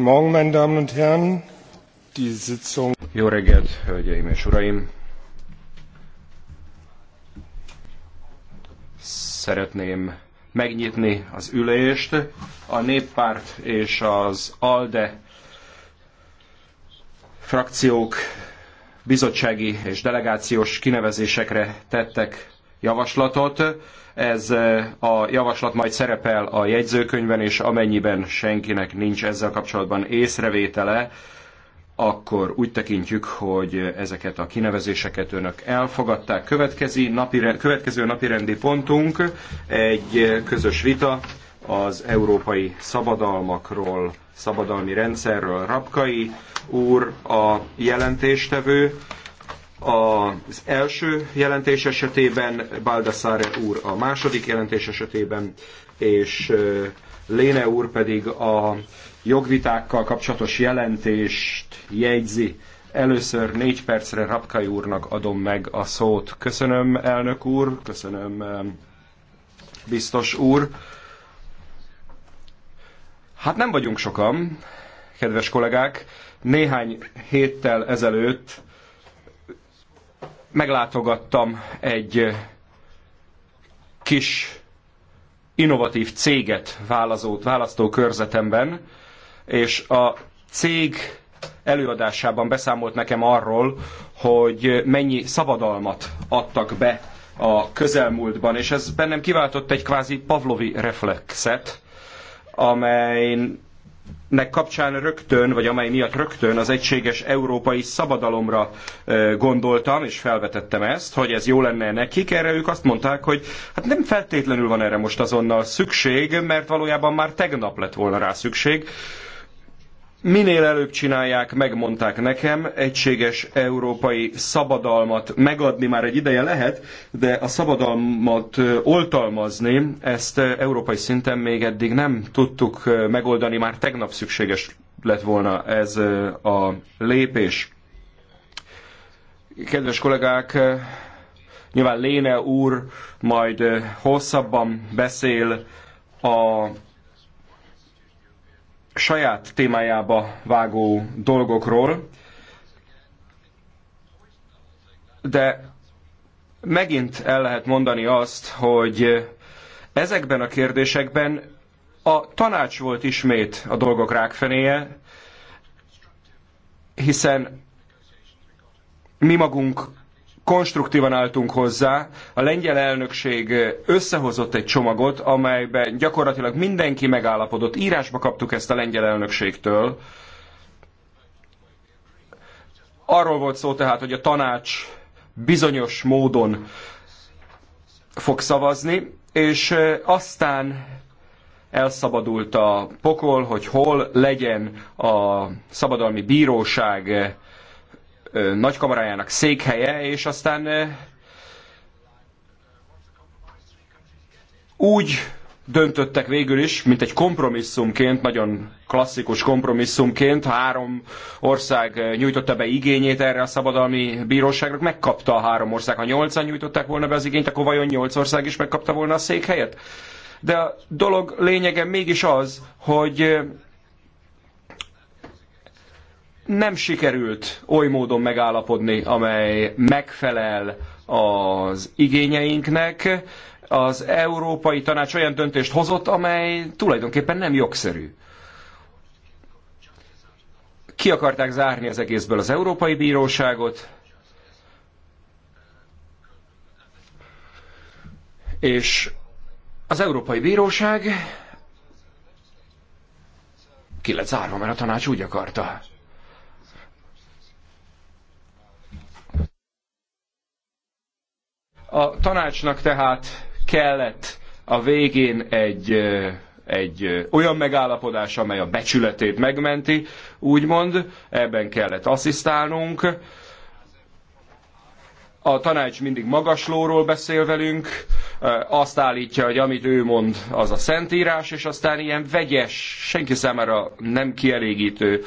Guten Morgen, meine Damen und Herren. Die Sitzung. Jó reggelt, hölgyeim és uraim! Szeretném megnyitni az ülést. A néppárt és az ALDE frakciók bizottsági és delegációs kinevezésekre tettek javaslatot. Ez eh, a javaslat majd szerepel a jegyzőkönyvben, és amennyiben senkinek nincs ezzel kapcsolatban észrevétele, akkor úgy tekintjük, hogy ezeket a kinevezéseket önök elfogadták. Következi napi, következő napirendi pontunk egy közös vita az európai szabadalmakról, szabadalmi rendszerről. Rapkai úr a jelentéstevő, az első jelentés esetében, Baldassare úr a második jelentés esetében, és Léne úr pedig a jogvitákkal kapcsolatos jelentést jegyzi. Először négy percre Rapkai úrnak adom meg a szót. Köszönöm, elnök úr, köszönöm, biztos úr. Hát nem vagyunk sokan, kedves kollégák. Néhány héttel ezelőtt meglátogattam egy kis innovatív céget választó választókörzetemben, és a cég előadásában beszámolt nekem arról, hogy mennyi szabadalmat adtak be a közelmúltban, és ez bennem kiváltott egy kvázi pavlovi reflexet, amelyen nek kapcsán rögtön, vagy amely miatt rögtön az egységes európai szabadalomra gondoltam, és felvetettem ezt, hogy ez jó lenne nekik. Erre ők azt mondták, hogy hát nem feltétlenül van erre most azonnal szükség, mert valójában már tegnap lett volna rá szükség. Minél előbb csinálják, megmondták nekem, egységes európai szabadalmat megadni már egy ideje lehet, de a szabadalmat oltalmazni, ezt európai szinten még eddig nem tudtuk megoldani, már tegnap szükséges lett volna ez a lépés. Kedves kollégák, nyilván Léne úr majd hosszabban beszél a saját témájába vágó dolgokról, de megint el lehet mondani azt, hogy ezekben a kérdésekben a tanács volt ismét a dolgok rákfenéje, hiszen mi magunk konstruktívan álltunk hozzá. A lengyel elnökség összehozott egy csomagot, amelyben gyakorlatilag mindenki megállapodott. Írásba kaptuk ezt a lengyel elnökségtől. Arról volt szó tehát, hogy a tanács bizonyos módon fog szavazni, és aztán elszabadult a pokol, hogy hol legyen a szabadalmi bíróság nagykamarájának székhelye, és aztán úgy döntöttek végül is, mint egy kompromisszumként, nagyon klasszikus kompromisszumként, három ország nyújtotta be igényét erre a szabadalmi bíróságra, megkapta a három ország. Ha nyolcan nyújtották volna be az igényt, akkor vajon nyolc ország is megkapta volna a székhelyet? De a dolog lényege mégis az, hogy nem sikerült oly módon megállapodni, amely megfelel az igényeinknek. Az Európai Tanács olyan döntést hozott, amely tulajdonképpen nem jogszerű. Ki akarták zárni az egészből az Európai Bíróságot, és az Európai Bíróság ki lett zárva, mert a tanács úgy akarta. A tanácsnak tehát kellett a végén egy, egy olyan megállapodás, amely a becsületét megmenti, úgymond, ebben kellett asszisztálnunk. A tanács mindig magaslóról beszél velünk, azt állítja, hogy amit ő mond, az a szentírás, és aztán ilyen vegyes, senki számára nem kielégítő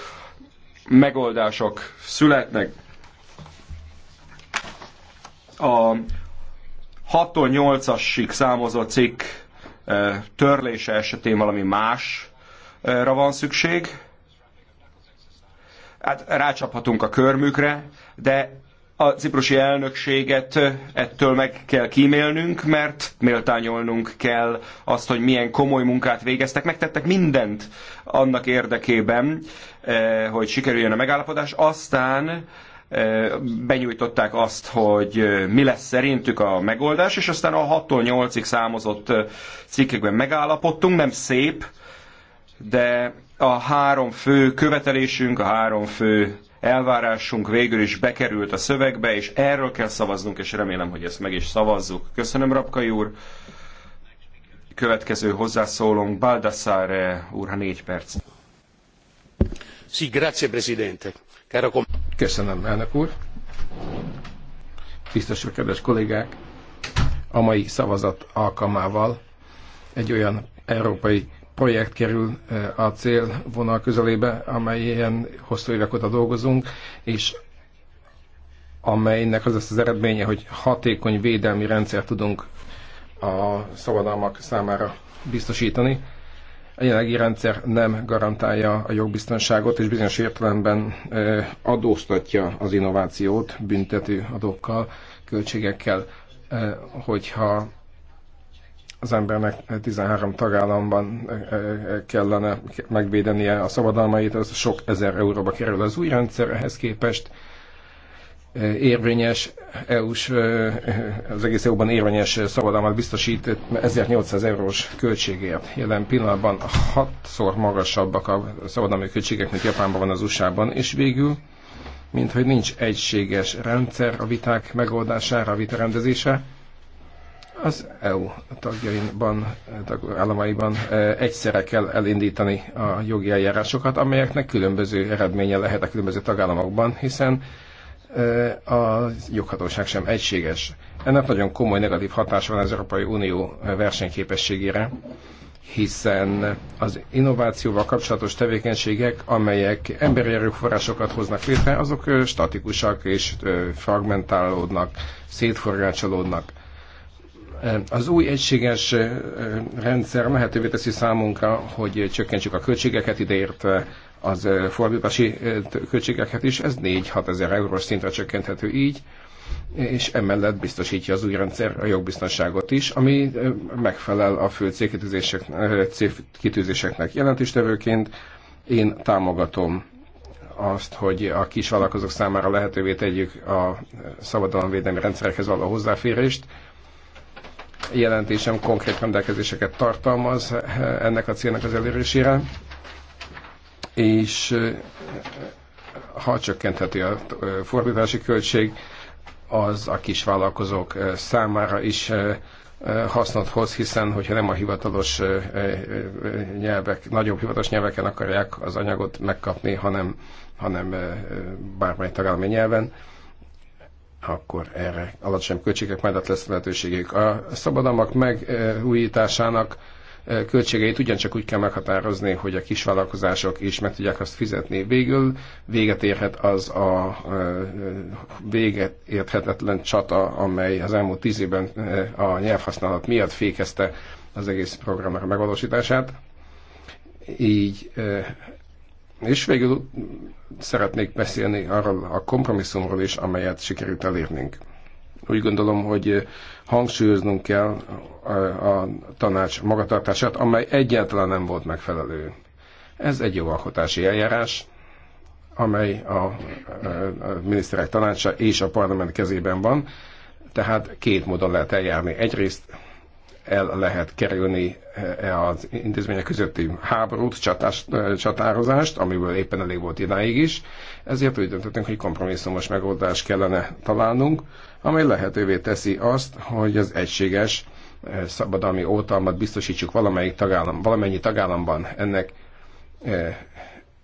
megoldások születnek. A 6-tól 8-asig számozó cikk törlése esetén valami másra van szükség. Hát rácsaphatunk a körmükre, de a ciprusi elnökséget ettől meg kell kímélnünk, mert méltányolnunk kell azt, hogy milyen komoly munkát végeztek, megtettek mindent annak érdekében, hogy sikerüljön a megállapodás. Aztán benyújtották azt, hogy mi lesz szerintük a megoldás, és aztán a 6-tól 8-ig számozott cikkekben megállapodtunk, nem szép, de a három fő követelésünk, a három fő elvárásunk végül is bekerült a szövegbe, és erről kell szavaznunk, és remélem, hogy ezt meg is szavazzuk. Köszönöm, Rapkai úr! Következő hozzászólónk Baldassare úr, ha négy perc. Sí, grazie, Presidente Telekom. Köszönöm, elnök úr. Biztos, kedves kollégák, a mai szavazat alkalmával egy olyan európai projekt kerül a célvonal közelébe, amely ilyen hosszú évek óta dolgozunk, és amelynek az lesz az eredménye, hogy hatékony védelmi rendszer tudunk a szabadalmak számára biztosítani. A jelenlegi rendszer nem garantálja a jogbiztonságot, és bizonyos értelemben adóztatja az innovációt büntető adókkal, költségekkel, hogyha az embernek 13 tagállamban kellene megvédenie a szabadalmait, az sok ezer euróba kerül az új rendszer ehhez képest érvényes EU-s, az egész EU-ban érvényes szabadalmat biztosít 1800 eurós költségért. Jelen pillanatban hatszor magasabbak a szabadalmi költségek, mint Japánban van az USA-ban, és végül, mint hogy nincs egységes rendszer a viták megoldására, a vitarendezése, az EU tagjainban, államaiban egyszerre kell elindítani a jogi eljárásokat, amelyeknek különböző eredménye lehet a különböző tagállamokban, hiszen a joghatóság sem egységes. Ennek nagyon komoly negatív hatása van az Európai Unió versenyképességére, hiszen az innovációval kapcsolatos tevékenységek, amelyek emberi erőforrásokat hoznak létre, azok statikusak és fragmentálódnak, szétforgácsolódnak. Az új egységes rendszer lehetővé teszi számunkra, hogy csökkentsük a költségeket, ideértve az fordítási költségeket is, ez 4-6 ezer eurós szintre csökkenthető így, és emellett biztosítja az új rendszer a jogbiztonságot is, ami megfelel a fő célkitűzéseknek jelentéstevőként. Én támogatom azt, hogy a kis vállalkozók számára lehetővé tegyük a szabadalomvédelmi rendszerekhez való hozzáférést. Jelentésem konkrét rendelkezéseket tartalmaz ennek a célnak az elérésére és ha csökkentheti a fordítási költség, az a vállalkozók számára is hasznot hoz, hiszen hogyha nem a hivatalos nyelvek, nagyobb hivatalos nyelveken akarják az anyagot megkapni, hanem, hanem bármely tagállami nyelven, akkor erre alacsony költségek mellett lesz lehetőségük. A szabadalmak megújításának költségeit ugyancsak úgy kell meghatározni, hogy a kisvállalkozások is meg tudják azt fizetni. Végül véget érhet az a véget érthetetlen csata, amely az elmúlt tíz évben a nyelvhasználat miatt fékezte az egész programnak a megvalósítását. Így és végül szeretnék beszélni arról a kompromisszumról is, amelyet sikerült elérnünk. Úgy gondolom, hogy hangsúlyoznunk kell a tanács magatartását, amely egyáltalán nem volt megfelelő. Ez egy jogalkotási eljárás, amely a, a miniszterek tanácsa és a parlament kezében van, tehát két módon lehet eljárni. Egyrészt el lehet kerülni e az intézmények közötti háborút, csatás, csatározást, amiből éppen elég volt idáig is. Ezért úgy döntöttünk, hogy kompromisszumos megoldást kellene találnunk, amely lehetővé teszi azt, hogy az egységes eh, szabadalmi oltalmat biztosítsuk valamelyik tagállam, valamennyi tagállamban. Ennek eh,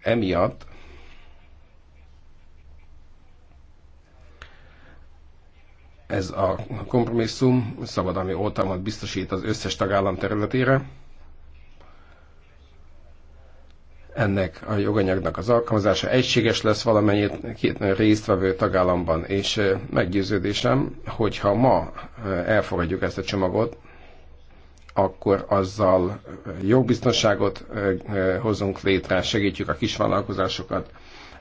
emiatt ez a kompromisszum szabadalmi oltalmat biztosít az összes tagállam területére, ennek a joganyagnak az alkalmazása egységes lesz valamennyi résztvevő tagállamban, és meggyőződésem, hogyha ma elfogadjuk ezt a csomagot, akkor azzal jogbiztonságot hozunk létre, segítjük a kisvállalkozásokat,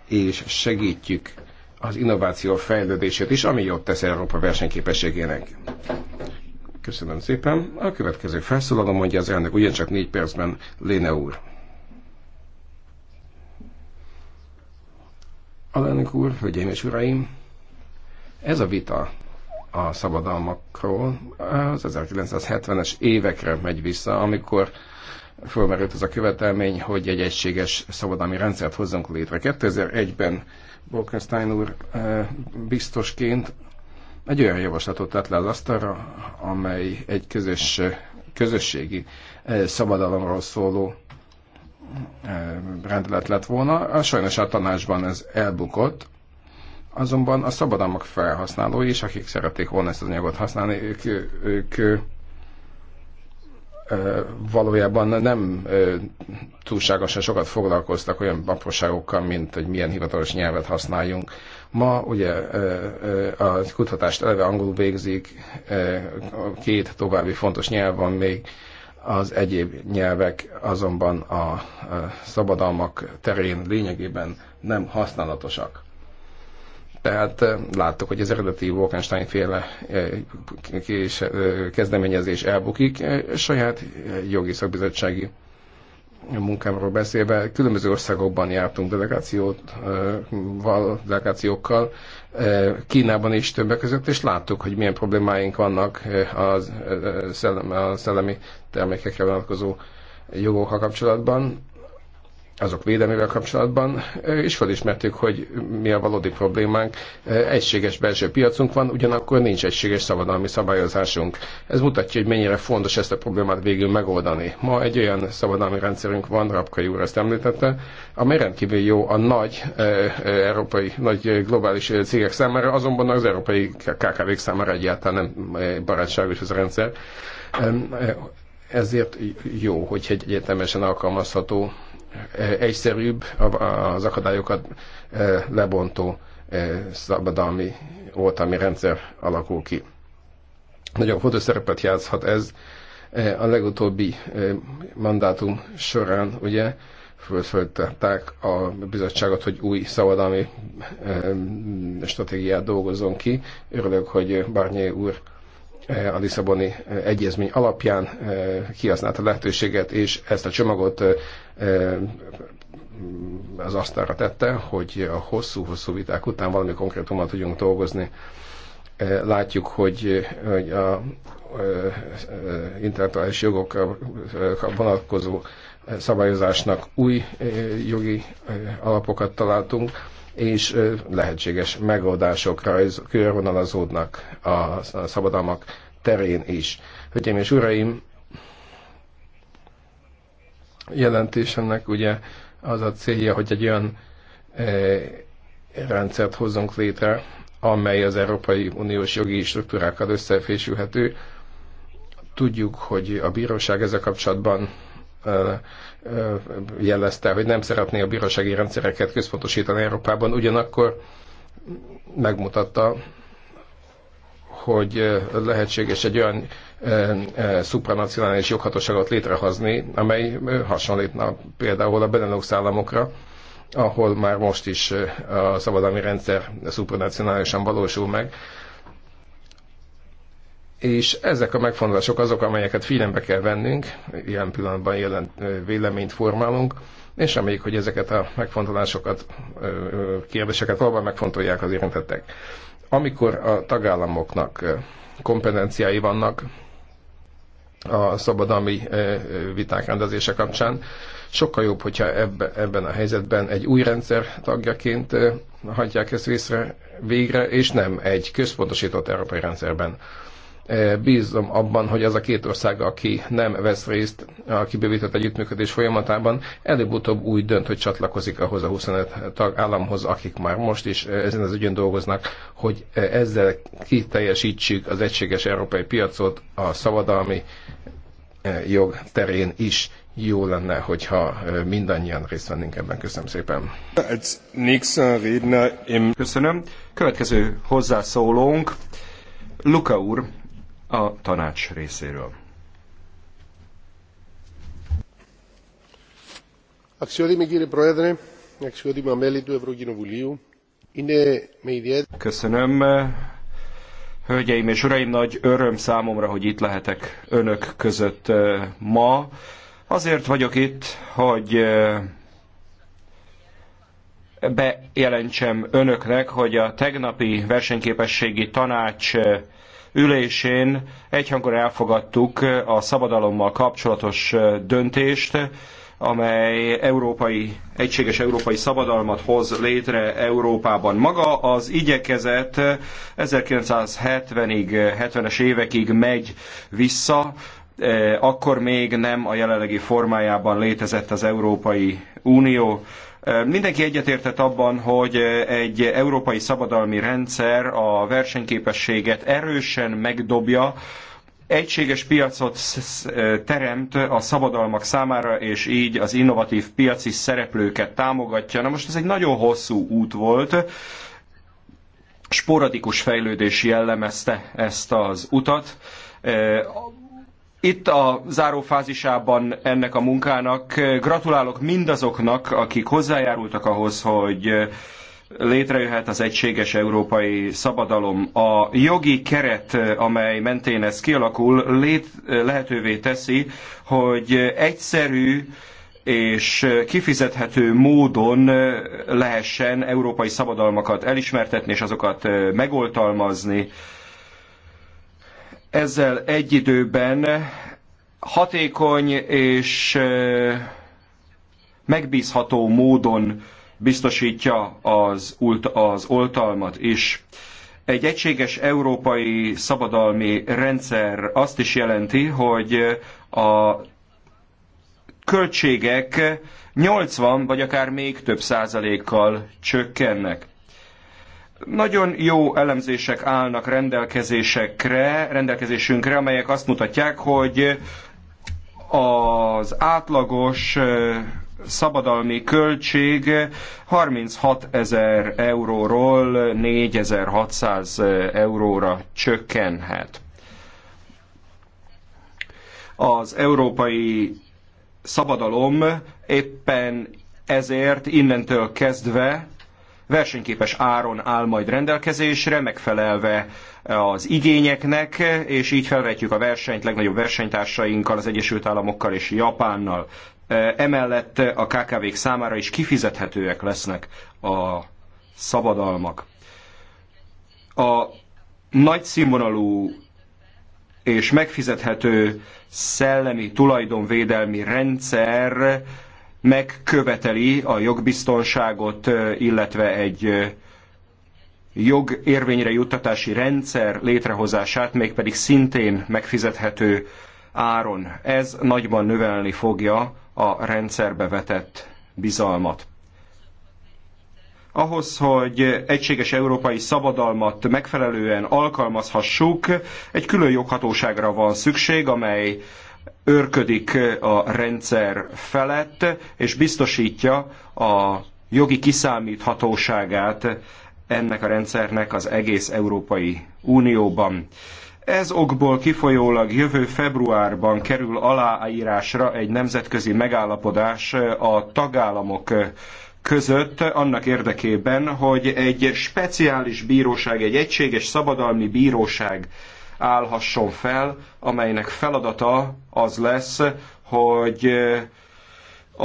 és segítjük az innováció fejlődését is, ami jót tesz Európa versenyképességének. Köszönöm szépen. A következő felszólaló mondja az elnök ugyancsak négy percben Léne úr. Alelnök úr, hölgyeim és uraim, ez a vita a szabadalmakról az 1970-es évekre megy vissza, amikor fölmerült az a követelmény, hogy egy egységes szabadalmi rendszert hozzunk létre. 2001-ben Bolkenstein úr eh, biztosként egy olyan javaslatot tett le az asztalra, amely egy közös, eh, közösségi eh, szabadalomról szóló rendelet lett volna. Sajnos a tanácsban ez elbukott, azonban a szabadalmak felhasználói is, akik szerették volna ezt az anyagot használni, ők, ők, valójában nem túlságosan sokat foglalkoztak olyan apróságokkal, mint hogy milyen hivatalos nyelvet használjunk. Ma ugye a kutatást eleve angolul végzik, két további fontos nyelv van még, az egyéb nyelvek azonban a szabadalmak terén lényegében nem használatosak. Tehát láttuk, hogy az eredeti Wolkenstein féle kezdeményezés elbukik, saját jogi szakbizottsági munkámról beszélve, különböző országokban jártunk delegációval, delegációkkal, Kínában is többek között, és láttuk, hogy milyen problémáink vannak a szellemi termékekre vonatkozó jogokkal kapcsolatban azok védelmével kapcsolatban, is felismertük, hogy mi a valódi problémánk. Egységes belső piacunk van, ugyanakkor nincs egységes szabadalmi szabályozásunk. Ez mutatja, hogy mennyire fontos ezt a problémát végül megoldani. Ma egy olyan szabadalmi rendszerünk van, Rapkai úr ezt említette, amely rendkívül jó a nagy európai, nagy globális cégek számára, azonban az európai KKV-k számára egyáltalán nem barátságos ez a rendszer. Ezért jó, hogy egy egyetemesen alkalmazható egyszerűbb az akadályokat e, lebontó e, szabadalmi oltalmi rendszer alakul ki. Nagyon fontos szerepet játszhat ez e, a legutóbbi mandátum során, ugye, fölföltetták a bizottságot, hogy új szabadalmi stratégiát dolgozzon ki. Örülök, hogy Barnier úr a Lisszaboni eh, egyezmény alapján eh, kihasználta lehetőséget, és ezt a csomagot eh, mm, az asztalra tette, hogy a hosszú-hosszú viták után valami konkrétumot tudjunk dolgozni. Látjuk, hogy, hogy a intellektuális jogokra vonatkozó szabályozásnak új jogi alapokat találtunk és lehetséges megoldások rajz, körvonalazódnak a szabadalmak terén is. Hölgyeim és uraim, jelentésemnek ugye az a célja, hogy egy olyan rendszert hozzunk létre, amely az Európai Uniós jogi struktúrákkal összefésülhető. Tudjuk, hogy a bíróság ezzel kapcsolatban jelezte, hogy nem szeretné a bírósági rendszereket központosítani Európában, ugyanakkor megmutatta, hogy lehetséges egy olyan szupranacionális joghatóságot létrehozni, amely hasonlítna például a Benelux államokra, ahol már most is a szabadalmi rendszer szupranacionálisan valósul meg. És ezek a megfontolások azok, amelyeket figyelembe kell vennünk, ilyen pillanatban jelen véleményt formálunk, és reméljük, hogy ezeket a megfontolásokat, kérdéseket valóban megfontolják az érintettek. Amikor a tagállamoknak kompetenciái vannak a szabadalmi viták rendezése kapcsán, sokkal jobb, hogyha ebben a helyzetben egy új rendszer tagjaként hagyják ezt részre, végre, és nem egy központosított európai rendszerben Bízom abban, hogy az a két ország, aki nem vesz részt a kibővített együttműködés folyamatában, előbb-utóbb úgy dönt, hogy csatlakozik ahhoz a 25 államhoz, akik már most is eh, ezen az ügyön dolgoznak, hogy eh, ezzel kiteljesítsük az egységes európai piacot a szabadalmi eh, jog terén is jó lenne, hogyha mindannyian részt vennénk ebben. Köszönöm szépen. Köszönöm. Következő hozzászólónk, Luka úr, a tanács részéről. Köszönöm. Hölgyeim és uraim, nagy öröm számomra, hogy itt lehetek önök között eh, ma. Azért vagyok itt, hogy eh, bejelentsem önöknek, hogy a tegnapi versenyképességi tanács eh, ülésén egyhangon elfogadtuk a szabadalommal kapcsolatos döntést, amely európai, egységes európai szabadalmat hoz létre Európában. Maga az igyekezet 1970-ig, 70-es évekig megy vissza, akkor még nem a jelenlegi formájában létezett az Európai Unió. Mindenki egyetértett abban, hogy egy európai szabadalmi rendszer a versenyképességet erősen megdobja, egységes piacot teremt a szabadalmak számára, és így az innovatív piaci szereplőket támogatja. Na most ez egy nagyon hosszú út volt, sporadikus fejlődés jellemezte ezt az utat itt a zárófázisában ennek a munkának eh, gratulálok mindazoknak, akik hozzájárultak ahhoz, hogy eh, létrejöhet az egységes európai szabadalom. A jogi keret, eh, amely mentén ez kialakul, lét, lehetővé teszi, hogy egyszerű és kifizethető módon lehessen európai szabadalmakat elismertetni és azokat megoltalmazni ezzel egy időben hatékony és megbízható módon biztosítja az, az oltalmat is. Egy egységes európai szabadalmi rendszer azt is jelenti, hogy a költségek 80 vagy akár még több százalékkal csökkennek nagyon jó elemzések állnak rendelkezésekre, rendelkezésünkre, amelyek azt mutatják, hogy az átlagos szabadalmi költség 36 ezer euróról 4600 euróra csökkenhet. Az európai szabadalom éppen ezért innentől kezdve versenyképes áron áll majd rendelkezésre, megfelelve az igényeknek, és így felvetjük a versenyt legnagyobb versenytársainkkal, az Egyesült Államokkal és Japánnal. Emellett a KKV-k számára is kifizethetőek lesznek a szabadalmak. A nagyszínvonalú és megfizethető szellemi tulajdonvédelmi rendszer megköveteli a jogbiztonságot, illetve egy jogérvényre juttatási rendszer létrehozását, mégpedig szintén megfizethető áron. Ez nagyban növelni fogja a rendszerbe vetett bizalmat. Ahhoz, hogy egységes európai szabadalmat megfelelően alkalmazhassuk, egy külön joghatóságra van szükség, amely őrködik a rendszer felett, és biztosítja a jogi kiszámíthatóságát ennek a rendszernek az egész Európai Unióban. Ez okból kifolyólag jövő februárban kerül aláírásra egy nemzetközi megállapodás a tagállamok között annak érdekében, hogy egy speciális bíróság, egy egységes szabadalmi bíróság állhasson fel, amelynek feladata az lesz, hogy eh,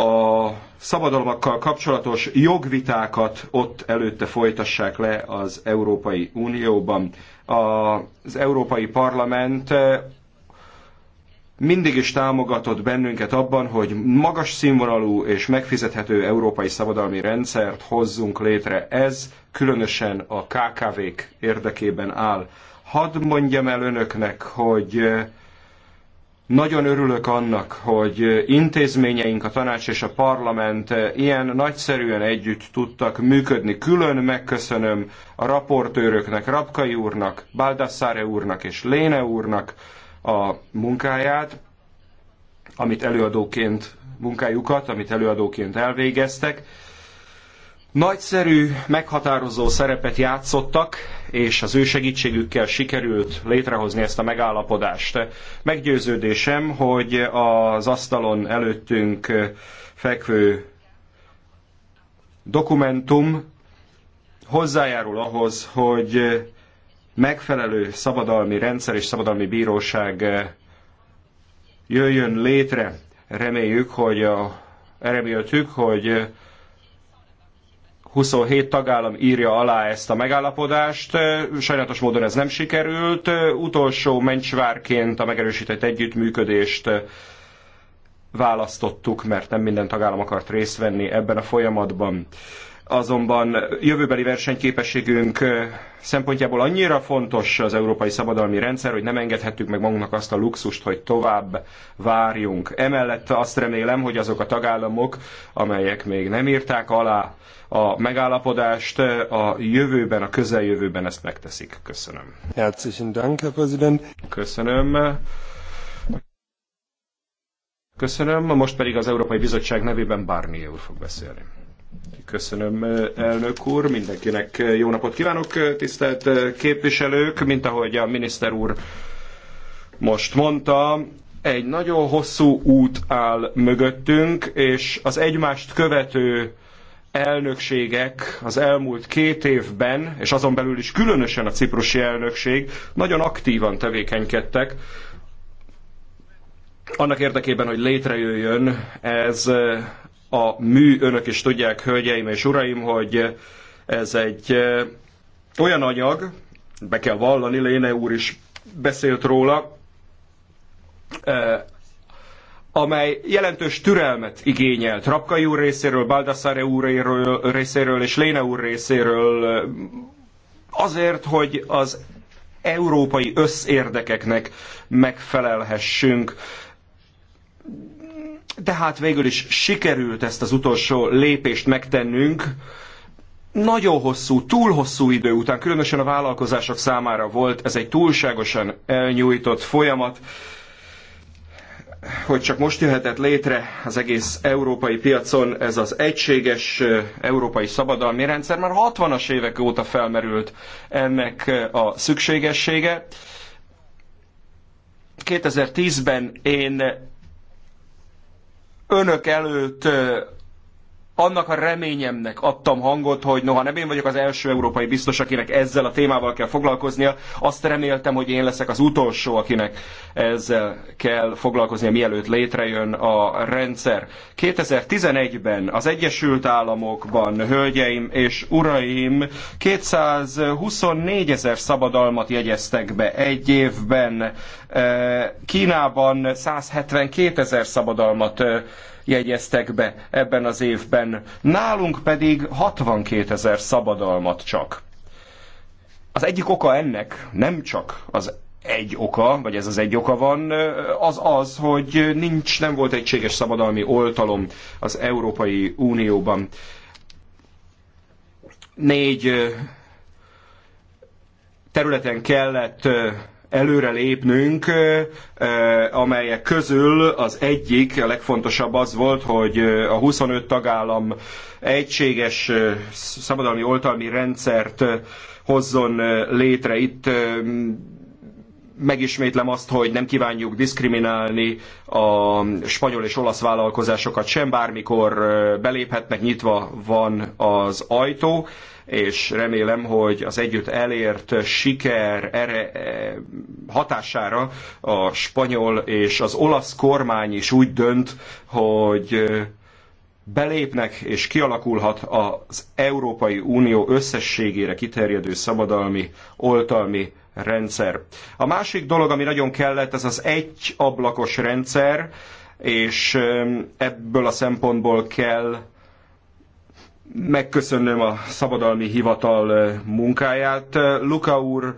a szabadalmakkal kapcsolatos jogvitákat ott előtte folytassák le az Európai Unióban. Az Európai Parlament eh, mindig is támogatott bennünket abban, hogy magas színvonalú és megfizethető európai szabadalmi rendszert hozzunk létre. Ez különösen a KKV-k érdekében áll. Hadd mondjam el önöknek, hogy eh, nagyon örülök annak, hogy eh, intézményeink, a tanács és a parlament eh, ilyen nagyszerűen együtt tudtak működni. Külön megköszönöm a raportőröknek, Rabkai úrnak, Baldassare úrnak és Léne úrnak a munkáját, amit előadóként, munkájukat, amit előadóként elvégeztek. Nagyszerű, meghatározó szerepet játszottak, és az ő segítségükkel sikerült létrehozni ezt a megállapodást. Meggyőződésem, hogy az asztalon előttünk fekvő dokumentum hozzájárul ahhoz, hogy megfelelő szabadalmi rendszer és szabadalmi bíróság jöjjön létre. Reméljük, hogy a, reméltük, hogy 27 tagállam írja alá ezt a megállapodást. Sajnálatos módon ez nem sikerült. Utolsó mencsvárként a megerősített együttműködést választottuk, mert nem minden tagállam akart részt venni ebben a folyamatban azonban jövőbeli versenyképességünk szempontjából annyira fontos az európai szabadalmi rendszer, hogy nem engedhettük meg magunknak azt a luxust, hogy tovább várjunk. Emellett azt remélem, hogy azok a tagállamok, amelyek még nem írták alá a megállapodást, a jövőben, a közeljövőben ezt megteszik. Köszönöm. Herzlichen Dank, Herr Präsident. Köszönöm. Köszönöm. Most pedig az Európai Bizottság nevében Barnier úr fog beszélni. Köszönöm, elnök úr, mindenkinek jó napot kívánok, tisztelt képviselők, mint ahogy a miniszter úr most mondta, egy nagyon hosszú út áll mögöttünk, és az egymást követő elnökségek az elmúlt két évben, és azon belül is különösen a ciprusi elnökség, nagyon aktívan tevékenykedtek annak érdekében, hogy létrejöjjön ez a mű, önök is tudják, hölgyeim és uraim, hogy ez egy eh, olyan anyag, be kell vallani, Léne úr is beszélt róla, eh, amely jelentős türelmet igényelt Rapkai úr részéről, Baldassare úr részéről és Léne úr részéről eh, azért, hogy az európai összérdekeknek megfelelhessünk de hát végül is sikerült ezt az utolsó lépést megtennünk, nagyon hosszú, túl hosszú idő után, különösen a vállalkozások számára volt ez egy túlságosan elnyújtott folyamat, hogy csak most jöhetett létre az egész európai piacon ez az egységes európai szabadalmi rendszer, már 60-as évek óta felmerült ennek a szükségessége. 2010-ben én önök előtt annak a reményemnek adtam hangot, hogy noha nem én vagyok az első európai biztos, akinek ezzel a témával kell foglalkoznia, azt reméltem, hogy én leszek az utolsó, akinek ezzel kell foglalkoznia, mielőtt létrejön a rendszer. 2011-ben az Egyesült Államokban, hölgyeim és uraim, 224 ezer szabadalmat jegyeztek be egy évben. Eh, Kínában 172 ezer szabadalmat eh, jegyeztek be ebben az évben, nálunk pedig 62 ezer szabadalmat csak. Az egyik oka ennek nem csak az egy oka, vagy ez az egy oka van, az az, hogy nincs, nem volt egységes szabadalmi oltalom az Európai Unióban. Négy területen kellett előre lépnünk, amelyek közül az egyik, a legfontosabb az volt, hogy a 25 tagállam egységes szabadalmi oltalmi rendszert hozzon létre. Itt megismétlem azt, hogy nem kívánjuk diszkriminálni a spanyol és olasz vállalkozásokat sem, bármikor beléphetnek, nyitva van az ajtó és remélem, hogy az együtt elért siker erre, eh, hatására a spanyol és az olasz kormány is úgy dönt, hogy eh, belépnek és kialakulhat az Európai Unió összességére kiterjedő szabadalmi, oltalmi rendszer. A másik dolog, ami nagyon kellett, ez az egy ablakos rendszer, és eh, ebből a szempontból kell megköszönöm a szabadalmi hivatal eh, munkáját. Eh, Luka úr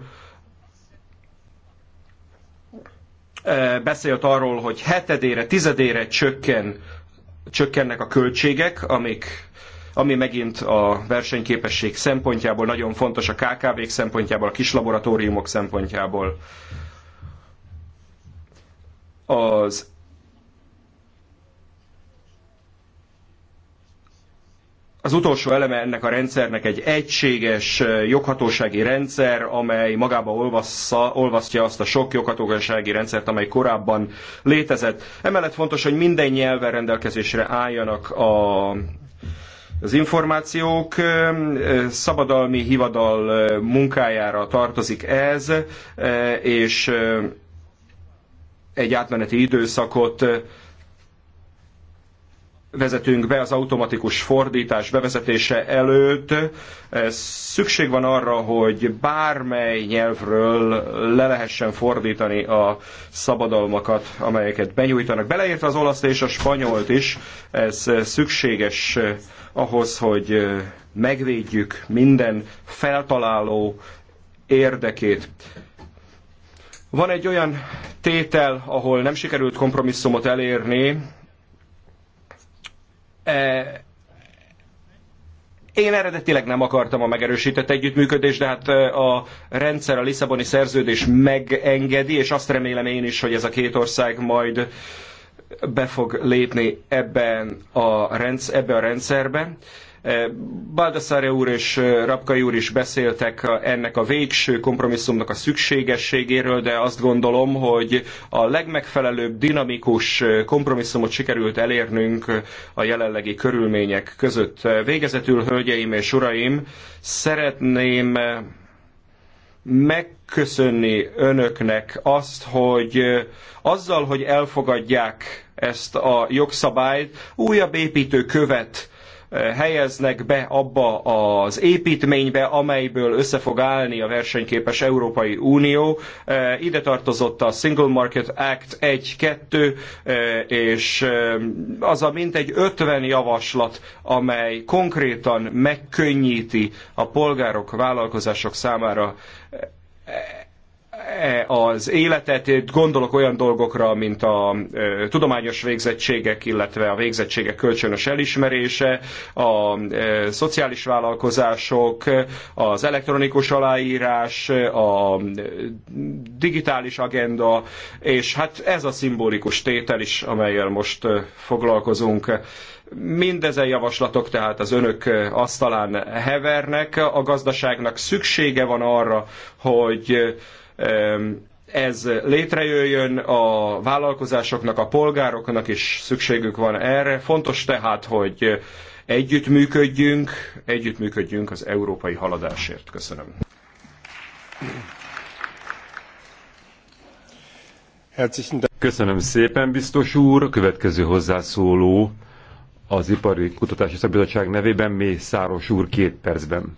eh, beszélt arról, hogy hetedére, tizedére csökken, csökkennek a költségek, amik ami megint a versenyképesség szempontjából nagyon fontos, a KKV-k szempontjából, a kislaboratóriumok szempontjából. Az az utolsó eleme ennek a rendszernek egy egységes joghatósági rendszer, amely magába olvassza, olvasztja azt a sok joghatósági rendszert, amely korábban létezett. Emellett fontos, hogy minden nyelven rendelkezésre álljanak a az információk szabadalmi hivatal munkájára tartozik ez, és egy átmeneti időszakot vezetünk be az automatikus fordítás bevezetése előtt. Szükség van arra, hogy bármely nyelvről le lehessen fordítani a szabadalmakat, amelyeket benyújtanak. Beleértve az olasz és a spanyolt is, ez szükséges ahhoz, hogy megvédjük minden feltaláló érdekét. Van egy olyan tétel, ahol nem sikerült kompromisszumot elérni, Eh, én eredetileg nem akartam a megerősített együttműködést, de hát eh, a rendszer, a Lisszaboni szerződés megengedi, és azt remélem én is, hogy ez a két ország majd be fog lépni ebben a, rendsz, ebbe a rendszerben. Eh, Baldassare úr és eh, Rapkai úr is beszéltek ennek a végső kompromisszumnak a szükségességéről, de azt gondolom, hogy a legmegfelelőbb dinamikus eh, kompromisszumot sikerült elérnünk a jelenlegi körülmények között. Végezetül, hölgyeim és uraim, szeretném megköszönni önöknek azt, hogy azzal, hogy elfogadják ezt a jogszabályt, újabb építő követ helyeznek be abba az építménybe, amelyből össze fog állni a versenyképes Európai Unió. E, ide tartozott a Single Market Act 1-2, e, és e, az a mintegy 50 javaslat, amely konkrétan megkönnyíti a polgárok, vállalkozások számára E az életet, gondolok olyan dolgokra, mint a e, tudományos végzettségek, illetve a végzettségek kölcsönös elismerése, a e, szociális vállalkozások, az elektronikus aláírás, a digitális agenda, és hát ez a szimbolikus tétel is, amelyel most foglalkozunk. Mindezen javaslatok tehát az önök asztalán hevernek, a gazdaságnak szüksége van arra, hogy ez létrejöjjön, a vállalkozásoknak, a polgároknak is szükségük van erre. Fontos tehát, hogy együttműködjünk, együttműködjünk az európai haladásért. Köszönöm. Köszönöm szépen, biztos úr. A következő hozzászóló az Ipari Kutatási Szakbizottság nevében Mészáros úr két percben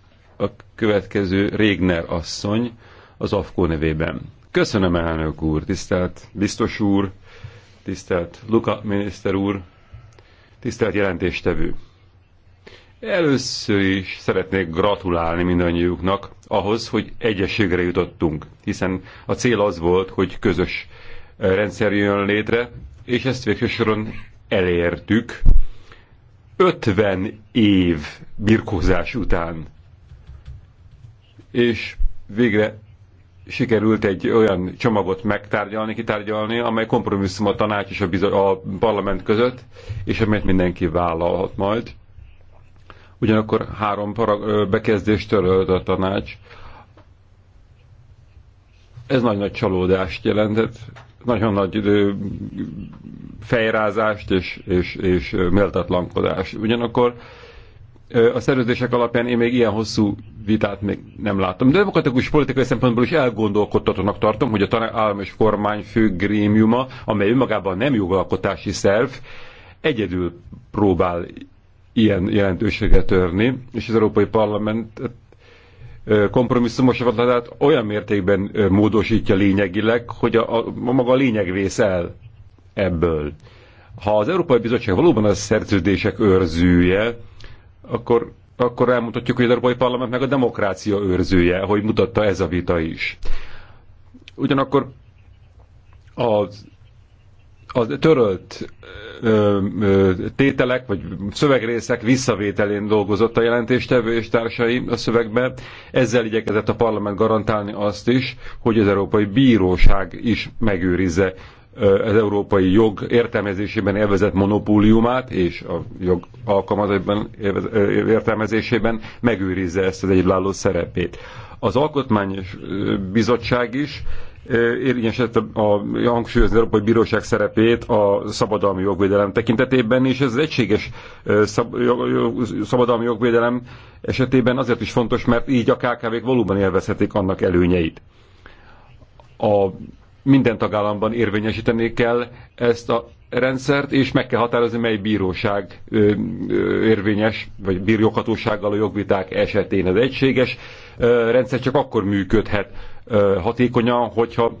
a következő Régner asszony az AFKO nevében. Köszönöm, elnök úr, tisztelt biztos úr, tisztelt Luka miniszter úr, tisztelt jelentéstevő. Először is szeretnék gratulálni mindannyiuknak ahhoz, hogy egyességre jutottunk, hiszen a cél az volt, hogy közös rendszer jön létre, és ezt végső soron elértük 50 év birkózás után és végre sikerült egy olyan csomagot megtárgyalni, kitárgyalni, amely kompromisszum a tanács és a, bizony, a parlament között, és amelyet mindenki vállalhat majd. Ugyanakkor három parag- bekezdést törölt a tanács. Ez nagy-nagy csalódást jelentett, nagyon nagy idő, fejrázást és, és, és méltatlankodást. Ugyanakkor a szerződések alapján én még ilyen hosszú vitát még nem látom. De demokratikus politikai szempontból is elgondolkodtatónak tartom, hogy a tanács állam és kormány fő grémiuma, amely önmagában nem jogalkotási szerv, egyedül próbál ilyen jelentőséget törni, és az Európai Parlament kompromisszumos javaslatát olyan mértékben módosítja lényegileg, hogy a, a, a maga lényeg vész el ebből. Ha az Európai Bizottság valóban a szerződések őrzője, akkor, akkor elmutatjuk, hogy az Európai Parlament meg a demokrácia őrzője, hogy mutatta ez a vita is. Ugyanakkor az a törölt ö, ö, tételek vagy szövegrészek visszavételén dolgozott a jelentéstevő és társai a szövegben. Ezzel igyekezett a parlament garantálni azt is, hogy az Európai Bíróság is megőrizze az európai jog értelmezésében élvezett monopóliumát és a jog alkalmazásban értelmezésében megőrizze ezt az egyedülálló szerepét. Az Alkotmányos Bizottság is érvényesített a, a hangsúlyozni Európai Bíróság szerepét a szabadalmi jogvédelem tekintetében, és ez az egységes szab, jog, jog, szabadalmi jogvédelem esetében azért is fontos, mert így a KKV-k valóban élvezhetik annak előnyeit. A minden tagállamban érvényesíteni kell ezt a rendszert, és meg kell határozni, mely bíróság ö, ö, érvényes, vagy bírjoghatósággal a jogviták esetén. Az egységes ö, rendszer csak akkor működhet ö, hatékonyan, hogyha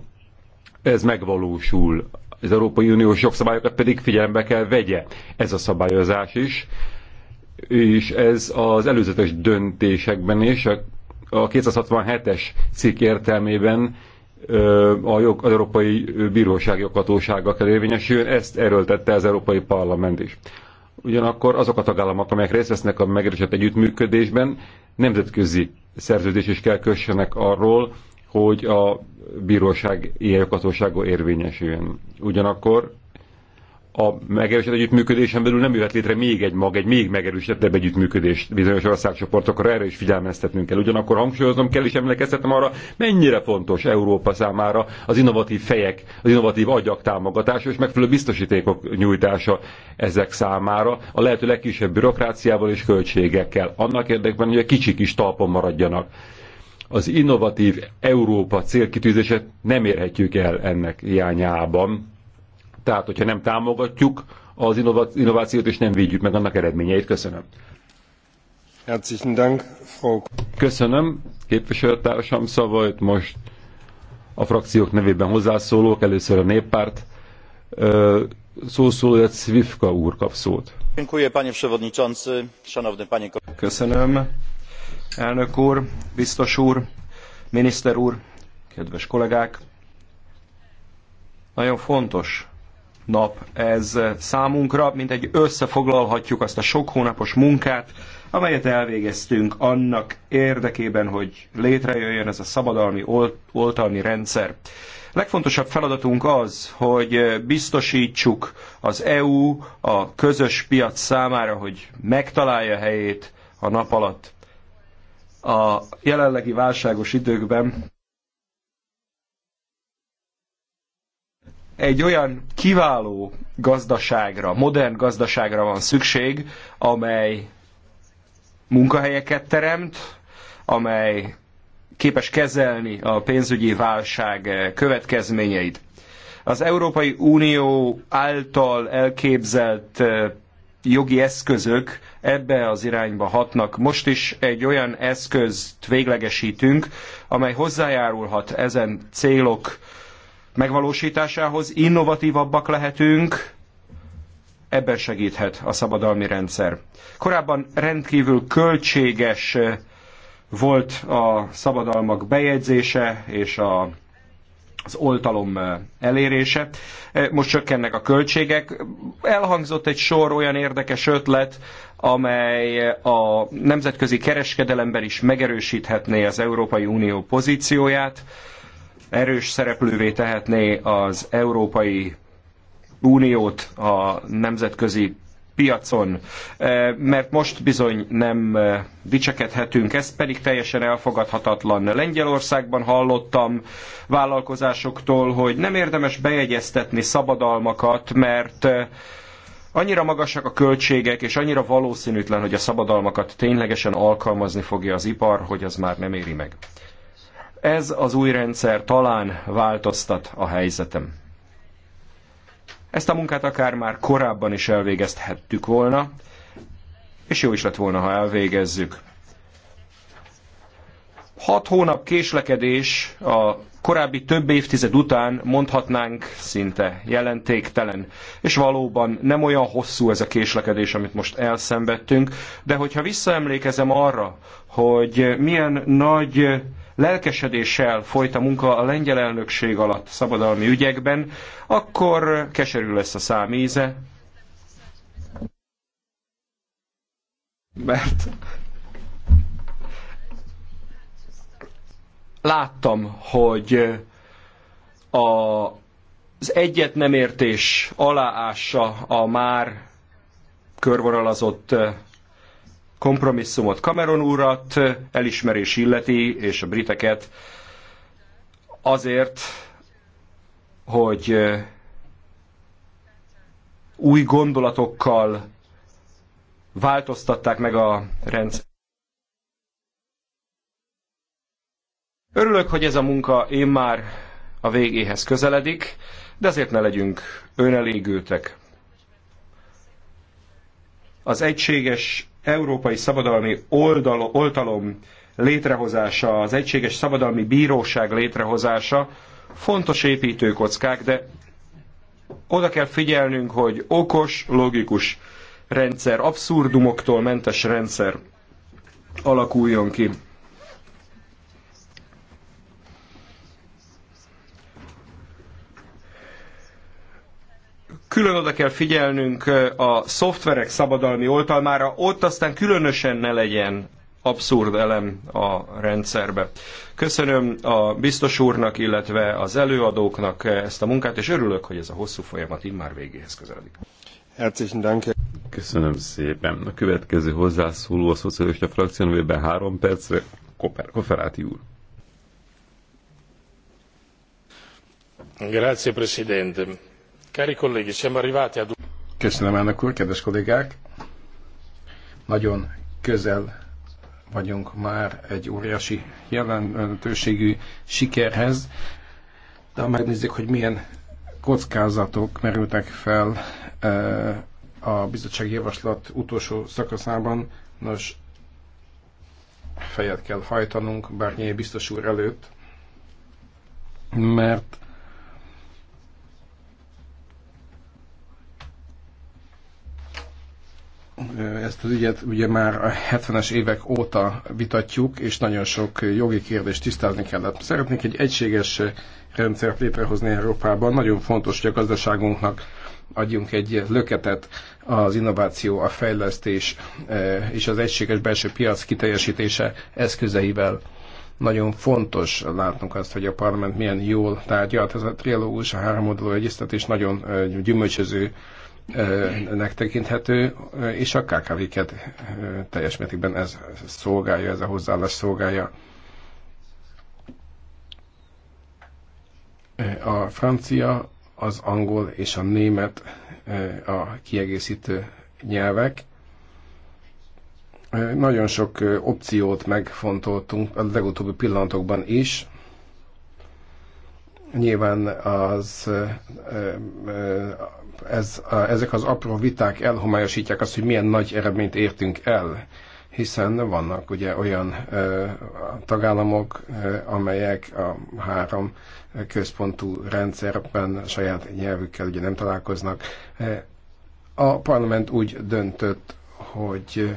ez megvalósul. Az Európai Uniós jogszabályokat pedig figyelembe kell vegye ez a szabályozás is, és ez az előzetes döntésekben és a, a 267-es cikk értelmében a jog, az Európai Bíróság joghatósága kell érvényesüljön, ezt erőltette az Európai Parlament is. Ugyanakkor azok a tagállamok, amelyek részt vesznek a megerősített együttműködésben, nemzetközi szerződés is kell kössenek arról, hogy a bíróság ilyen joghatósága érvényesüljön. Ugyanakkor a megerősített együttműködésen belül nem jöhet létre még egy mag, egy még megerősítettebb együttműködés bizonyos országcsoportokra, erre is figyelmeztetnünk kell. Ugyanakkor hangsúlyoznom kell és emlékeztetem arra, mennyire fontos Európa számára az innovatív fejek, az innovatív agyak támogatása és megfelelő biztosítékok nyújtása ezek számára, a lehető legkisebb bürokráciával és költségekkel, annak érdekben, hogy a kicsik is talpon maradjanak. Az innovatív Európa célkitűzését nem érhetjük el ennek hiányában tehát, hogyha nem támogatjuk az innovációt és nem védjük meg annak eredményeit. Köszönöm. Herzlichen Dank, Frau. Köszönöm. Képviselőtársam szavait most a frakciók nevében hozzászólók. Először a néppárt. Szószólója Szvifka úr kap szót. Köszönöm. Elnök úr, biztos úr, miniszter úr, kedves kollégák! Nagyon fontos nap ez számunkra, mint egy összefoglalhatjuk azt a sok hónapos munkát, amelyet elvégeztünk annak érdekében, hogy létrejöjjön ez a szabadalmi oltalmi rendszer. Legfontosabb feladatunk az, hogy biztosítsuk az EU a közös piac számára, hogy megtalálja helyét a nap alatt. A jelenlegi válságos időkben egy olyan kiváló gazdaságra, modern gazdaságra van szükség, amely munkahelyeket teremt, amely képes kezelni a pénzügyi válság következményeit. Az Európai Unió által elképzelt jogi eszközök ebbe az irányba hatnak. Most is egy olyan eszközt véglegesítünk, amely hozzájárulhat ezen célok megvalósításához, innovatívabbak lehetünk, ebben segíthet a szabadalmi rendszer. Korábban rendkívül költséges volt a szabadalmak bejegyzése és a, az oltalom elérése. Most csökkennek a költségek. Elhangzott egy sor olyan érdekes ötlet, amely a nemzetközi kereskedelemben is megerősíthetné az Európai Unió pozícióját erős szereplővé tehetné az Európai Uniót a nemzetközi piacon, eh, mert most bizony nem eh, dicsekedhetünk, ez pedig teljesen elfogadhatatlan. Lengyelországban hallottam vállalkozásoktól, hogy nem érdemes bejegyeztetni szabadalmakat, mert eh, annyira magasak a költségek, és annyira valószínűtlen, hogy a szabadalmakat ténylegesen alkalmazni fogja az ipar, hogy az már nem éri meg. Ez az új rendszer talán változtat a helyzetem. Ezt a munkát akár már korábban is elvégezhettük volna, és jó is lett volna, ha elvégezzük. Hat hónap késlekedés a korábbi több évtized után mondhatnánk szinte jelentéktelen. És valóban nem olyan hosszú ez a késlekedés, amit most elszenvedtünk, de hogyha visszaemlékezem arra, hogy milyen nagy lelkesedéssel folyt a munka a lengyel elnökség alatt szabadalmi ügyekben, akkor keserű lesz a számíze, mert láttam, hogy a, az egyet nem értés aláássa a már körvonalazott kompromisszumot Cameron úrat, elismerés illeti, és a briteket azért, hogy új gondolatokkal változtatták meg a rendszer. Örülök, hogy ez a munka én már a végéhez közeledik, de azért ne legyünk önelégültek. Az egységes európai szabadalmi oldal, oltalom létrehozása, az egységes szabadalmi bíróság létrehozása fontos építőkockák, de oda kell figyelnünk, hogy okos, logikus rendszer, abszurdumoktól mentes rendszer alakuljon ki. külön oda kell figyelnünk a szoftverek szabadalmi oltalmára, ott aztán különösen ne legyen abszurd elem a rendszerbe. Köszönöm a biztos úrnak, illetve az előadóknak ezt a munkát, és örülök, hogy ez a hosszú folyamat immár végéhez közeledik. Herzlichen Dank. Köszönöm szépen. A következő hozzászóló a szocialista frakció nevében három percre, Koper, Koferáti úr. Grazie, Presidente Cari colleghi, siamo arrivati ad... Köszönöm, elnök úr, kedves kollégák! Nagyon közel vagyunk már egy óriási jelentőségű sikerhez, de ha megnézzük, hogy milyen kockázatok merültek fel eh, a bizottsági javaslat utolsó szakaszában, nos, fejet kell hajtanunk Barnier biztos úr előtt, mert ezt az ügyet ugye már a 70-es évek óta vitatjuk, és nagyon sok jogi kérdést tisztázni kellett. Szeretnék egy egységes rendszert létrehozni Európában. Nagyon fontos, hogy a gazdaságunknak adjunk egy löketet az innováció, a fejlesztés és az egységes belső piac kiteljesítése eszközeivel. Nagyon fontos látnunk azt, hogy a parlament milyen jól tárgyalt ez a trilógus, a háromoldalú egyeztetés nagyon gyümölcsöző nek tekinthető, és a KKV-ket teljes mértékben ez szolgálja, ez a hozzáállás szolgálja. A francia, az angol és a német a kiegészítő nyelvek. Nagyon sok opciót megfontoltunk a legutóbbi pillanatokban is, nyilván az ez, ezek az apró viták elhomályosítják azt, hogy milyen nagy eredményt értünk el, hiszen vannak ugye olyan ö, tagállamok, ö, amelyek a három központú rendszerben saját nyelvükkel ugye nem találkoznak. A parlament úgy döntött, hogy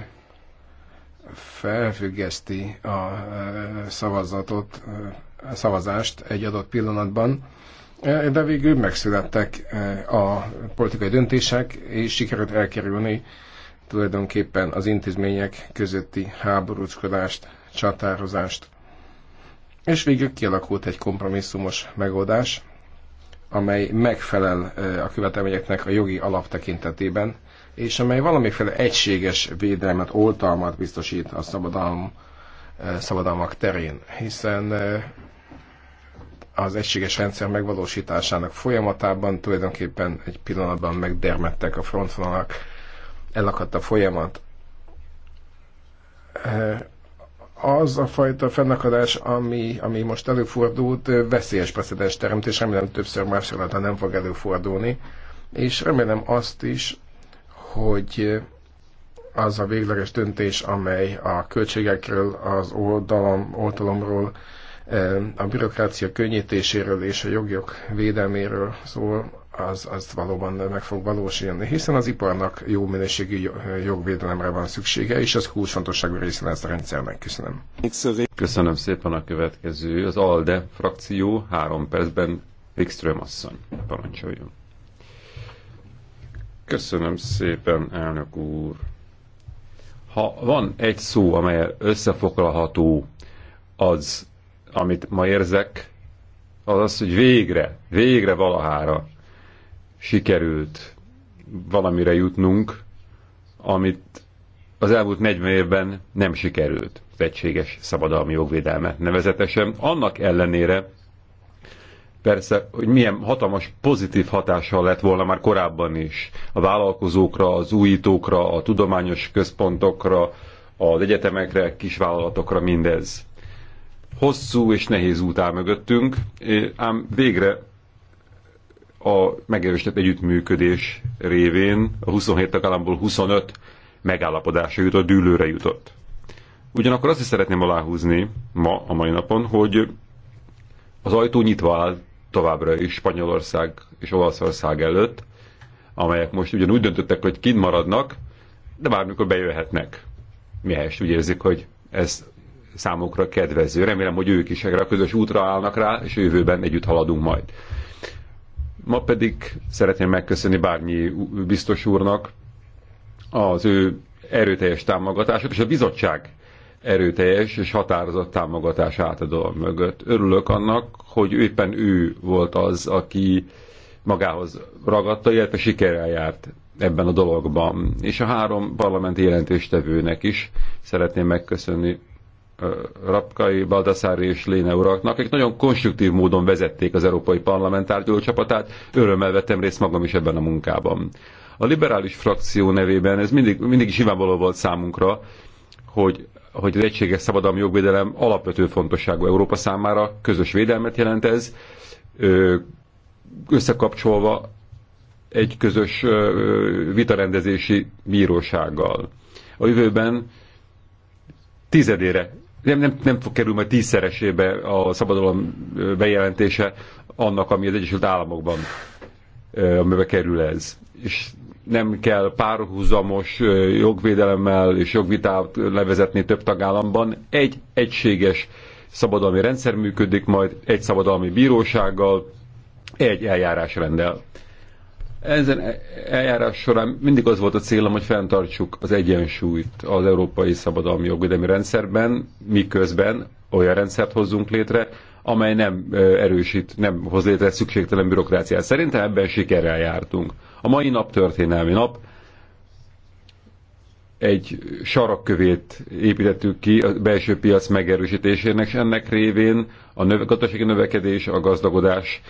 felfüggeszti a szavazatot, a szavazást egy adott pillanatban, Eh, de végül megszülettek eh, a politikai döntések, és sikerült elkerülni tulajdonképpen az intézmények közötti háborúskodást, csatározást. És végül kialakult egy kompromisszumos megoldás, amely megfelel eh, a követelményeknek a jogi alap tekintetében, és amely valamiféle egységes védelmet, oltalmat biztosít a szabadalom, szabadalmak terén, hiszen az egységes rendszer megvalósításának folyamatában tulajdonképpen egy pillanatban megdermettek a frontvonalak, elakadt a folyamat. Az a fajta fennakadás, ami, ami most előfordult, veszélyes precedens teremt, és remélem többször másolata nem fog előfordulni, és remélem azt is, hogy az a végleges döntés, amely a költségekről, az oldalom, oltalomról, a bürokrácia könnyítéséről és a jogjog védelméről szól, az, az valóban meg fog valósulni, hiszen az iparnak jó minőségű jogvédelemre van szüksége, és az kulcsfontosságú része lesz a rendszernek. Köszönöm. Köszönöm szépen a következő. Az ALDE frakció három percben Wikström asszony. Parancsoljon. Köszönöm szépen, elnök úr. Ha van egy szó, amely összefoglalható az amit ma érzek, az az, hogy végre, végre valahára sikerült valamire jutnunk, amit az elmúlt 40 évben nem sikerült az egységes szabadalmi jogvédelme nevezetesen. Annak ellenére persze, hogy milyen hatalmas pozitív hatással lett volna már korábban is a vállalkozókra, az újítókra, a tudományos központokra, az egyetemekre, kisvállalatokra mindez. Hosszú és nehéz út áll mögöttünk, ám végre a megerősített együttműködés révén a 27 tagállamból 25 megállapodásra jutott, dűlőre jutott. Ugyanakkor azt is szeretném aláhúzni ma, a mai napon, hogy az ajtó nyitva áll továbbra is Spanyolország és Olaszország előtt, amelyek most ugyanúgy döntöttek, hogy kint maradnak, de bármikor bejöhetnek. Mihelyest úgy érzik, hogy ez számukra kedvező. Remélem, hogy ők is erre a közös útra állnak rá, és jövőben együtt haladunk majd. Ma pedig szeretném megköszönni bármi biztos úrnak az ő erőteljes támogatását, és a bizottság erőteljes és határozott támogatás átadó mögött. Örülök annak, hogy éppen ő volt az, aki magához ragadta, illetve sikerrel járt ebben a dologban. És a három parlamenti jelentéstevőnek is szeretném megköszönni Rapkai, Baldassari és Léne uraknak, akik nagyon konstruktív módon vezették az Európai Parlament tárgyaló csapatát, örömmel vettem részt magam is ebben a munkában. A liberális frakció nevében ez mindig, mindig is nyilvánvaló volt számunkra, hogy, hogy az egységes szabadalmi jogvédelem alapvető fontosságú Európa számára, közös védelmet jelent ez, összekapcsolva egy közös vitarendezési bírósággal. A jövőben tizedére nem, nem, nem fog kerül majd tízszeresébe a szabadalom bejelentése annak, ami az Egyesült Államokban amibe kerül ez. És nem kell párhuzamos jogvédelemmel és jogvitát levezetni több tagállamban. Egy egységes szabadalmi rendszer működik majd, egy szabadalmi bírósággal, egy eljárás rendel. Ezen eljárás során mindig az volt a célom, hogy fenntartsuk az egyensúlyt az európai szabadalmi jogvédelmi rendszerben, miközben olyan rendszert hozzunk létre, amely nem erősít, nem hoz létre szükségtelen bürokráciát. Szerintem ebben sikerrel jártunk. A mai nap történelmi nap, egy sarakkövét építettük ki a belső piac megerősítésének, és ennek révén a növe, gazdasági növekedés, a gazdagodás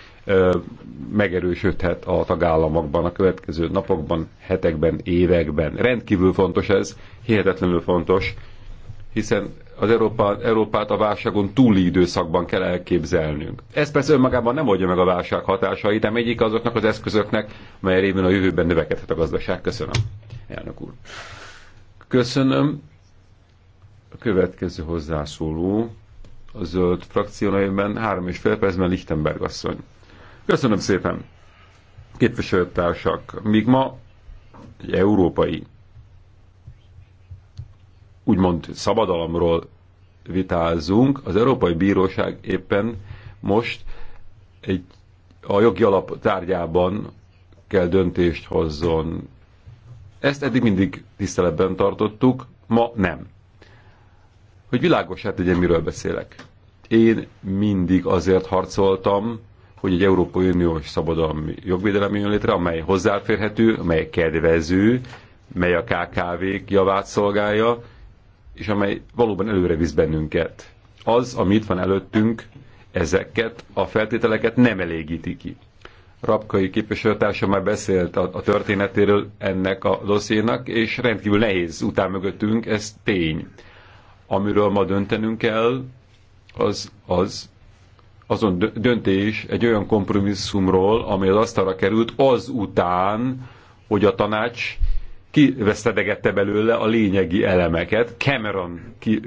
megerősödhet a tagállamokban a következő napokban, hetekben, években. Rendkívül fontos ez, hihetetlenül fontos, hiszen az Európa, Európát a válságon túli időszakban kell elképzelnünk. Ez persze önmagában nem oldja meg a válság hatásait, de egyik azoknak az eszközöknek, mely révén a jövőben növekedhet a gazdaság. Köszönöm, elnök úr. Köszönöm. A következő hozzászóló a zöld frakció nevében három és fél percben Lichtenberg asszony. Köszönöm szépen, képviselőtársak. Míg ma egy európai úgymond szabadalomról vitázunk, az Európai Bíróság éppen most egy, a jogi alap tárgyában kell döntést hozzon. Ezt eddig mindig tiszteletben tartottuk, ma nem. Hogy világos hát legyen, miről beszélek. Én mindig azért harcoltam, hogy egy Európai Uniós szabadalmi jogvédelem jön létre, amely hozzáférhető, amely kedvező, mely a KKV-k javát szolgálja, és amely valóban előre visz bennünket. Az, ami itt van előttünk, ezeket a feltételeket nem elégíti ki. Rapkai képviselőtársa már beszélt a, a történetéről ennek a dossziénak, és rendkívül nehéz után mögöttünk, ez tény. Amiről ma döntenünk kell, az az, azon döntés egy olyan kompromisszumról, ami az asztalra került az után, hogy a tanács kivesztedegette belőle a lényegi elemeket. Cameron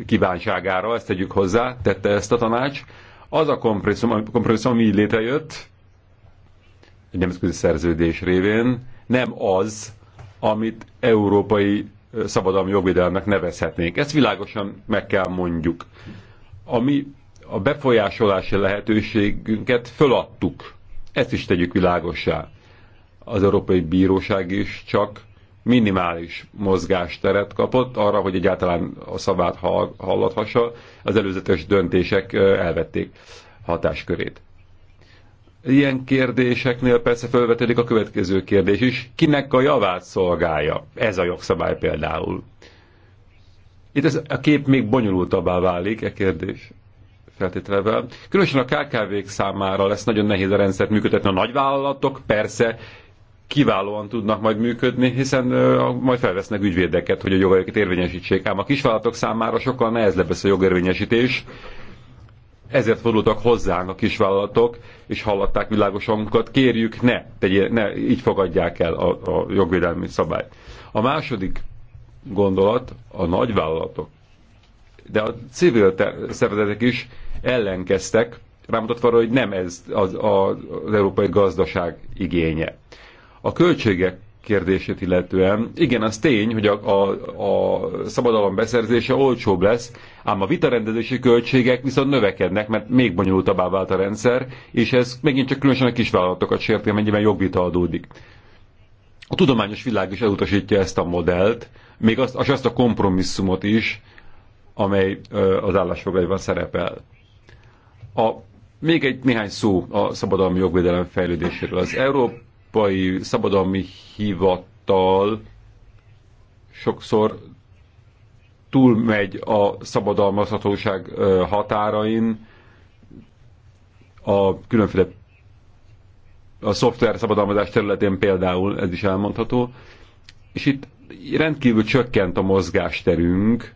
kívánságára, ezt tegyük hozzá, tette ezt a tanács. Az a kompromisszum, kompromisszum ami így létrejött, egy nemzetközi szerződés révén, nem az, amit európai szabadalmi jogvédelmek nevezhetnénk. Ezt világosan meg kell mondjuk. A mi a befolyásolási lehetőségünket föladtuk. Ezt is tegyük világossá. Az Európai Bíróság is csak minimális mozgásteret kapott arra, hogy egyáltalán a szavát hallathassa, az előzetes döntések elvették hatáskörét. Ilyen kérdéseknél persze felvetődik a következő kérdés is, kinek a javát szolgálja ez a jogszabály például. Itt ez a kép még bonyolultabbá válik, e kérdés feltételevel. Különösen a KKV-k számára lesz nagyon nehéz a rendszert működtetni. A nagyvállalatok persze kiválóan tudnak majd működni, hiszen uh, majd felvesznek ügyvédeket, hogy a jogaikat érvényesítsék. Ám a kisvállalatok számára sokkal nehezebb lesz a jogérvényesítés, ezért fordultak hozzánk a kisvállalatok, és hallatták világosankat, kérjük, ne, tegyél, ne így fogadják el a, a jogvédelmi szabályt. A második gondolat a nagyvállalatok de a civil szervezetek is ellenkeztek, rámutatva arra, hogy nem ez az, az, az európai gazdaság igénye. A költségek kérdését illetően, igen, az tény, hogy a, a, a szabadalom beszerzése olcsóbb lesz, ám a vitarendezési költségek viszont növekednek, mert még bonyolultabbá vált a rendszer, és ez megint csak különösen a kisvállalatokat sérti, amennyiben jogvita adódik. A tudományos világ is elutasítja ezt a modellt, még azt, azt a kompromisszumot is, amely az állásfoglalásban szerepel. A, még egy néhány szó a szabadalmi jogvédelem fejlődéséről. Az Európai Szabadalmi Hivatal sokszor túlmegy a szabadalmazhatóság határain, a különféle a szoftver szabadalmazás területén például ez is elmondható, és itt rendkívül csökkent a mozgásterünk,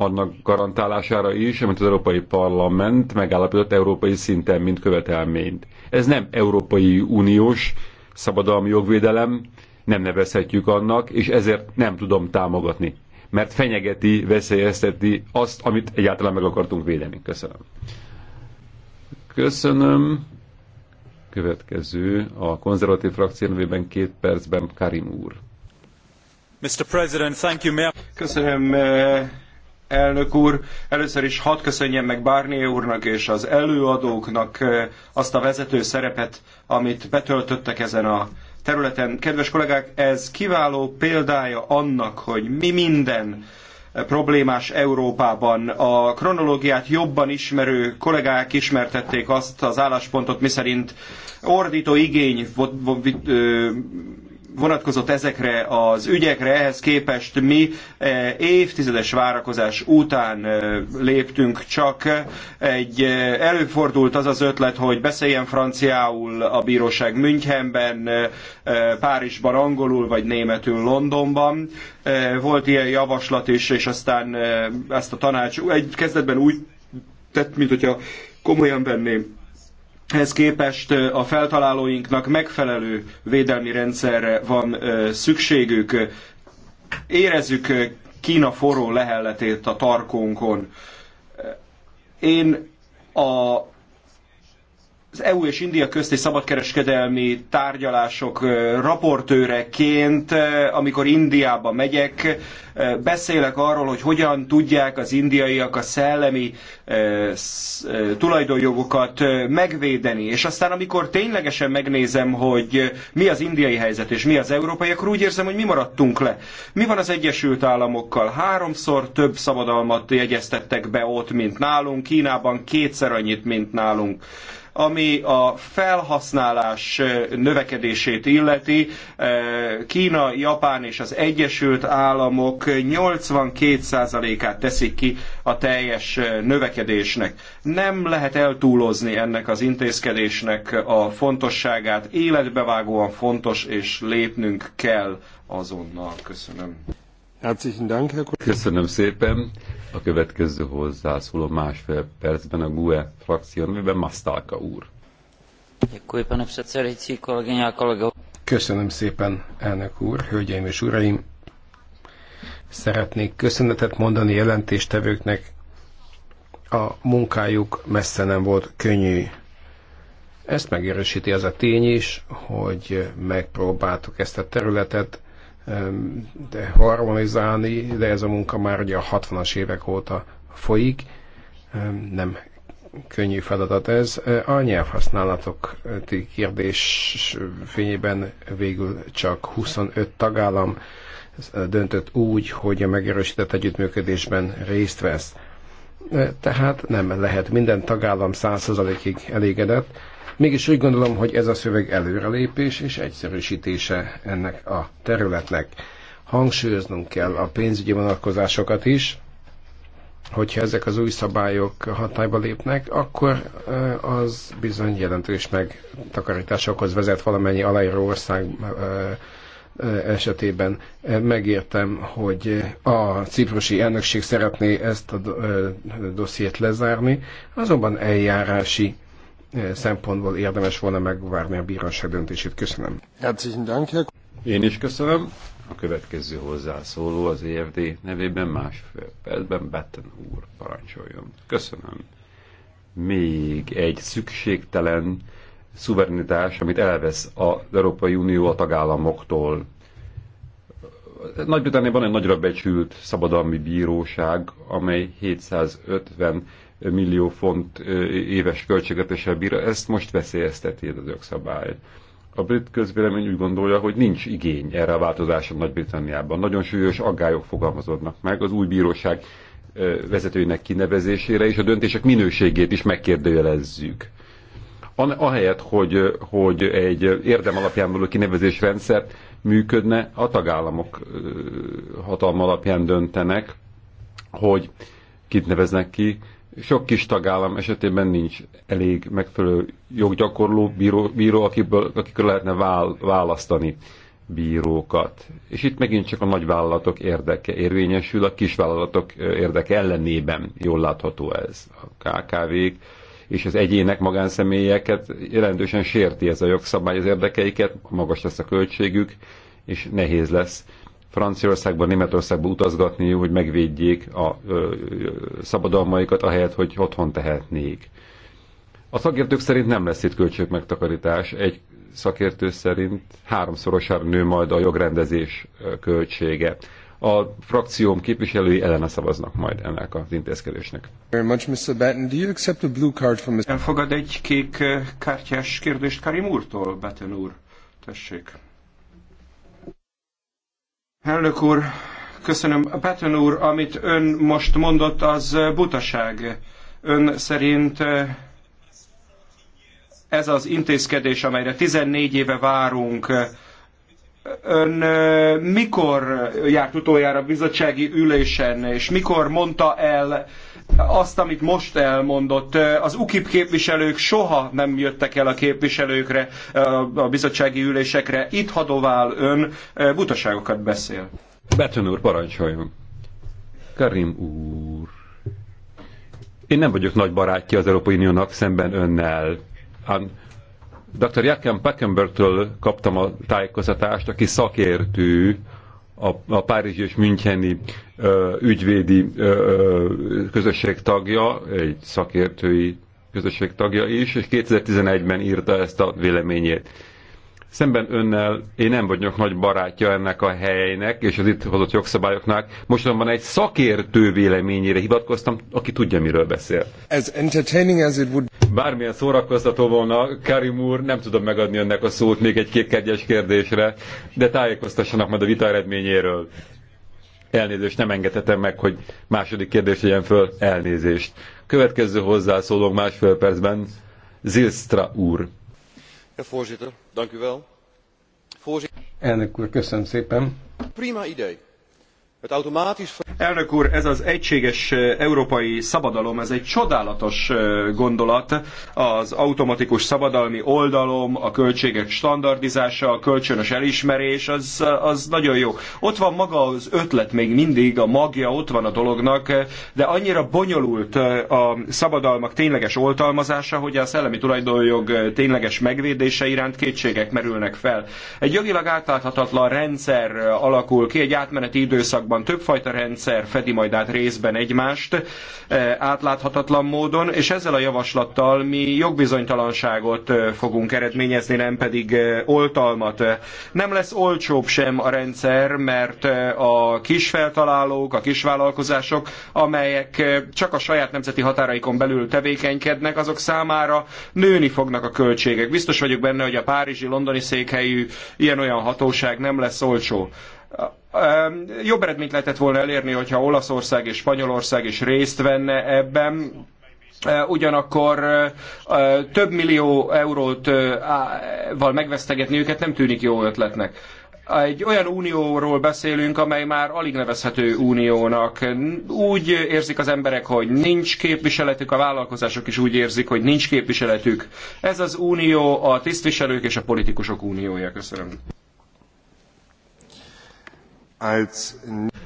annak garantálására is, amit az Európai Parlament megállapított európai szinten, mint követelményt. Ez nem Európai Uniós szabadalmi jogvédelem, nem nevezhetjük annak, és ezért nem tudom támogatni, mert fenyegeti, veszélyezteti azt, amit egyáltalán meg akartunk védeni. Köszönöm. Köszönöm. Következő a konzervatív frakció nevében két percben Karim úr. Mr. President, thank you. Köszönöm eh, elnök úr. Először is hadd köszönjem meg Barnier úrnak és az előadóknak azt a vezető szerepet, amit betöltöttek ezen a területen. Kedves kollégák, ez kiváló példája annak, hogy mi minden problémás Európában. A kronológiát jobban ismerő kollégák ismertették azt az álláspontot, miszerint ordító igény vonatkozott ezekre az ügyekre, ehhez képest mi eh, évtizedes várakozás után eh, léptünk csak. Egy eh, előfordult az az ötlet, hogy beszéljen franciául a bíróság Münchenben, Párizsban angolul, vagy németül Londonban. Volt ilyen javaslat is, és aztán ezt a tanács egy kezdetben úgy tett, mint hogyha komolyan venném ehhez képest a feltalálóinknak megfelelő védelmi rendszerre van szükségük. Érezzük Kína forró lehelletét a tarkónkon. Én a az EU és India közti szabadkereskedelmi tárgyalások raportőreként, amikor Indiába megyek, beszélek arról, hogy hogyan tudják az indiaiak a szellemi tulajdonjogokat megvédeni. És aztán, amikor ténylegesen megnézem, hogy mi az indiai helyzet és mi az európai, akkor úgy érzem, hogy mi maradtunk le. Mi van az Egyesült Államokkal? Háromszor több szabadalmat jegyeztettek be ott, mint nálunk, Kínában kétszer annyit, mint nálunk. Ami a felhasználás növekedését illeti, Kína, Japán és az Egyesült Államok 82%-át teszik ki a teljes növekedésnek. Nem lehet eltúlozni ennek az intézkedésnek a fontosságát, életbevágóan fontos, és lépnünk kell azonnal. Köszönöm. Köszönöm szépen. A következő hozzászóló másfél percben a GUE frakció, amiben Masztálka úr. Köszönöm szépen, elnök úr, hölgyeim és uraim. Szeretnék köszönetet mondani jelentéstevőknek. A munkájuk messze nem volt könnyű. Ezt megerősíti az a tény is, hogy megpróbáltuk ezt a területet de harmonizálni, de ez a munka már ugye a 60-as évek óta folyik, nem könnyű feladat ez. A nyelvhasználatok kérdés fényében végül csak 25 tagállam eh, döntött úgy, hogy a megerősített együttműködésben részt vesz. Tehát nem lehet minden tagállam 100%-ig elégedett, Mégis úgy gondolom, hogy ez a szöveg előrelépés és egyszerűsítése ennek a területnek. Hangsúlyoznunk kell a pénzügyi vonatkozásokat is, hogyha ezek az új szabályok hatályba lépnek, akkor az bizony jelentős megtakarításokhoz vezet valamennyi aláíró ország esetében. Megértem, hogy a ciprusi elnökség szeretné ezt a dossziét lezárni, azonban eljárási szempontból érdemes volna megvárni a bíróság döntését. Köszönöm. Én is köszönöm. A következő hozzászóló az EFD nevében másfél percben Betten úr parancsoljon. Köszönöm. Még egy szükségtelen szuverenitás, amit elvesz az Európai Unió a tagállamoktól. Nagy-Britanniában egy nagyra becsült szabadalmi bíróság, amely 750 millió font éves költségvetéssel bír, ezt most veszélyezteti ez az jogszabály. A brit közvélemény úgy gondolja, hogy nincs igény erre a változásra Nagy-Britanniában. Nagyon súlyos aggályok fogalmazódnak meg az új bíróság vezetőinek kinevezésére, és a döntések minőségét is megkérdőjelezzük. Ahelyett, hogy, hogy egy érdem alapján való rendszer működne, a tagállamok hatalma alapján döntenek, hogy kit neveznek ki, sok kis tagállam esetében nincs elég megfelelő joggyakorló bíró, bíró akiből, akikről lehetne vál, választani bírókat. És itt megint csak a nagyvállalatok érdeke érvényesül, a kisvállalatok érdeke ellenében jól látható ez. A KKV-k és az egyének, magánszemélyeket jelentősen sérti ez a jogszabály az érdekeiket, magas lesz a költségük, és nehéz lesz Franciaországba, Németországba utazgatni, hogy megvédjék a ö, szabadalmaikat, ahelyett, hogy otthon tehetnék. A szakértők szerint nem lesz itt költségmegtakarítás. Egy szakértő szerint háromszorosára nő majd a jogrendezés költsége. A frakcióm képviselői ellene szavaznak majd ennek az intézkedésnek. Elfogad egy kék kártyás kérdést Karim úrtól, Batten úr? Tessék. Elnök úr, köszönöm. Patton úr, amit ön most mondott, az butaság. Ön szerint eh, ez az intézkedés, amelyre 14 éve várunk, eh, Ön eh, mikor járt utoljára bizottsági ülésen, és mikor mondta el azt, amit most elmondott. Az UKIP képviselők soha nem jöttek el a képviselőkre, a bizottsági ülésekre. Itt hadovál ön, butaságokat beszél. Beton úr, parancsoljon. Karim úr. Én nem vagyok nagy barátja az Európai Uniónak szemben önnel. Ám Dr. Jacken Packenbertől kaptam a tájékoztatást, aki szakértő a, a Párizsi és Müncheni ö, ügyvédi ö, közösség tagja, egy szakértői közösség tagja is, és 2011-ben írta ezt a véleményét. Szemben önnel én nem vagyok nagy barátja ennek a helynek és az itt hozott jogszabályoknak. Mostanában egy szakértő véleményére hivatkoztam, aki tudja, miről beszél. As entertaining as it would... Bármilyen szórakoztató volna, Karim úr, nem tudom megadni önnek a szót még egy kékkegyes kérdésre, de tájékoztassanak majd a vita eredményéről. Elnézést, nem engedhetem meg, hogy második kérdés legyen föl. Elnézést. Következő hozzászólom másfél percben, Zilstra úr elnök úr köszönöm szépen prima idej. Elnök úr, ez az egységes eh, európai szabadalom, ez egy csodálatos eh, gondolat. Az automatikus szabadalmi oldalom, a költségek standardizása, a kölcsönös elismerés, az, az nagyon jó. Ott van maga az ötlet még mindig, a magja ott van a dolognak, de annyira bonyolult eh, a szabadalmak tényleges oltalmazása, hogy a szellemi tulajdonjog tényleges megvédése iránt kétségek merülnek fel. Egy jogilag átláthatatlan rendszer alakul ki, egy átmeneti időszak időszakban. Többfajta rendszer fedi majd át részben egymást eh, átláthatatlan módon, és ezzel a javaslattal mi jogbizonytalanságot eh, fogunk eredményezni, nem pedig eh, oltalmat. Nem lesz olcsóbb sem a rendszer, mert a kisfeltalálók, a kisvállalkozások, amelyek csak a saját nemzeti határaikon belül tevékenykednek, azok számára nőni fognak a költségek. Biztos vagyok benne, hogy a párizsi, londoni székhelyű ilyen-olyan hatóság nem lesz olcsó. Jobb eredményt lehetett volna elérni, hogyha Olaszország és Spanyolország is részt venne ebben, ugyanakkor több millió eurót val megvesztegetni őket nem tűnik jó ötletnek. Egy olyan unióról beszélünk, amely már alig nevezhető uniónak. Úgy érzik az emberek, hogy nincs képviseletük, a vállalkozások is úgy érzik, hogy nincs képviseletük. Ez az unió a tisztviselők és a politikusok uniója. Köszönöm.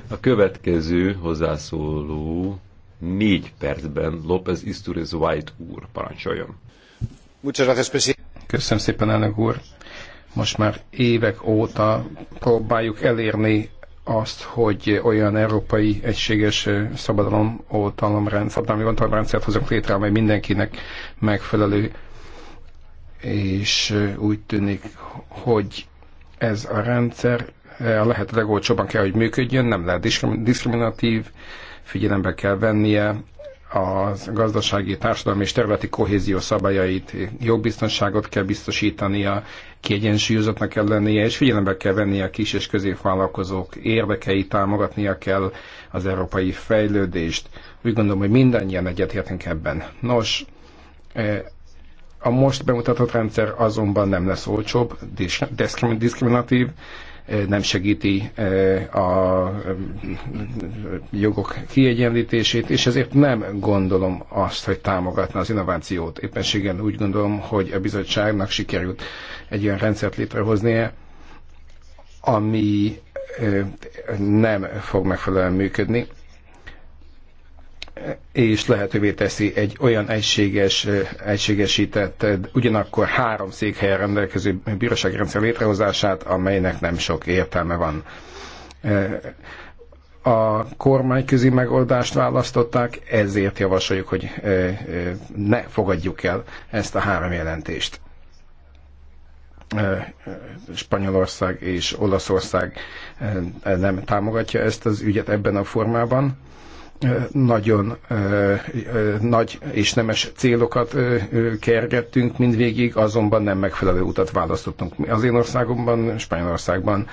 A következő hozzászóló négy percben López Isturiz White úr parancsoljon. Köszönöm szépen, elnök úr. Most már évek óta próbáljuk elérni azt, hogy olyan európai egységes szabadalom, oltalomrendszer, oltalomrendszert hozunk létre, amely mindenkinek megfelelő, és úgy tűnik, hogy ez a rendszer Eh, a lehető legolcsóban kell, hogy működjön, nem lehet diszkriminatív, figyelembe kell vennie a gazdasági, társadalmi és területi kohézió szabályait, jogbiztonságot kell biztosítania, kiegyensúlyozottnak kell lennie, és figyelembe kell vennie a kis és középvállalkozók érdekeit, támogatnia kell az európai fejlődést. Úgy gondolom, hogy mindannyian egyetértünk ebben. Nos, eh, a most bemutatott rendszer azonban nem lesz olcsóbb, diszkriminatív, nem segíti a jogok kiegyenlítését, és ezért nem gondolom azt, hogy támogatna az innovációt. Éppenségen úgy gondolom, hogy a bizottságnak sikerült egy olyan rendszert létrehoznia, ami nem fog megfelelően működni és lehetővé teszi egy olyan egységes, egységesített, ugyanakkor három székhelyen rendelkező bírósági rendszer létrehozását, amelynek nem sok értelme van. A kormányközi megoldást választották, ezért javasoljuk, hogy ne fogadjuk el ezt a három jelentést. Spanyolország és Olaszország nem támogatja ezt az ügyet ebben a formában nagyon nagy és nemes célokat kergettünk mindvégig, azonban nem megfelelő utat választottunk. Az én országomban, Spanyolországban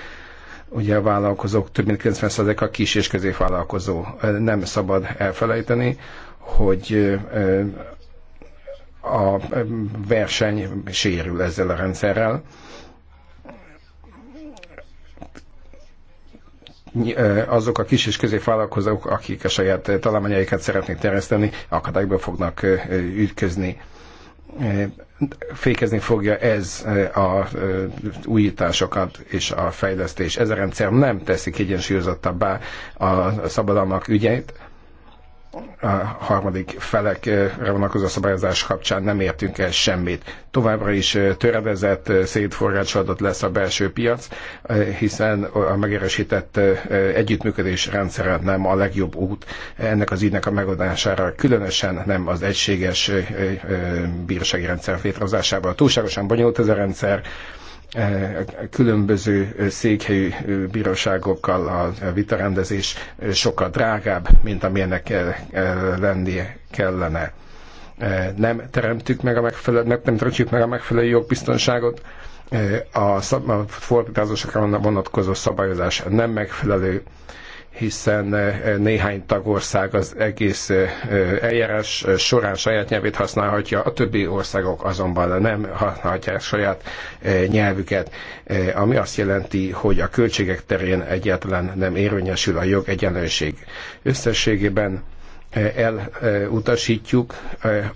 ugye a vállalkozók több mint 90%-a kis és középvállalkozó. Nem szabad elfelejteni, hogy a verseny sérül ezzel a rendszerrel azok a kis és középvállalkozók, akik a saját találmányaikat szeretnék terjeszteni, akadályba fognak ütközni. Fékezni fogja ez a újításokat és a fejlesztés. Ez a rendszer nem teszik egyensúlyozottabbá a szabadalmak ügyeit, a harmadik felekre vonatkozó szabályozás kapcsán nem értünk el semmit. Továbbra is töredezett, szétforgácsolatot lesz a belső piac, hiszen a megerősített együttműködés rendszere nem a legjobb út ennek az ügynek a megoldására, különösen nem az egységes bírósági rendszer létrehozásával. Túlságosan bonyolult ez a rendszer, E, különböző székhelyű bíróságokkal a vitarendezés sokkal drágább, mint amilyennek e, e, lennie kellene. Nem teremtjük meg a megfelelő, nem, nem teremtjük meg a megfelelő jogbiztonságot, a, szab, a fordításokra vonatkozó szabályozás nem megfelelő, hiszen eh, néhány tagország az egész eh, eljárás eh, során saját nyelvét használhatja, a többi országok azonban nem használhatják saját nyelvüket, ami azt jelenti, hogy a költségek terén egyáltalán nem érvényesül a jog egyenlőség. Összességében elutasítjuk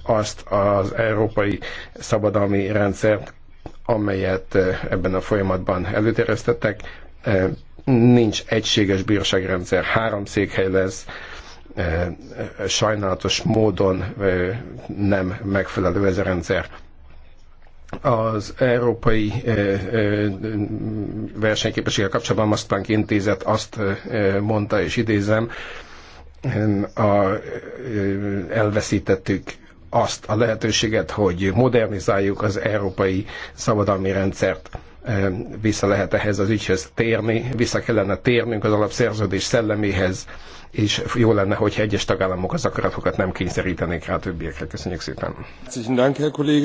azt az európai szabadalmi rendszert, amelyet ebben a folyamatban előterjesztettek, nincs egységes bírságrendszer, három székhely lesz, sajnálatos módon nem megfelelő ez a rendszer. Az európai versenyképességgel kapcsolatban Masztánk intézet azt mondta, és idézem, a, elveszítettük azt a lehetőséget, hogy modernizáljuk az európai szabadalmi rendszert vissza lehet ehhez az ügyhöz térni, vissza kellene térnünk az alapszerződés szelleméhez, és jó lenne, hogyha egyes tagállamok az akaratokat nem kényszerítenék rá a többiekre. Köszönjük szépen.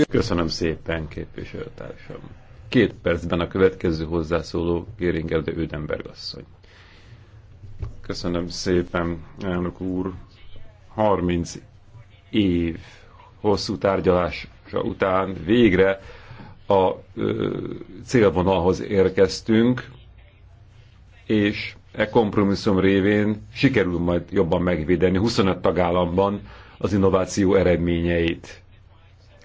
Köszönöm szépen, képviselőtársam. Két percben a következő hozzászóló Géringer de Ödenberg asszony. Köszönöm szépen, elnök úr. 30 év hosszú tárgyalás után végre a célvonalhoz érkeztünk, és e kompromisszum révén sikerül majd jobban megvédeni 25 tagállamban az innováció eredményeit.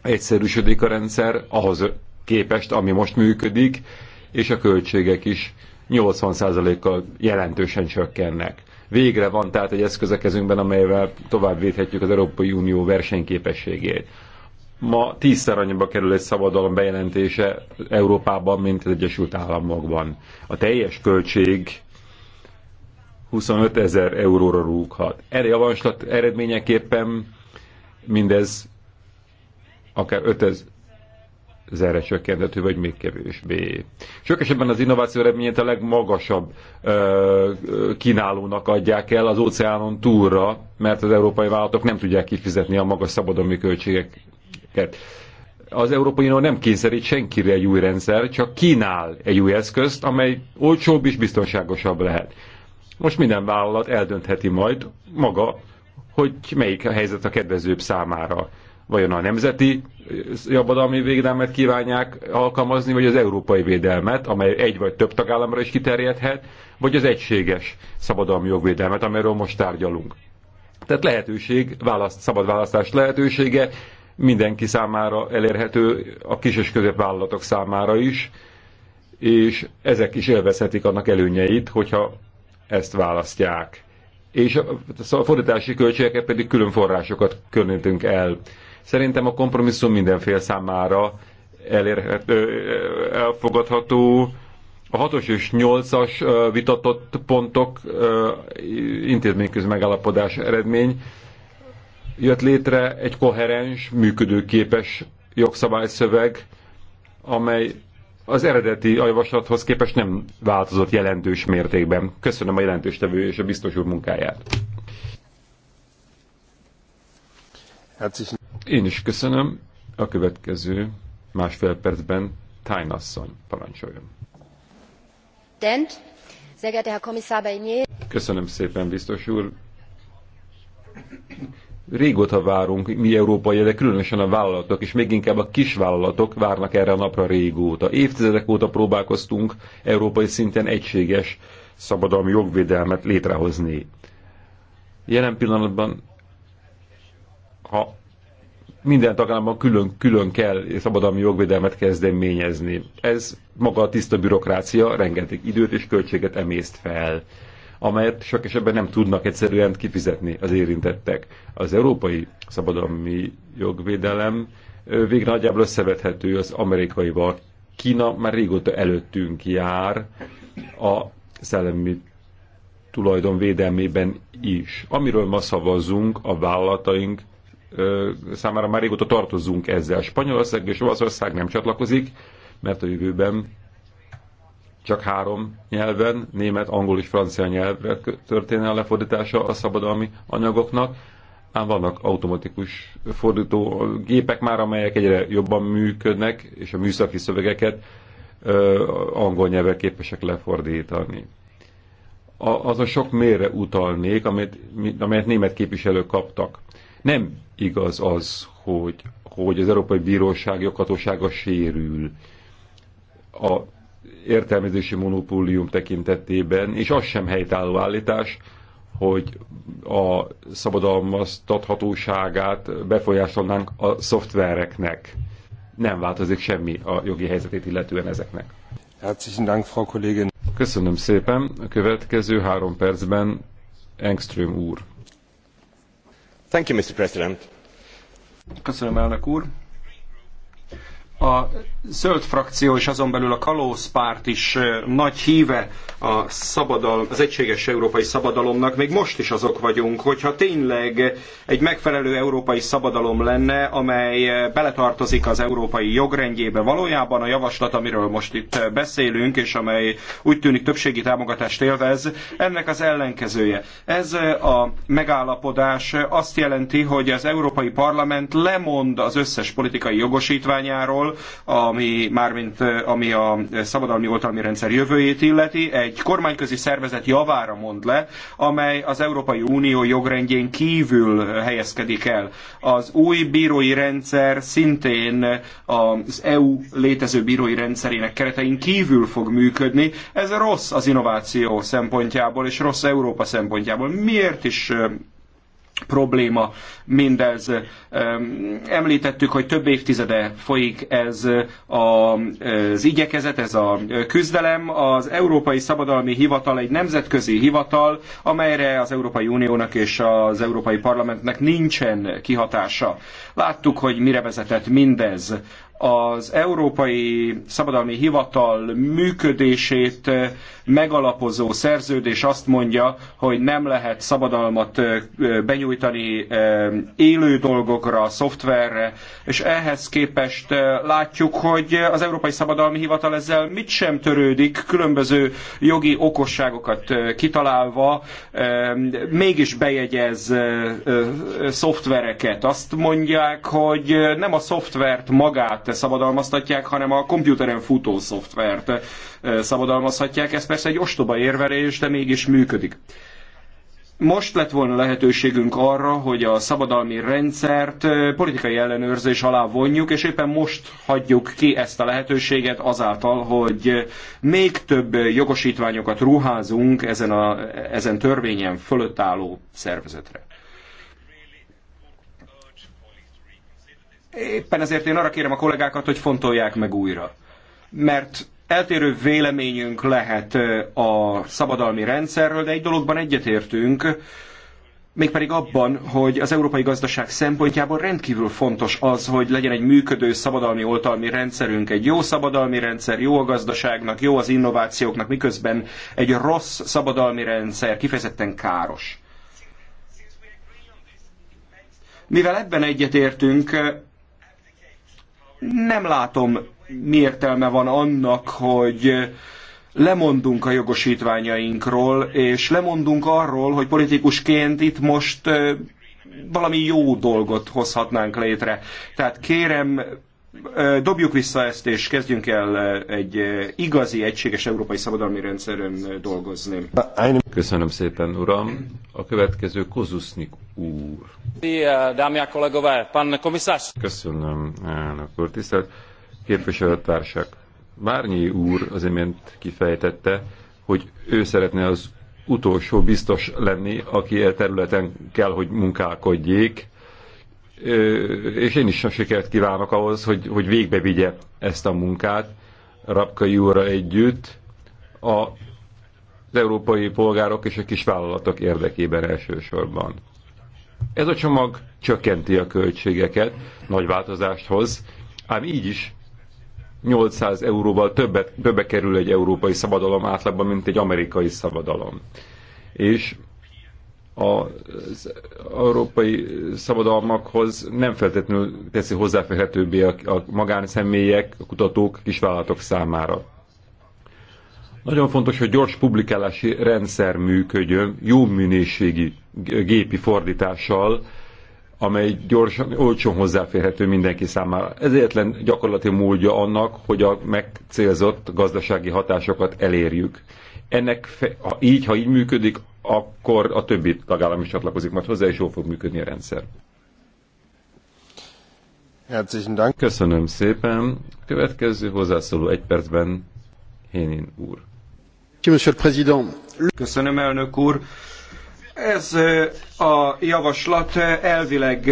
Egyszerűsödik a rendszer ahhoz képest, ami most működik, és a költségek is 80%-kal jelentősen csökkennek. Végre van tehát egy eszköz a kezünkben, amelyvel tovább védhetjük az Európai Unió versenyképességét ma tízszer annyiba kerül egy szabadalom bejelentése Európában, mint az Egyesült Államokban. A teljes költség 25 ezer euróra rúghat. Erre javaslat eredményeképpen mindez akár 5 ezerre csökkenthető, vagy még kevésbé. Sok esetben az innováció eredményét a legmagasabb ö, kínálónak adják el az óceánon túlra, mert az európai vállalatok nem tudják kifizetni a magas szabadalmi költségek eszközöket. Az Európai Unió nem kényszerít senkire egy új rendszer, csak kínál egy új eszközt, amely olcsóbb és biztonságosabb lehet. Most minden vállalat eldöntheti majd maga, hogy melyik a helyzet a kedvezőbb számára. Vajon a nemzeti jabadalmi védelmet kívánják alkalmazni, vagy az európai védelmet, amely egy vagy több tagállamra is kiterjedhet, vagy az egységes szabadalmi jogvédelmet, amelyről most tárgyalunk. Tehát lehetőség, választ, szabad választás lehetősége mindenki számára elérhető, a kis és középvállalatok számára is, és ezek is élvezhetik annak előnyeit, hogyha ezt választják. És a szóval fordítási költségeket pedig külön forrásokat különítünk el. Szerintem a kompromisszum mindenfél számára elérhető, elfogadható. A 6-os és 8-as vitatott pontok intézményközi megállapodás eredmény, jött létre egy koherens, működőképes jogszabályszöveg, amely az eredeti javaslathoz képest nem változott jelentős mértékben. Köszönöm a jelentéstevő és a biztos úr munkáját. Én is köszönöm. A következő másfél percben Tájnasszony parancsoljon. Köszönöm szépen, biztos úr. Régóta várunk, mi európai, de különösen a vállalatok, és még inkább a kisvállalatok várnak erre a napra régóta. Évtizedek óta próbálkoztunk európai szinten egységes szabadalmi jogvédelmet létrehozni. Jelen pillanatban, ha minden tagállamban külön-külön kell szabadalmi jogvédelmet kezdeményezni. Ez maga a tiszta bürokrácia rengeteg időt és költséget emészt fel amelyet sok esetben nem tudnak egyszerűen kifizetni az érintettek. Az európai szabadalmi jogvédelem végre nagyjából összevethető az amerikaival. Kína már régóta előttünk jár a szellemi tulajdon védelmében is. Amiről ma szavazunk, a vállalataink számára már régóta tartozunk ezzel. Spanyolország és Olaszország nem csatlakozik, mert a jövőben csak három nyelven, német, angol és francia nyelvre történne a lefordítása a szabadalmi anyagoknak, ám vannak automatikus fordító gépek már, amelyek egyre jobban működnek, és a műszaki szövegeket ö, angol nyelvre képesek lefordítani. A, az a sok mérre utalnék, amit, amelyet német képviselők kaptak. Nem igaz az, hogy, hogy az Európai Bíróság joghatósága sérül. A értelmezési monopólium tekintetében, és az sem helytálló állítás, hogy a szabadalmaztathatóságát befolyásolnánk a szoftvereknek. Nem változik semmi a jogi helyzetét illetően ezeknek. Herzlichen Dank, Frau Kollegin. Köszönöm szépen. A következő három percben Engström úr. Thank you, Mr. President. Köszönöm, elnök úr. A zöld frakció és azon belül a kalózpárt is nagy híve a szabadal, az egységes európai szabadalomnak. Még most is azok vagyunk, hogyha tényleg egy megfelelő európai szabadalom lenne, amely beletartozik az európai jogrendjébe. Valójában a javaslat, amiről most itt beszélünk, és amely úgy tűnik többségi támogatást élvez, ennek az ellenkezője. Ez a megállapodás azt jelenti, hogy az Európai Parlament lemond az összes politikai jogosítványáról, ami mármint ami a szabadalmi oltalmi rendszer jövőjét illeti, egy kormányközi szervezet javára mond le, amely az Európai Unió jogrendjén kívül helyezkedik el. Az új bírói rendszer szintén az EU létező bírói rendszerének keretein kívül fog működni. Ez rossz az innováció szempontjából, és rossz Európa szempontjából. Miért is probléma mindez. Említettük, hogy több évtizede folyik ez az igyekezet, ez a küzdelem. Az Európai Szabadalmi Hivatal egy nemzetközi hivatal, amelyre az Európai Uniónak és az Európai Parlamentnek nincsen kihatása. Láttuk, hogy mire vezetett mindez az Európai Szabadalmi Hivatal működését megalapozó szerződés azt mondja, hogy nem lehet szabadalmat benyújtani élő dolgokra, szoftverre, és ehhez képest látjuk, hogy az Európai Szabadalmi Hivatal ezzel mit sem törődik, különböző jogi okosságokat kitalálva, mégis bejegyez szoftvereket. Azt mondják, hogy nem a szoftvert magát szabadalmaztatják, hanem a komputeren futó szoftvert eh, szabadalmazhatják. Ez persze egy ostoba érvelés, de mégis működik. Most lett volna lehetőségünk arra, hogy a szabadalmi rendszert eh, politikai ellenőrzés alá vonjuk, és éppen most hagyjuk ki ezt a lehetőséget azáltal, hogy eh, még több jogosítványokat ruházunk ezen, a, ezen törvényen fölött álló szervezetre. Éppen ezért én arra kérem a kollégákat, hogy fontolják meg újra. Mert eltérő véleményünk lehet a szabadalmi rendszerről, de egy dologban egyetértünk, mégpedig abban, hogy az európai gazdaság szempontjából rendkívül fontos az, hogy legyen egy működő szabadalmi oltalmi rendszerünk, egy jó szabadalmi rendszer, jó a gazdaságnak, jó az innovációknak, miközben egy rossz szabadalmi rendszer kifejezetten káros. Mivel ebben egyetértünk, nem látom, mi értelme van annak, hogy lemondunk a jogosítványainkról, és lemondunk arról, hogy politikusként itt most valami jó dolgot hozhatnánk létre. Tehát kérem, dobjuk vissza ezt, és kezdjünk el egy igazi, egységes európai szabadalmi rendszeren dolgozni. Köszönöm szépen, uram. A következő Kozusznik úr. Dámják kollégové, pan komisszárs. Köszönöm, elnök úr. Tisztelt képviselőtársak. Várnyi úr az imént kifejtette, hogy ő szeretne az utolsó biztos lenni, aki e területen kell, hogy munkálkodjék, és én is sikert kívánok ahhoz, hogy, hogy végbe vigye ezt a munkát Rapkai úrra együtt a, az európai polgárok és a kisvállalatok érdekében elsősorban. Ez a csomag csökkenti a költségeket, nagy változást hoz, ám így is 800 euróval többet, többe kerül egy európai szabadalom átlagban, mint egy amerikai szabadalom. És az európai szabadalmakhoz nem feltétlenül teszi hozzáférhetőbbé a, a magánszemélyek, a kutatók, kisvállalatok számára. Nagyon fontos, hogy gyors publikálási rendszer működjön, jó minőségi gépi fordítással, amely gyorsan, olcsón hozzáférhető mindenki számára. Ez egyetlen gyakorlati módja annak, hogy a megcélzott gazdasági hatásokat elérjük. Ennek így, ha így működik, akkor a többi tagállam is csatlakozik majd hozzá, és jól fog működni a rendszer. Köszönöm szépen. Következő hozzászóló egy percben Hénin úr. Köszönöm, elnök úr. Ez a javaslat elvileg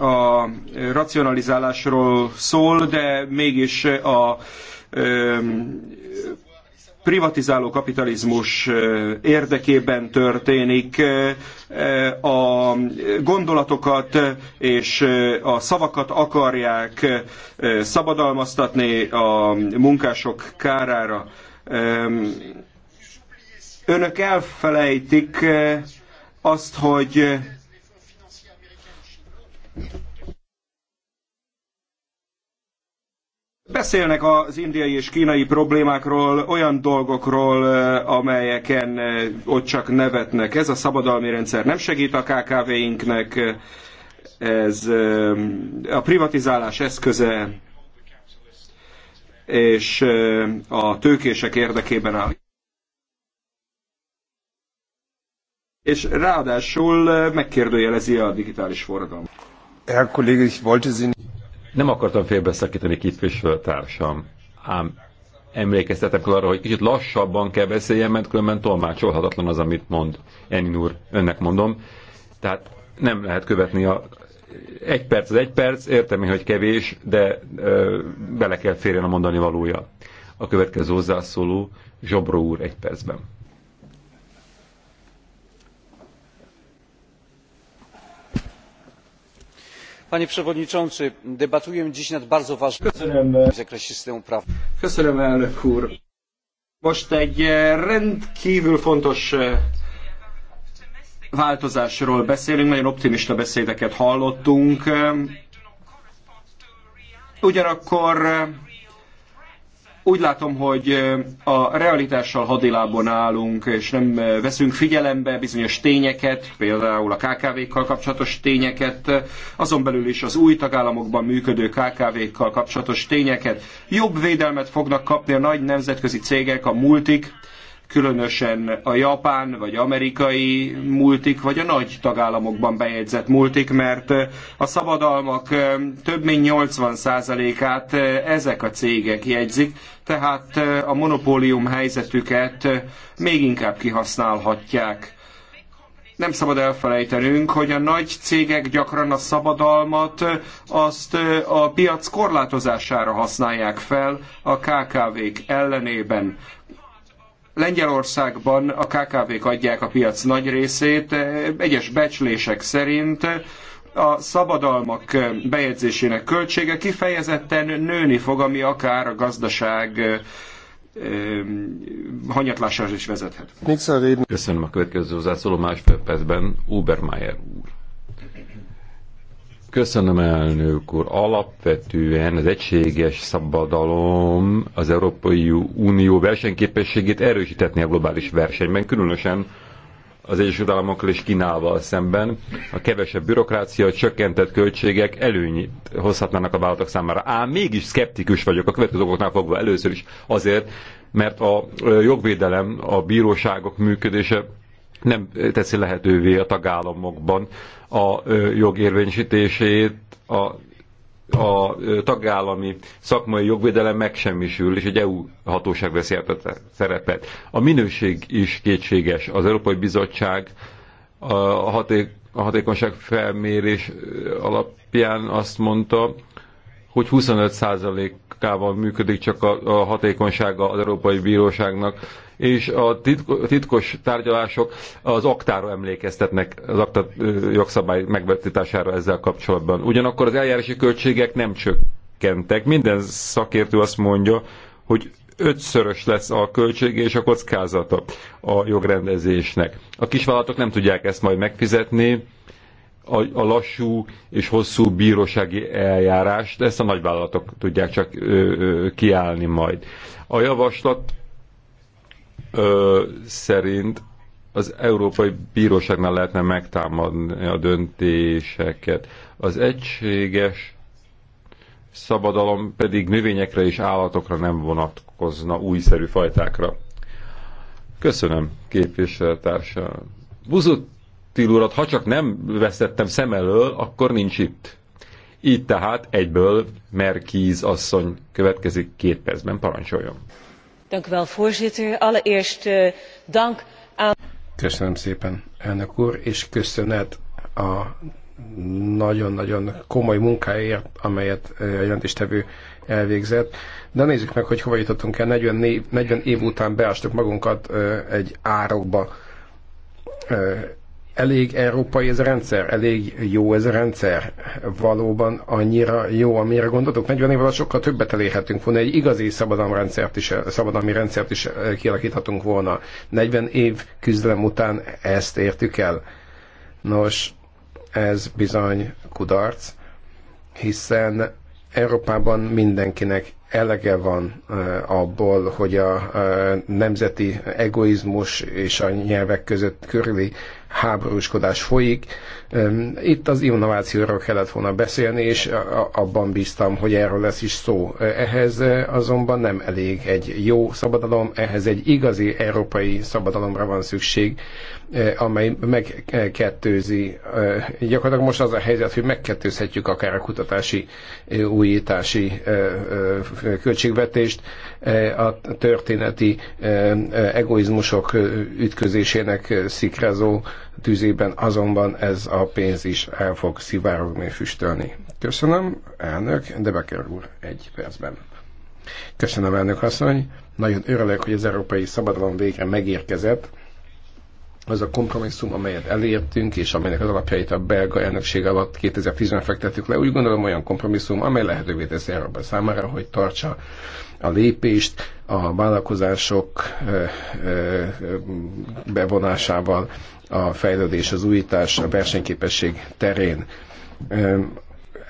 a racionalizálásról szól, de mégis a privatizáló kapitalizmus érdekében történik. A gondolatokat és a szavakat akarják szabadalmaztatni a munkások kárára. Önök elfelejtik azt, hogy Beszélnek az indiai és kínai problémákról, olyan dolgokról, amelyeken ott csak nevetnek. Ez a szabadalmi rendszer nem segít a KKV-inknek, ez a privatizálás eszköze, és a tőkések érdekében áll. És ráadásul megkérdőjelezi a digitális forradalmat. Herr Kollege, ich wollte Sie nem akartam félbeszakítani társam, ám emlékeztetek arra, hogy kicsit lassabban kell beszéljen, mert különben tolmácsolhatatlan az, amit mond Enin úr, önnek mondom. Tehát nem lehet követni a egy perc az egy perc, értem én, hogy kevés, de ö, bele kell férjen a mondani valója. A következő hozzászóló Zsobró úr egy percben. panie przewodniczący! debatujemy dziś nad bardzo ważnym w zakresie systemu prawnego. E, fontos e, változásról beszélünk, nagyon optimista beszédeket hallottunk. Ugyanakkor e, úgy látom, hogy a realitással hadilábon állunk, és nem veszünk figyelembe bizonyos tényeket, például a KKV-kkal kapcsolatos tényeket, azon belül is az új tagállamokban működő KKV-kkal kapcsolatos tényeket. Jobb védelmet fognak kapni a nagy nemzetközi cégek, a multik, különösen a japán vagy amerikai multik, vagy a nagy tagállamokban bejegyzett multik, mert a szabadalmak több mint 80%-át ezek a cégek jegyzik, tehát a monopólium helyzetüket még inkább kihasználhatják nem szabad elfelejtenünk, hogy a nagy cégek gyakran a szabadalmat azt a piac korlátozására használják fel a KKV-k ellenében. Lengyelországban a KKV-k adják a piac nagy részét, egyes becslések szerint a szabadalmak bejegyzésének költsége kifejezetten nőni fog, ami akár a gazdaság hanyatlásához is vezethet. Köszönöm a következő hozzászóló másfél percben, Obermeier úr. Köszönöm, elnök úr. Alapvetően az egységes szabadalom az Európai Unió versenyképességét erősítetni a globális versenyben, különösen az Egyesült Államokkal és Kínával szemben. A kevesebb bürokrácia, a csökkentett költségek előnyt hozhatnának a vállalatok számára. Ám mégis szkeptikus vagyok a következő okoknál fogva először is azért, mert a jogvédelem, a bíróságok működése nem teszi lehetővé a tagállamokban a jogérvényesítését, a, a tagállami szakmai jogvédelem megsemmisül, és egy EU hatóság veszi át a szerepet. A minőség is kétséges. Az Európai Bizottság a, haté, a hatékonyság felmérés alapján azt mondta, hogy 25% kockával működik csak a, a hatékonysága az Európai Bíróságnak, és a titko, titkos tárgyalások az aktára emlékeztetnek, az akta jogszabály megvetítására ezzel kapcsolatban. Ugyanakkor az eljárási költségek nem csökkentek. Minden szakértő azt mondja, hogy ötszörös lesz a költség és a kockázata a jogrendezésnek. A kisvállalatok nem tudják ezt majd megfizetni, a, a lassú és hosszú bírósági eljárást, ezt a nagyvállalatok tudják csak ö, ö, kiállni majd. A javaslat ö, szerint az Európai Bíróságnál lehetne megtámadni a döntéseket. Az egységes szabadalom pedig növényekre és állatokra nem vonatkozna újszerű fajtákra. Köszönöm, képviselőtársam. Buzut Buszutil urat, ha csak nem veszettem szem elől, akkor nincs itt. Így tehát egyből Merkíz asszony következik két percben, parancsoljon. Eh, Köszönöm szépen, elnök úr, és köszönet a nagyon-nagyon komoly munkáért, amelyet eh, a jelentéstevő elvégzett. De nézzük meg, hogy hova jutottunk el. 40 év, 40 év után beástuk magunkat eh, egy árokba elég európai ez a rendszer, elég jó ez a rendszer, valóban annyira jó, amire gondoltok. 40 évvel sokkal többet elérhetünk volna, egy igazi szabadalmrendszert is, szabadalmi rendszert is eh, kialakíthatunk volna. 40 év küzdelem után ezt értük el. Nos, ez bizony kudarc, hiszen Európában mindenkinek elege van eh, abból, hogy a eh, nemzeti egoizmus és a nyelvek között körüli háborúskodás folyik. Itt az innovációról kellett volna beszélni, és abban bíztam, hogy erről lesz is szó. Ehhez azonban nem elég egy jó szabadalom, ehhez egy igazi európai szabadalomra van szükség, amely megkettőzi. Gyakorlatilag most az a helyzet, hogy megkettőzhetjük akár a kutatási újítási költségvetést a történeti egoizmusok ütközésének szikrezó Tűzében azonban ez a pénz is el fog szivárogni, füstölni. Köszönöm, elnök, de Becker úr egy percben. Köszönöm, elnök asszony. Nagyon örülök, hogy az európai szabadalom végre megérkezett. Az a kompromisszum, amelyet elértünk, és amelynek az alapjait a belga elnökség alatt 2010-ben fektettük le, úgy gondolom olyan kompromisszum, amely lehetővé teszi Európa számára, hogy tartsa a lépést a vállalkozások bevonásával, a fejlődés, az újítás, a versenyképesség terén.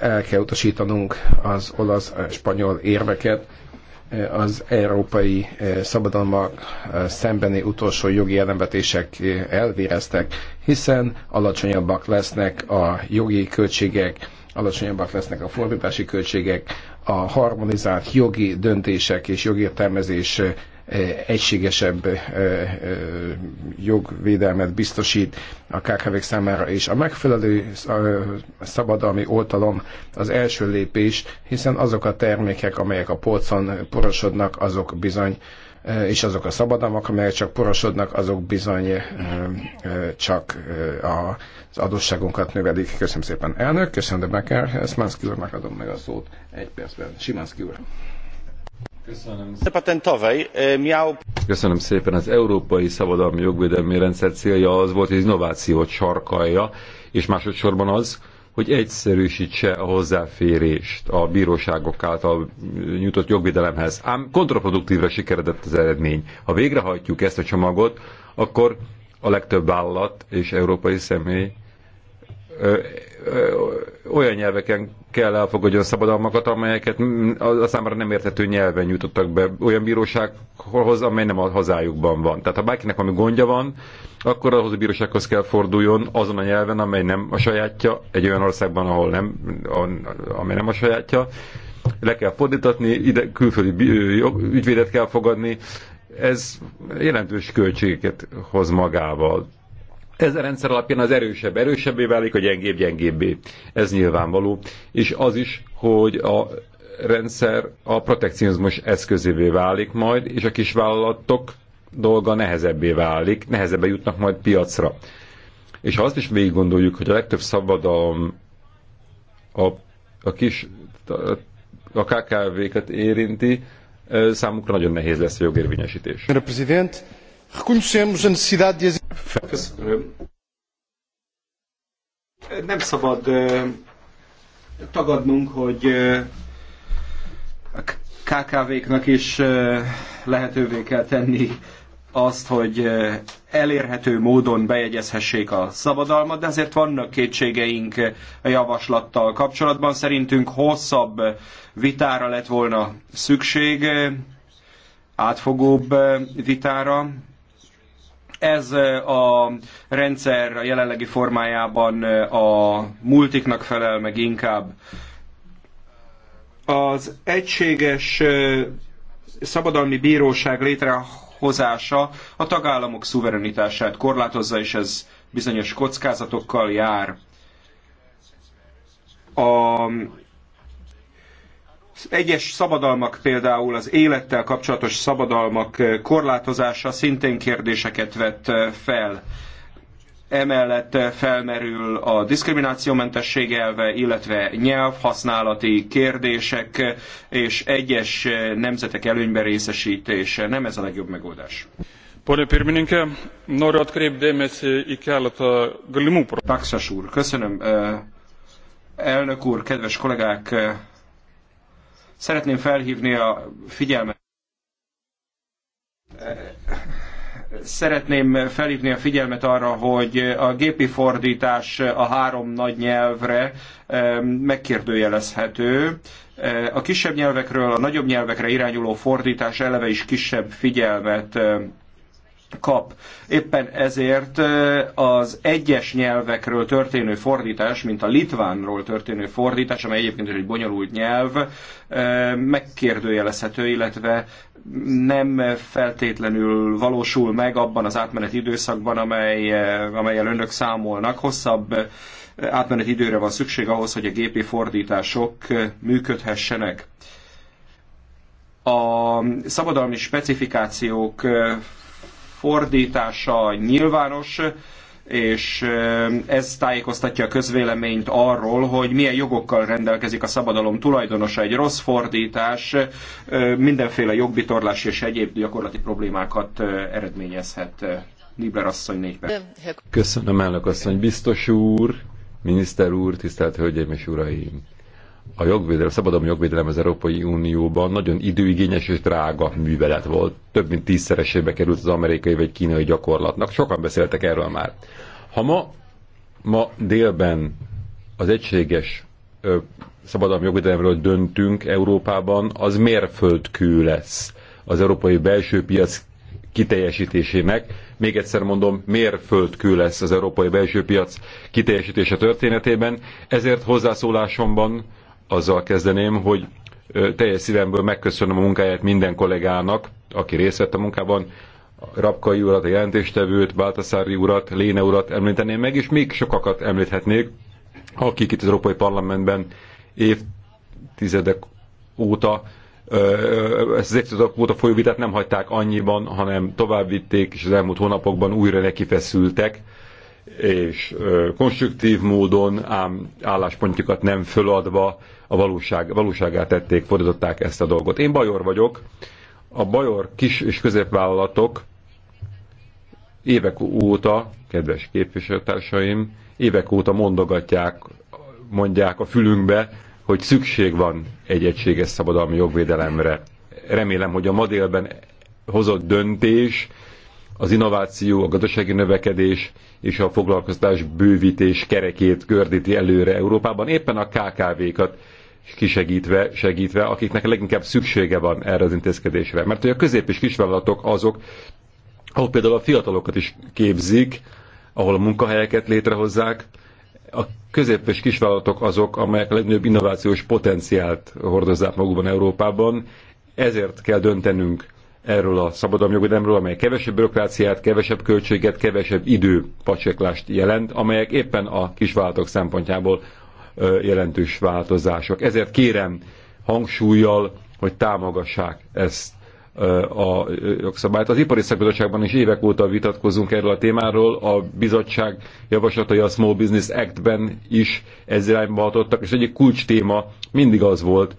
El kell utasítanunk az olasz-spanyol érveket, az európai szabadalmak szembeni utolsó jogi ellenvetések elvéreztek, hiszen alacsonyabbak lesznek a jogi költségek, alacsonyabbak lesznek a fordítási költségek, a harmonizált jogi döntések és jogértelmezés egységesebb jogvédelmet biztosít a kkv számára, és a megfelelő szabadalmi oltalom az első lépés, hiszen azok a termékek, amelyek a polcon porosodnak, azok bizony és azok a szabadalmak, amelyek csak porosodnak, azok bizony csak az adósságunkat növelik. Köszönöm szépen, elnök, köszönöm, de Becker, Szmanszki úr, megadom meg a szót egy percben. Simánszki úr. E, Köszönöm. szépen. Az európai szabadalmi jogvédelmi rendszer célja az volt, hogy innovációt sarkalja, és másodszorban az, hogy egyszerűsítse a hozzáférést a bíróságok által nyújtott jogvédelemhez. Ám kontraproduktíve sikeredett az eredmény. Ha végrehajtjuk ezt a csomagot, akkor a legtöbb állat és európai személy olyan nyelveken kell elfogadjon szabadalmakat, amelyeket a számára nem érthető nyelven jutottak be olyan bírósághoz, amely nem a hazájukban van. Tehát ha bárkinek valami gondja van, akkor ahhoz a bírósághoz kell forduljon azon a nyelven, amely nem a sajátja, egy olyan országban, ahol nem, amely nem a sajátja, le kell fordítatni, ide külföldi ügyvédet kell fogadni, ez jelentős költségeket hoz magával. Ez a rendszer alapján az erősebb erősebbé válik, a gyengébb gyengébbé. Ez nyilvánvaló. És az is, hogy a rendszer a protekcionizmus eszközévé válik majd, és a kisvállalatok dolga nehezebbé válik, nehezebben jutnak majd piacra. És ha azt is végig gondoljuk, hogy a legtöbb szabadalom a, a kis a KKV-ket érinti, számukra nagyon nehéz lesz a jogérvényesítés. Mr. President, Reconhecemos a necessidade de... Nem szabad tagadnunk, hogy a KKV-knak is lehetővé kell tenni azt, hogy elérhető módon bejegyezhessék a szabadalmat, de azért vannak kétségeink a javaslattal kapcsolatban. Szerintünk hosszabb vitára lett volna szükség, átfogóbb vitára, ez a rendszer a jelenlegi formájában a multiknak felel meg inkább. Az egységes szabadalmi bíróság létrehozása a tagállamok szuverenitását korlátozza, és ez bizonyos kockázatokkal jár. A egyes szabadalmak, például az élettel kapcsolatos szabadalmak eh, korlátozása szintén kérdéseket vett eh, fel. Emellett eh, felmerül a diszkriminációmentesség elve, illetve nyelvhasználati kérdések és egyes nemzetek előnybe részesítése. Nem ez a legjobb megoldás. Pone pirmininke, noriu atkreipt dėmesį į keletą galimų. Paksas úr, köszönöm. Elnök úr, kedves kollégák, Szeretném felhívni a figyelmet szeretném felhívni a figyelmet arra, hogy a gépi fordítás a három nagy nyelvre megkérdőjelezhető. A kisebb nyelvekről a nagyobb nyelvekre irányuló fordítás eleve is kisebb figyelmet kap. Éppen ezért az egyes nyelvekről történő fordítás, mint a litvánról történő fordítás, amely egyébként is egy bonyolult nyelv, megkérdőjelezhető, illetve nem feltétlenül valósul meg abban az átmeneti időszakban, amely, amelyel önök számolnak. Hosszabb átmeneti időre van szükség ahhoz, hogy a gépi fordítások működhessenek. A szabadalmi specifikációk fordítása nyilvános, és eh, ez tájékoztatja a közvéleményt arról, hogy milyen jogokkal rendelkezik a szabadalom tulajdonosa. Egy rossz fordítás eh, mindenféle jogbitorlás és egyéb gyakorlati problémákat eh, eredményezhet. Nibler asszony Köszönöm, elnök asszony, biztos úr, miniszter úr, tisztelt hölgyeim és uraim a jogvédelem, szabadalmi jogvédelem az Európai Unióban nagyon időigényes és drága művelet volt. Több mint tízszeresébe került az amerikai vagy kínai gyakorlatnak. Sokan beszéltek erről már. Ha ma, ma délben az egységes ö, szabadalmi jogvédelemről döntünk Európában, az mérföldkő lesz az európai belső piac kiteljesítésének. Még egyszer mondom, mérföldkő lesz az európai belső piac kiteljesítése történetében, ezért hozzászólásomban azzal kezdeném, hogy teljes szívemből megköszönöm a munkáját minden kollégának, aki részt vett a munkában, Rapkai urat, a jelentéstevőt, Baltaszári urat, Léne urat említeném meg, és még sokakat említhetnék, akik itt az Európai Parlamentben évtizedek óta ezt az évtizedek óta folyó vitát nem hagyták annyiban, hanem továbbvitték, és az elmúlt hónapokban újra nekifeszültek, és konstruktív módon, ám álláspontjukat nem föladva, a valóság, valóságát tették, fordították ezt a dolgot. Én bajor vagyok, a bajor kis és középvállalatok évek óta, kedves képviselőtársaim, évek óta mondogatják, mondják a fülünkbe, hogy szükség van egy egységes szabadalmi jogvédelemre. Remélem, hogy a ma délben hozott döntés, az innováció, a gazdasági növekedés és a foglalkoztás bővítés kerekét gördíti előre Európában. Éppen a KKV-kat kisegítve, segítve, akiknek leginkább szüksége van erre az intézkedésre. Mert hogy a közép- és kisvállalatok azok, ahol például a fiatalokat is képzik, ahol a munkahelyeket létrehozzák, a közép- és kisvállalatok azok, amelyek a legnagyobb innovációs potenciált hordozzák magukban Európában, ezért kell döntenünk erről a jogodemről, amely kevesebb bürokráciát, kevesebb költséget, kevesebb időpacseklást jelent, amelyek éppen a kisvállalatok szempontjából jelentős változások. Ezért kérem hangsúlyjal, hogy támogassák ezt a jogszabályt. Az ipari szakbizottságban is évek óta vitatkozunk erről a témáról, a bizottság javaslatai a Small Business Act-ben is ez irányba hatottak, és egyik kulcs téma mindig az volt,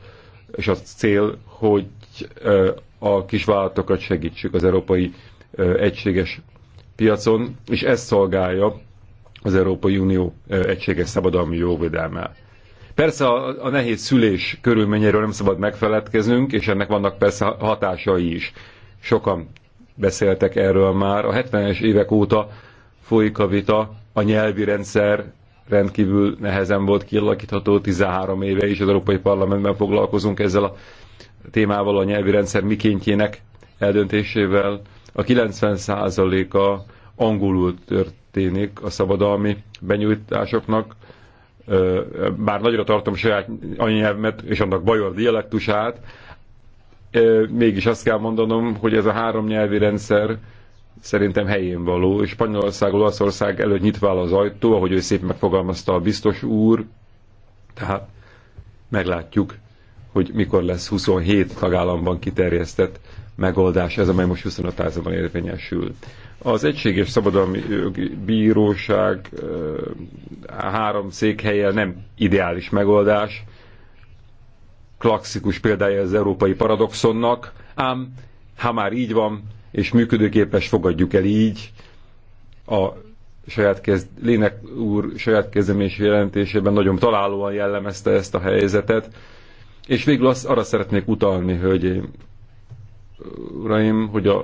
és az cél, hogy a kisvállalatokat segítsük az európai egységes piacon, és ezt szolgálja az Európai Unió egységes szabadalmi jóvédelmel. Persze a, a nehéz szülés körülményeiről nem szabad megfeledkeznünk, és ennek vannak persze hatásai is. Sokan beszéltek erről már. A 70-es évek óta folyik a vita, a nyelvi rendszer rendkívül nehezen volt kialakítható, 13 éve is az Európai Parlamentben foglalkozunk ezzel a témával, a nyelvi rendszer mikéntjének eldöntésével. A 90%-a angolul tört történik a szabadalmi benyújtásoknak, bár nagyra tartom saját anyanyelvemet és annak bajor dialektusát, mégis azt kell mondanom, hogy ez a három nyelvi rendszer szerintem helyén való, és Spanyolország, Olaszország előtt nyitva áll az ajtó, ahogy ő szép megfogalmazta a biztos úr, tehát meglátjuk, hogy mikor lesz 27 tagállamban kiterjesztett megoldás, ez amely most 25 ban érvényesül. Az Egységes Szabadalmi Bíróság három székhelye nem ideális megoldás, klasszikus példája az európai paradoxonnak, ám ha már így van, és működőképes fogadjuk el így, a saját kezd, Lének úr saját kezdeményes jelentésében nagyon találóan jellemezte ezt a helyzetet, és végül azt, arra szeretnék utalni, hogy uraim, hogy a,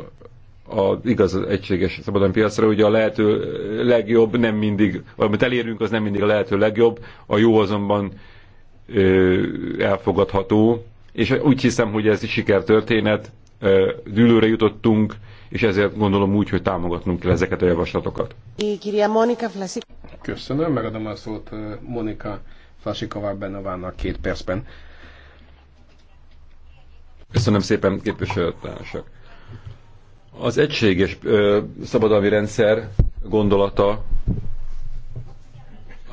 a igaz az egységes szabadalmi piacra, hogy a lehető legjobb nem mindig, amit elérünk, az nem mindig a lehető legjobb, a jó azonban ö, elfogadható, és úgy hiszem, hogy ez is sikertörténet, dűlőre jutottunk, és ezért gondolom úgy, hogy támogatnunk kell ezeket a javaslatokat. Köszönöm, megadom a szót Monika Flasiková Benovának két percben. Köszönöm szépen, képviselőtársak. Az egységes ö, szabadalmi rendszer gondolata,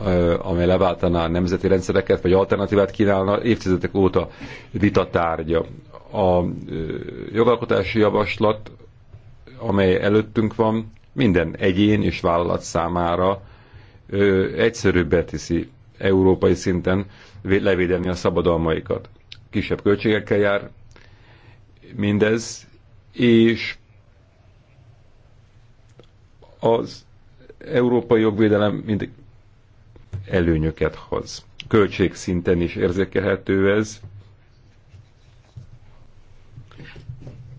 ö, amely leváltaná a nemzeti rendszereket, vagy alternatívát kínálna, évtizedek óta vitatárgya. A ö, jogalkotási javaslat, amely előttünk van, minden egyén és vállalat számára ö, egyszerűbbé teszi európai szinten levédeni a szabadalmaikat. Kisebb költségekkel jár, mindez, és az európai jogvédelem mindig előnyöket hoz. Költségszinten is érzékelhető ez.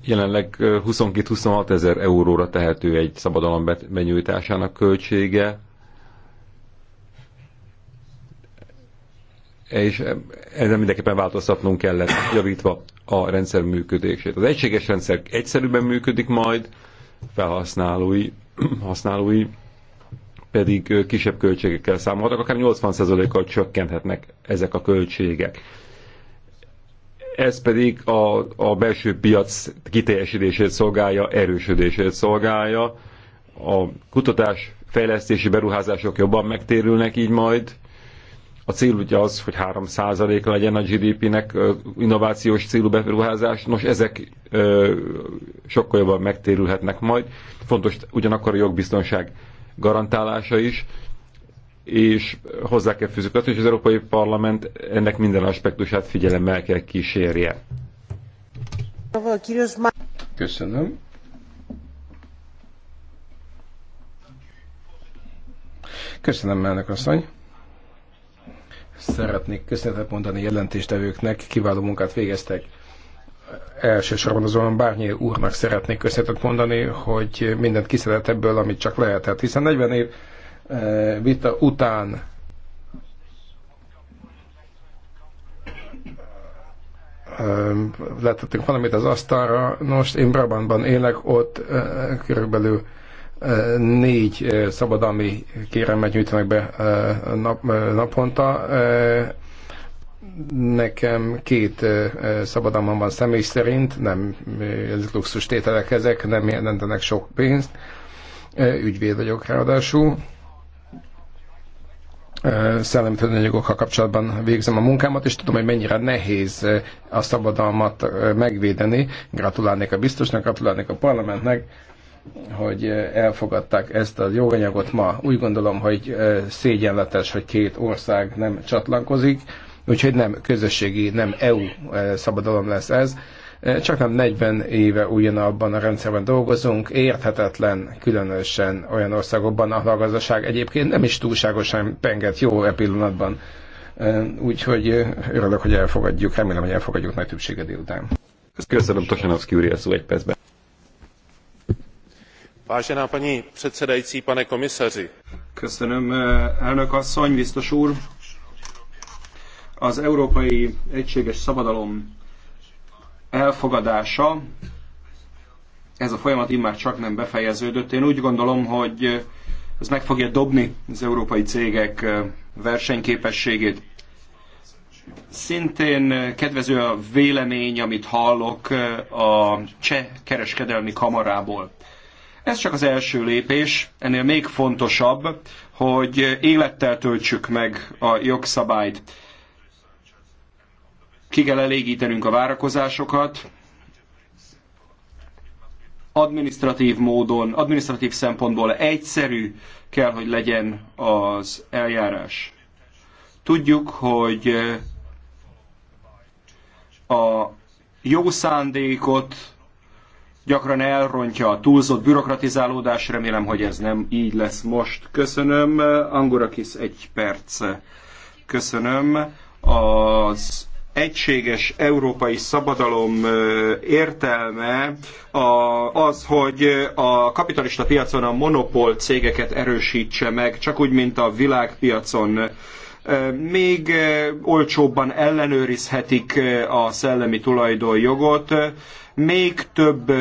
Jelenleg 22-26 ezer euróra tehető egy szabadalom benyújtásának költsége, és ezzel mindenképpen változtatnunk kellett, javítva a rendszer működését. Az egységes rendszer egyszerűbben működik majd, felhasználói használói pedig kisebb költségekkel számolhatnak, akár 80%-kal csökkenthetnek ezek a költségek. Ez pedig a, a belső piac kiteljesítését szolgálja, erősödését szolgálja. A kutatás fejlesztési beruházások jobban megtérülnek így majd, a cél ugye az, hogy 3% legyen a GDP-nek innovációs célú beruházás. Nos, ezek sokkal jobban megtérülhetnek majd. Fontos ugyanakkor a jogbiztonság garantálása is és hozzá kell fűzni, azt, hogy az Európai Parlament ennek minden aspektusát figyelemmel kell kísérje. Köszönöm. Köszönöm, elnök asszony. Szeretnék köszönetet mondani jelentéstevőknek, kiváló munkát végeztek. Elsősorban azonban Bárnyi úrnak szeretnék köszönetet mondani, hogy mindent kiszedett ebből, amit csak lehetett. Hiszen 40 év eh, vita után eh, letettünk valamit az asztalra. Nos, én Brabantban élek, ott eh, körülbelül négy eh, szabadalmi kérelmet nyújtanak be eh, nap, eh, naponta. Nekem két szabadalmam van személy szerint, nem ez luxus tételek ezek, nem jelentenek sok pénzt. Ügyvéd vagyok ráadásul szellemi tulajdonjogokkal kapcsolatban végzem a munkámat, és tudom, hogy mennyire nehéz a szabadalmat megvédeni. Gratulálnék a biztosnak, gratulálnék a parlamentnek, hogy eh, elfogadták ezt a joganyagot ma. Úgy gondolom, hogy eh, szégyenletes, hogy két ország nem csatlakozik, úgyhogy nem közösségi, nem EU eh, szabadalom lesz ez. Csak nem 40 éve ugyanabban a rendszerben dolgozunk, érthetetlen különösen olyan országokban, ahol a gazdaság egyébként nem is túlságosan penget jó e pillanatban. Úgyhogy örülök, hogy elfogadjuk, remélem, hogy elfogadjuk nagy többsége délután. Köszönöm, Tosanovszki úr, szó egy percben. Vážená paní předsedající, pane komisaři. Köszönöm, eh, biztos úr. Az európai egységes szabadalom elfogadása, ez a folyamat immár csak nem befejeződött. Én úgy gondolom, hogy ez meg fogja dobni az európai cégek eh, versenyképességét. Szintén kedvező a vélemény, amit hallok eh, a cseh kereskedelmi kamarából. Ez csak az első lépés, ennél még fontosabb, hogy élettel töltsük meg a jogszabályt. Ki kell elégítenünk a várakozásokat, administratív módon, administratív szempontból egyszerű kell, hogy legyen az eljárás. Tudjuk, hogy a jó szándékot gyakran elrontja a túlzott bürokratizálódás. Remélem, hogy ez nem így lesz most. Köszönöm. Angurakis egy perc. Köszönöm. Az egységes európai szabadalom értelme az, hogy a kapitalista piacon a monopól cégeket erősítse meg, csak úgy, mint a világpiacon még olcsóbban ellenőrizhetik a szellemi tulajdonjogot, még több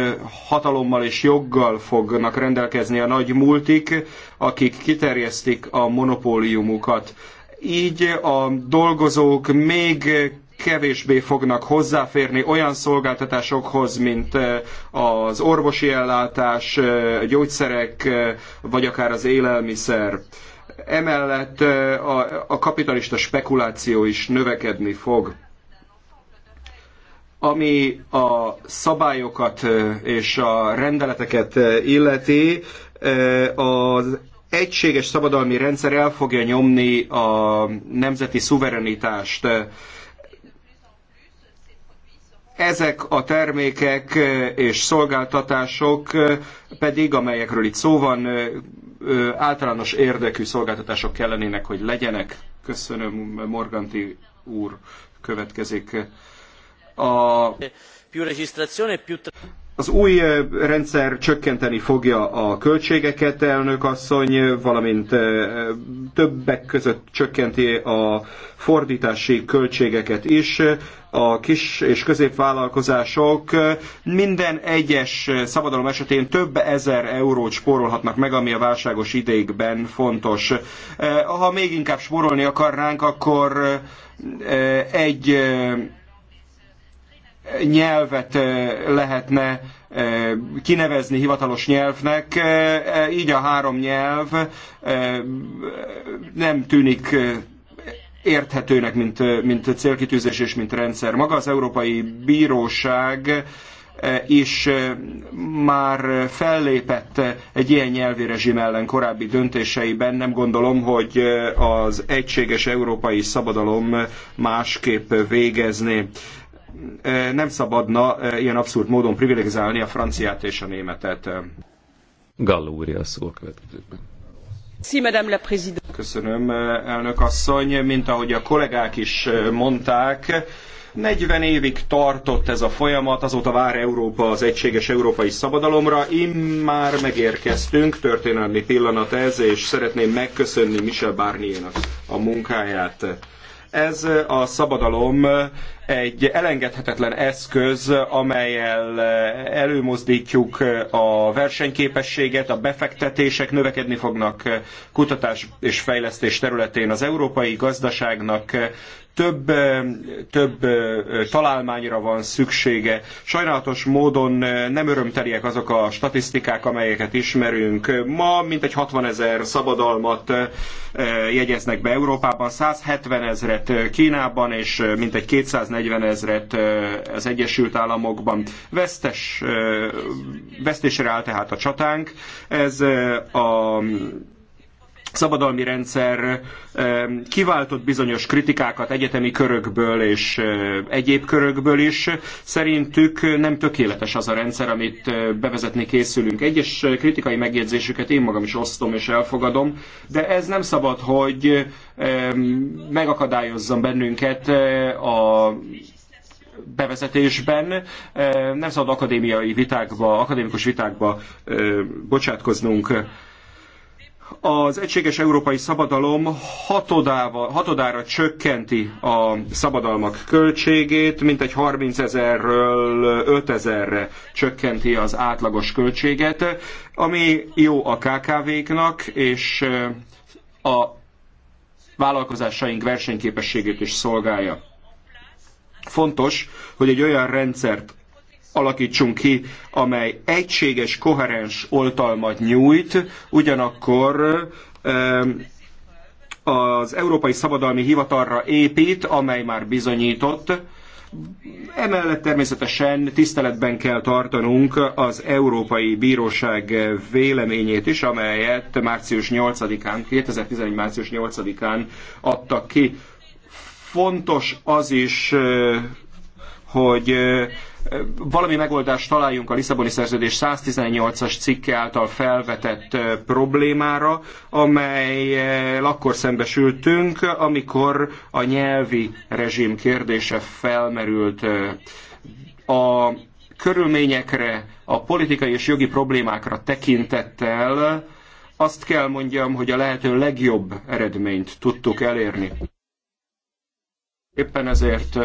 hatalommal és joggal fognak rendelkezni a nagy multik, akik kiterjesztik a monopóliumukat. Így a dolgozók még kevésbé fognak hozzáférni olyan szolgáltatásokhoz, mint az orvosi ellátás, gyógyszerek, vagy akár az élelmiszer. Emellett a, a kapitalista spekuláció is növekedni fog ami a szabályokat és a rendeleteket illeti, az egységes szabadalmi rendszer el fogja nyomni a nemzeti szuverenitást. Ezek a termékek és szolgáltatások pedig, amelyekről itt szó van, általános érdekű szolgáltatások kellenének, hogy legyenek. Köszönöm, Morganti úr következik. A... Az új rendszer csökkenteni fogja a költségeket, elnök asszony, valamint többek között csökkenti a fordítási költségeket is. A kis és középvállalkozások minden egyes szabadalom esetén több ezer eurót spórolhatnak meg, ami a válságos idékben fontos. Ha még inkább spórolni akarnánk, akkor egy nyelvet lehetne kinevezni hivatalos nyelvnek, így a három nyelv nem tűnik érthetőnek, mint, mint célkitűzés és mint rendszer. Maga az Európai Bíróság is már fellépett egy ilyen nyelvi rezsim ellen korábbi döntéseiben. Nem gondolom, hogy az egységes európai szabadalom másképp végezné nem szabadna ilyen abszurd módon privilegizálni a franciát és a németet. Gallo úr, a szó a következőkben. Köszönöm, elnök asszony. Mint ahogy a kollégák is mondták, 40 évig tartott ez a folyamat, azóta vár Európa az egységes európai szabadalomra. Immár megérkeztünk, történelmi pillanat ez, és szeretném megköszönni Michel Barniernak a munkáját. Ez a szabadalom egy elengedhetetlen eszköz, amelyel eh, előmozdítjuk eh, a versenyképességet, a befektetések növekedni fognak eh, kutatás és fejlesztés területén. Az európai gazdaságnak több, több találmányra van szüksége. Sajnálatos módon nem örömteliek azok a statisztikák, amelyeket ismerünk. Ma mintegy 60 ezer szabadalmat jegyeznek be Európában, 170 ezret Kínában, és mintegy 240 ezret az Egyesült Államokban. Vesztes, vesztésre áll tehát a csatánk. Ez a szabadalmi rendszer kiváltott bizonyos kritikákat egyetemi körökből és egyéb körökből is. Szerintük nem tökéletes az a rendszer, amit bevezetni készülünk. Egyes kritikai megjegyzésüket én magam is osztom és elfogadom, de ez nem szabad, hogy megakadályozzon bennünket a bevezetésben. Nem szabad akadémiai vitákba, akadémikus vitákba bocsátkoznunk az egységes európai szabadalom hatodával, hatodára csökkenti a szabadalmak költségét, mintegy 30 ezerről 5 ezerre csökkenti az átlagos költséget, ami jó a KKV-knak, és a vállalkozásaink versenyképességét is szolgálja. Fontos, hogy egy olyan rendszert alakítsunk ki, amely egységes, koherens oltalmat nyújt, ugyanakkor az Európai Szabadalmi Hivatalra épít, amely már bizonyított, Emellett természetesen tiszteletben kell tartanunk az Európai Bíróság véleményét is, amelyet március 8-án, 2011. március 8-án adtak ki. Fontos az is, hogy valami megoldást találjunk a Lisszaboni Szerződés 118-as cikke által felvetett problémára, amely akkor szembesültünk, amikor a nyelvi rezsim kérdése felmerült a körülményekre, a politikai és jogi problémákra tekintettel azt kell mondjam, hogy a lehető legjobb eredményt tudtuk elérni. Éppen ezért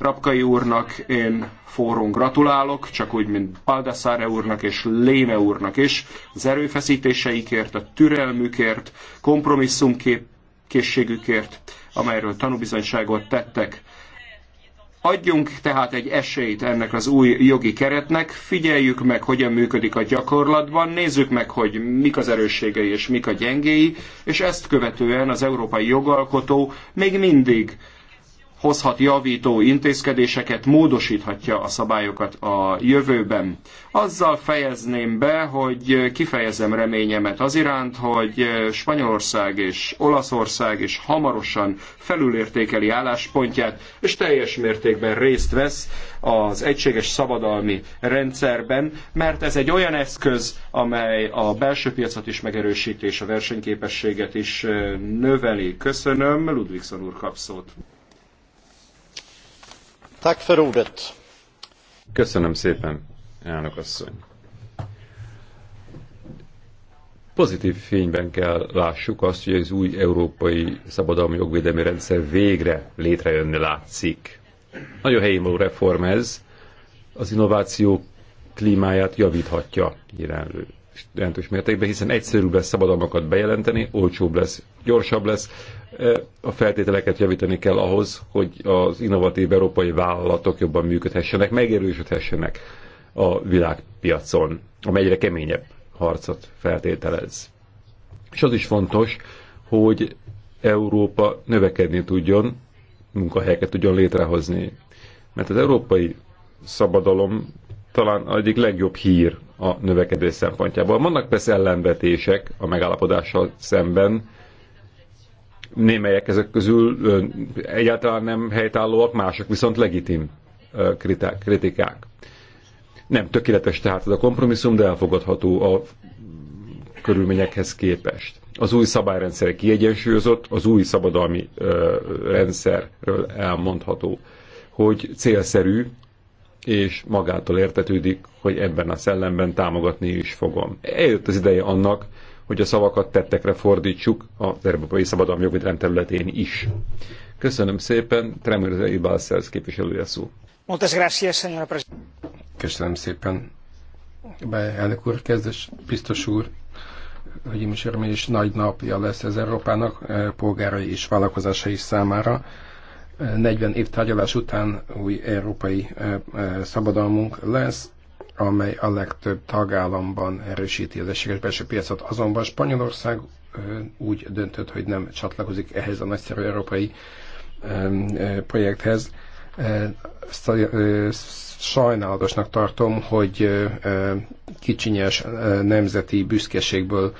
Rapkai úrnak én forrón gratulálok, csak úgy, mint Baldassare úrnak és Léne úrnak is, az erőfeszítéseikért, a türelmükért, kompromisszumkészségükért, amelyről tanúbizonyságot tettek. Adjunk tehát egy esélyt ennek az új jogi keretnek, figyeljük meg, hogyan működik a gyakorlatban, nézzük meg, hogy mik az erősségei és mik a gyengéi, és ezt követően az európai jogalkotó még mindig hozhat javító intézkedéseket, módosíthatja a szabályokat a jövőben. Azzal fejezném be, hogy kifejezem reményemet az iránt, hogy Spanyolország és Olaszország is hamarosan felülértékeli álláspontját, és teljes mértékben részt vesz az egységes szabadalmi rendszerben, mert ez egy olyan eszköz, amely a belső piacot is megerősíti, és a versenyképességet is növeli. Köszönöm, Ludvigson úr kap szót. Köszönöm szépen, elnök asszony. Pozitív fényben kell lássuk azt, hogy az új európai szabadalmi jogvédelmi rendszer végre létrejönni látszik. Nagyon helyén való reform ez, az innováció klímáját javíthatja jelenlő jelentős mértékben, hiszen egyszerűbb lesz szabadalmakat bejelenteni, olcsóbb lesz, gyorsabb lesz, a feltételeket javítani kell ahhoz, hogy az innovatív európai vállalatok jobban működhessenek, megerősödhessenek a világpiacon, amely egyre keményebb harcot feltételez. És az is fontos, hogy Európa növekedni tudjon, munkahelyeket tudjon létrehozni. Mert az európai szabadalom talán egyik legjobb hír a növekedés szempontjából. Vannak persze ellenvetések a megállapodással szemben, Némelyek ezek közül egyáltalán nem helytállóak, mások viszont legitim kritikák. Nem tökéletes tehát ez a kompromisszum, de elfogadható a körülményekhez képest. Az új szabályrendszer kiegyensúlyozott, az új szabadalmi rendszerről elmondható, hogy célszerű és magától értetődik, hogy ebben a szellemben támogatni is fogom. Eljött az ideje annak, hogy a szavakat tettekre fordítsuk az Európai Szabadalmi Jogvédelem területén is. Köszönöm szépen, Tremőrzei Balszerz képviselője szó. Moltes Köszönöm szépen. Be, elnök úr, kezdes, biztos úr, hogy is és nagy napja lesz az Európának, e, polgárai és vállalkozásai számára. 40 e, év tárgyalás után új európai e, szabadalmunk lesz amely a legtöbb tagállamban erősíti az egységes belső piacot. Azonban Spanyolország úgy döntött, hogy nem csatlakozik ehhez a nagyszerű európai projekthez sajnálatosnak tartom, hogy kicsinyes nemzeti büszkeségből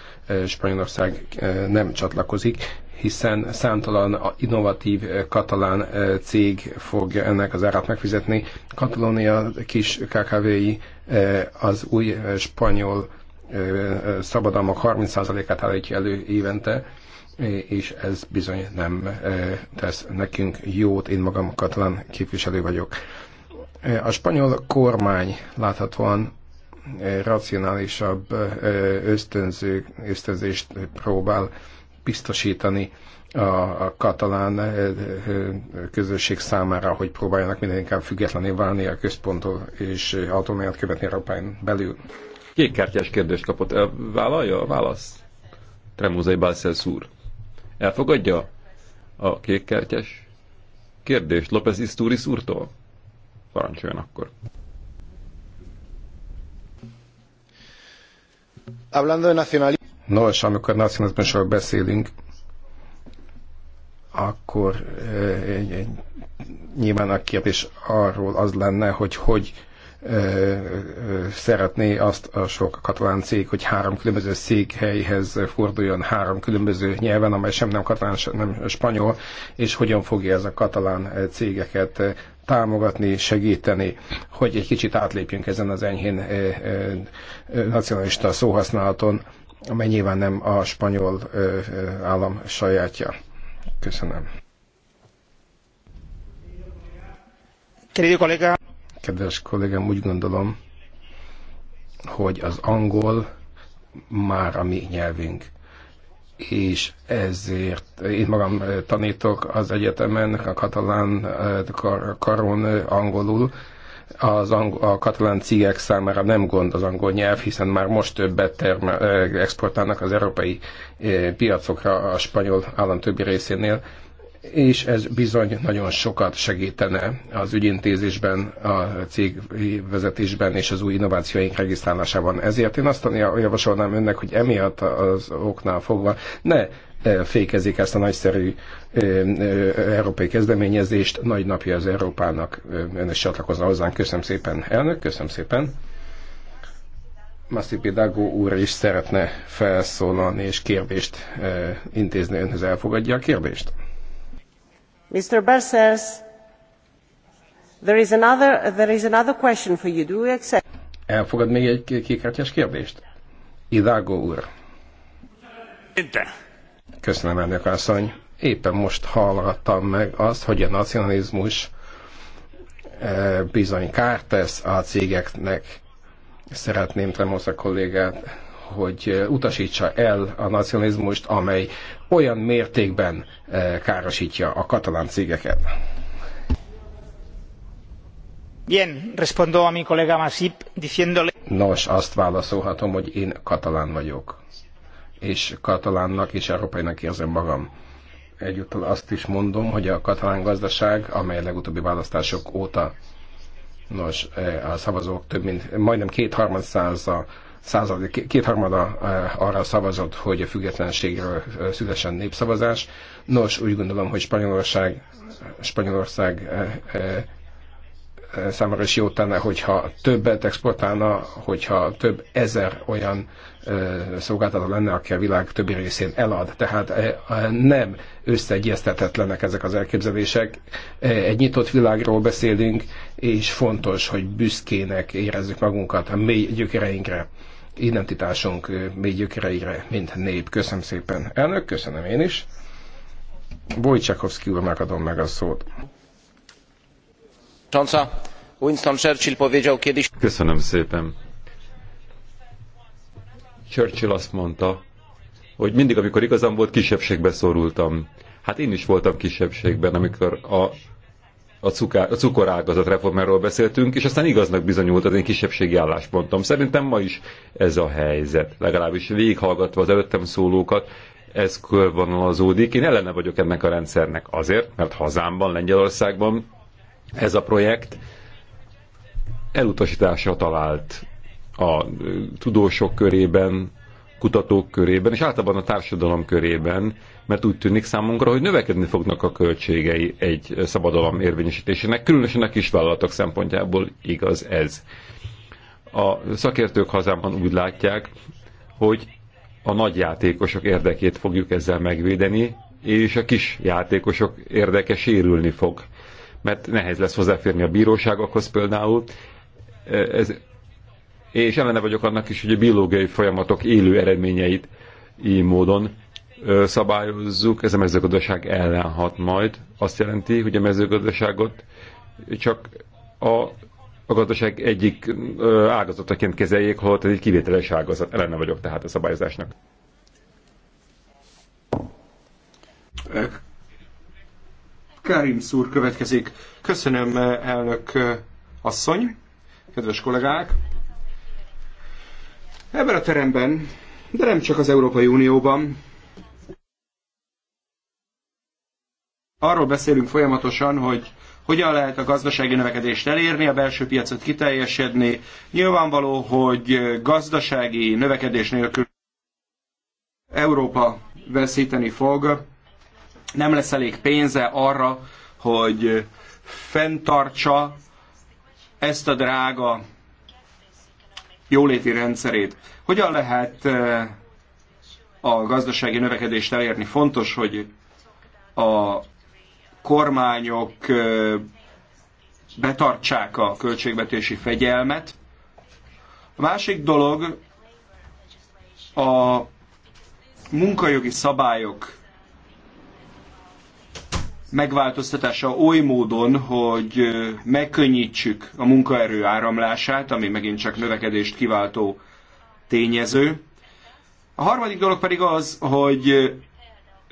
Spanyolország nem csatlakozik, hiszen számtalan innovatív katalán cég fog ennek az árat megfizetni. Katalónia kis KKV-i az új spanyol szabadalmak 30%-át állítja elő évente, és ez bizony nem tesz nekünk jót. Én magam katalán képviselő vagyok. A spanyol kormány láthatóan eh, racionálisabb eh, ösztönző, ösztönzést próbál biztosítani a, katalán eh, közösség számára, hogy próbáljanak minden inkább függetlené válni a központtól és autonómiát követni Európán belül. Kékkártyás kérdést kapott. Vállalja a válasz? Tremózai Bálszelsz úr. Elfogadja a kékkártyás kérdést López Isturiz úrtól? Parancsoljon akkor. Nos, amikor nacionalizmusról beszélünk, akkor e, nyilván a kérdés arról az lenne, hogy hogy e, e, szeretné azt a sok katalán cég, hogy három különböző székhelyhez forduljon három különböző nyelven, amely sem nem katalán, sem nem spanyol, és hogyan fogja ez a katalán cégeket támogatni, segíteni, hogy egy kicsit átlépjünk ezen az enyhén nacionalista szóhasználaton, amely nyilván nem a spanyol állam sajátja. Köszönöm. Kedves kollégám, úgy gondolom, hogy az angol már a mi nyelvünk és ezért én magam tanítok az egyetemen, a katalán karon angolul, az angol, a katalán cégek számára nem gond az angol nyelv, hiszen már most többet termel, exportálnak az európai piacokra a spanyol állam többi részénél, és ez bizony nagyon sokat segítene az ügyintézésben, a cég vezetésben és az új innovációink regisztrálásában. Ezért én azt javasolnám önnek, hogy emiatt az oknál fogva ne eh, fékezik ezt a nagyszerű eh, eh, európai kezdeményezést. Nagy napja az Európának. Ön is csatlakozna hozzánk. Köszönöm szépen, elnök, köszönöm szépen. Massi Dagó úr is szeretne felszólalni és kérdést intézni önhöz. Elfogadja a kérdést? mr berses there is another there is another question for you do you accept elfogad még egy kékkártyás kérdést Idágo úr Köszönöm, elnök asszony. Éppen most hallgattam meg azt, hogy a nacionalizmus e, bizony kárt tesz a cégeknek. Szeretném Tremosza kollégát, hogy utasítsa el a nacionalizmust, amely olyan mértékben eh, károsítja a katalán cégeket. Bien, respondo a mi kollega Masip diciéndole... Nos, azt válaszolhatom, hogy én katalán vagyok. És katalánnak és európainak érzem magam. Egyúttal azt is mondom, hogy a katalán gazdaság, amely a legutóbbi választások óta Nos, eh, a szavazók több mint majdnem kétharmad száza két kétharmada eh, arra szavazott, hogy a függetlenségről eh, szülesen népszavazás. Nos, úgy gondolom, hogy Spanyolország, Spanyolország eh, számára is jó tenne, hogyha többet exportálna, hogyha több ezer olyan szolgáltató lenne, aki a világ többi részén elad. Tehát nem összeegyeztetetlenek ezek az elképzelések. Egy nyitott világról beszélünk, és fontos, hogy büszkének érezzük magunkat a mély gyökereinkre identitásunk még gyökereire, mint nép. Köszönöm szépen. Elnök, köszönöm én is. Bojcsakovszki úr, megadom meg a szót. Winston Churchill powiedział kiedyś... Köszönöm szépen. Churchill azt mondta, hogy mindig, amikor igazam volt, kisebbségbe szorultam. Hát én is voltam kisebbségben, amikor a a, cukor a cukorágazat reformáról beszéltünk, és aztán igaznak bizonyult az én kisebbségi álláspontom. Szerintem ma is ez a helyzet. Legalábbis végighallgatva az előttem szólókat, ez körvonalazódik. Én ellene vagyok ennek a rendszernek azért, mert hazámban, Lengyelországban ez a projekt elutasításra talált a tudósok körében, kutatók körében, és általában a társadalom körében, mert úgy tűnik számunkra, hogy növekedni fognak a költségei egy szabadalom érvényesítésének, különösen a kisvállalatok szempontjából igaz ez. A szakértők hazában úgy látják, hogy a nagy játékosok érdekét fogjuk ezzel megvédeni, és a kis játékosok érdeke sérülni fog, mert nehéz lesz hozzáférni a bíróságokhoz például, ez és ellene vagyok annak is, hogy a biológiai folyamatok élő eredményeit így módon szabályozzuk, ez a mezőgazdaság ellen hat majd. Azt jelenti, hogy a mezőgazdaságot csak a, a gazdaság egyik ágazataként kezeljék, holott ez egy kivételes ágazat. Ellene vagyok tehát a szabályozásnak. Karim szúr következik. Köszönöm, elnök asszony, kedves kollégák! Ebben a teremben, de nem csak az Európai Unióban, arról beszélünk folyamatosan, hogy hogyan lehet a gazdasági növekedést elérni, a belső piacot kiteljesedni. Nyilvánvaló, hogy gazdasági növekedés nélkül Európa veszíteni fog, nem lesz elég pénze arra, hogy fenntartsa ezt a drága jóléti rendszerét. Hogyan lehet a gazdasági növekedést elérni? Fontos, hogy a kormányok betartsák a költségvetési fegyelmet. A másik dolog a munkajogi szabályok megváltoztatása oly módon, hogy megkönnyítsük a munkaerő áramlását, ami megint csak növekedést kiváltó tényező. A harmadik dolog pedig az, hogy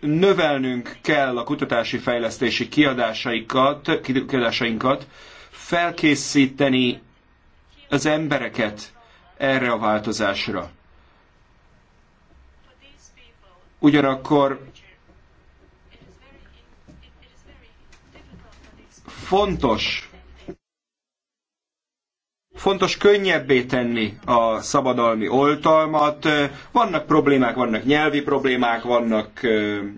növelnünk kell a kutatási fejlesztési kiadásaikat, kiadásainkat, felkészíteni az embereket erre a változásra. Ugyanakkor fontos fontos könnyebbé tenni a szabadalmi oltalmat. Vannak problémák, vannak nyelvi problémák, vannak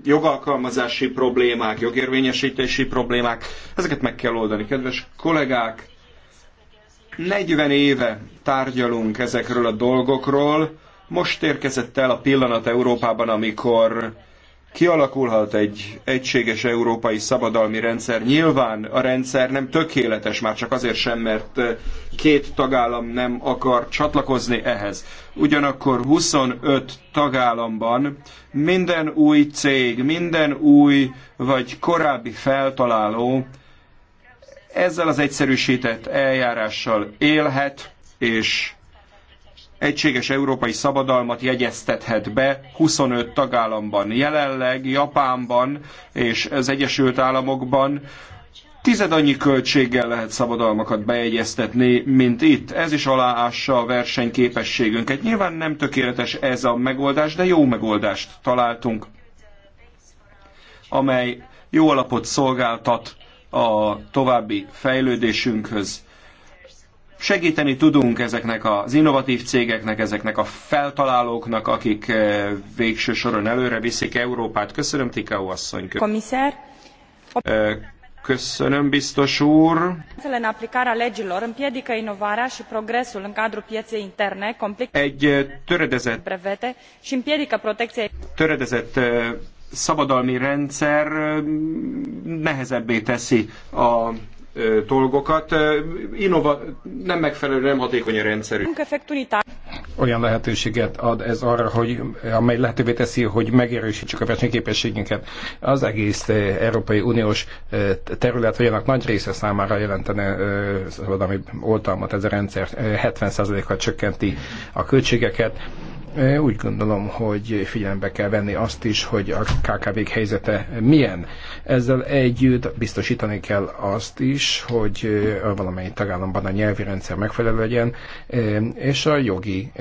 jogalkalmazási problémák, jogérvényesítési problémák. Ezeket meg kell oldani, kedves kollégák. 40 éve tárgyalunk ezekről a dolgokról. Most érkezett el a pillanat Európában, amikor kialakulhat egy egységes európai szabadalmi rendszer. Nyilván a rendszer nem tökéletes, már csak azért sem, mert két tagállam nem akar csatlakozni ehhez. Ugyanakkor 25 tagállamban minden új cég, minden új vagy korábbi feltaláló ezzel az egyszerűsített eljárással élhet, és egységes európai szabadalmat jegyeztethet be 25 tagállamban. Jelenleg Japánban és az Egyesült Államokban tizedannyi költséggel lehet szabadalmakat bejegyeztetni, mint itt. Ez is aláássa a versenyképességünket. Nyilván nem tökéletes ez a megoldás, de jó megoldást találtunk, amely jó alapot szolgáltat a további fejlődésünkhöz segíteni tudunk ezeknek az innovatív cégeknek, ezeknek a feltalálóknak, akik eh, végső soron előre viszik Európát. Köszönöm, Tikau asszony. Komisszár. Eh, köszönöm, biztos úr. În aplicarea legilor împiedică inovarea și progresul în cadrul pieței interne, complică egy eh, töredezett brevete și împiedică protecția töredezett szabadalmi rendszer nehezebbé teszi a dolgokat. Innova, nem megfelelő, nem hatékony a rendszerű. Olyan lehetőséget ad ez arra, hogy, amely lehetővé teszi, hogy megerősítsük a versenyképességünket. Az egész Európai Uniós terület, hogy annak nagy része számára jelentene valami oltalmat ez a rendszer 70%-kal csökkenti a költségeket úgy gondolom, hogy figyelembe kell venni azt is, hogy a KKV-k helyzete milyen. Ezzel együtt biztosítani kell azt is, hogy valamely tagállamban a nyelvi rendszer megfelelő legyen, és a jogi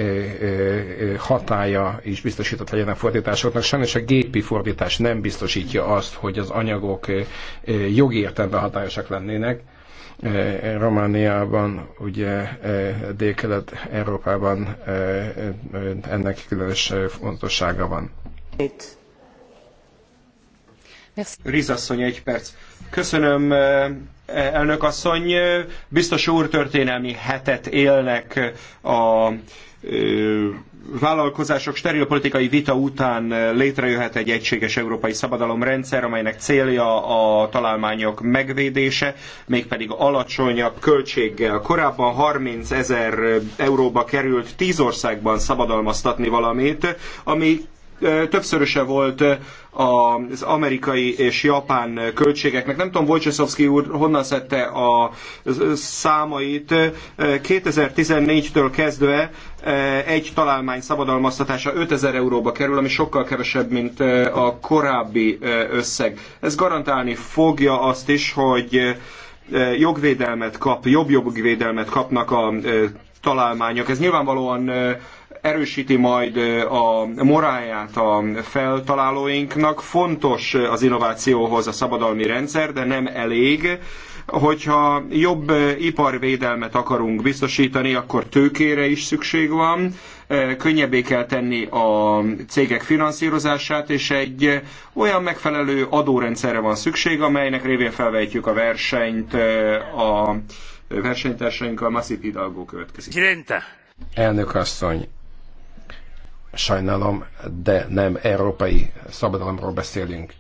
hatája is biztosított legyen a fordításoknak. Sajnos a gépi fordítás nem biztosítja azt, hogy az anyagok jogi értelemben hatályosak lennének Eh, Romániában, ugye eh, Dél-Kelet-Európában eh, ennek különös fontossága van. Rizasszony, egy perc. Köszönöm, elnök asszony. Biztos úr történelmi hetet élnek a vállalkozások steril politikai vita után eh, létrejöhet egy egységes európai szabadalomrendszer, amelynek célja a találmányok megvédése, mégpedig alacsonyabb költséggel. Korábban 30 ezer euróba került tíz országban szabadalmaztatni valamit, ami többszöröse volt az amerikai és japán költségeknek. Nem tudom, Wojciechowski úr honnan szedte a számait. 2014-től kezdve egy találmány szabadalmaztatása 5000 euróba kerül, ami sokkal kevesebb, mint a korábbi összeg. Ez garantálni fogja azt is, hogy jogvédelmet kap, jobb jogvédelmet kapnak a találmányok. Ez nyilvánvalóan erősíti majd a moráját a feltalálóinknak. Fontos az innovációhoz a szabadalmi rendszer, de nem elég hogyha jobb iparvédelmet akarunk biztosítani, akkor tőkére is szükség van, könnyebbé kell tenni a cégek finanszírozását, és egy olyan megfelelő adórendszerre van szükség, amelynek révén felvejtjük a versenyt a versenytársainkkal. Masip Hidalgó következik. Elnök asszony, Sajnálom, de nem európai szabadalomról beszélünk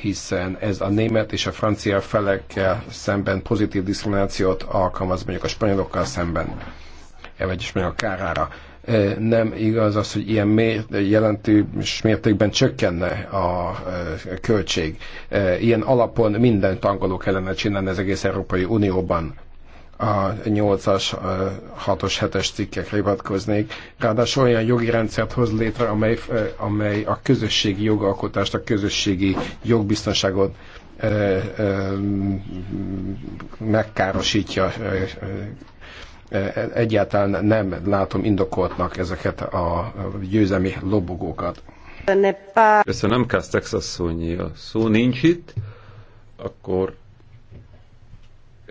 hiszen ez a német és a francia felekkel szemben pozitív diszkriminációt alkalmaz mondjuk a spanyolokkal szemben, e vagy a spanyolok kárára. Nem igaz az, hogy ilyen mér, jelentős mértékben csökkenne a költség. Ilyen alapon minden angolok kellene csinálni az egész Európai Unióban a 8-as, 6-os, 7-es cikkekre hivatkoznék. Ráadásul olyan jogi rendszert hoz létre, amely, amely a közösségi jogalkotást, a közösségi jogbiztonságot megkárosítja. Egyáltalán nem látom indokoltnak ezeket a győzemi lobogókat. Köszönöm, Texas szónyi A szó nincs itt, akkor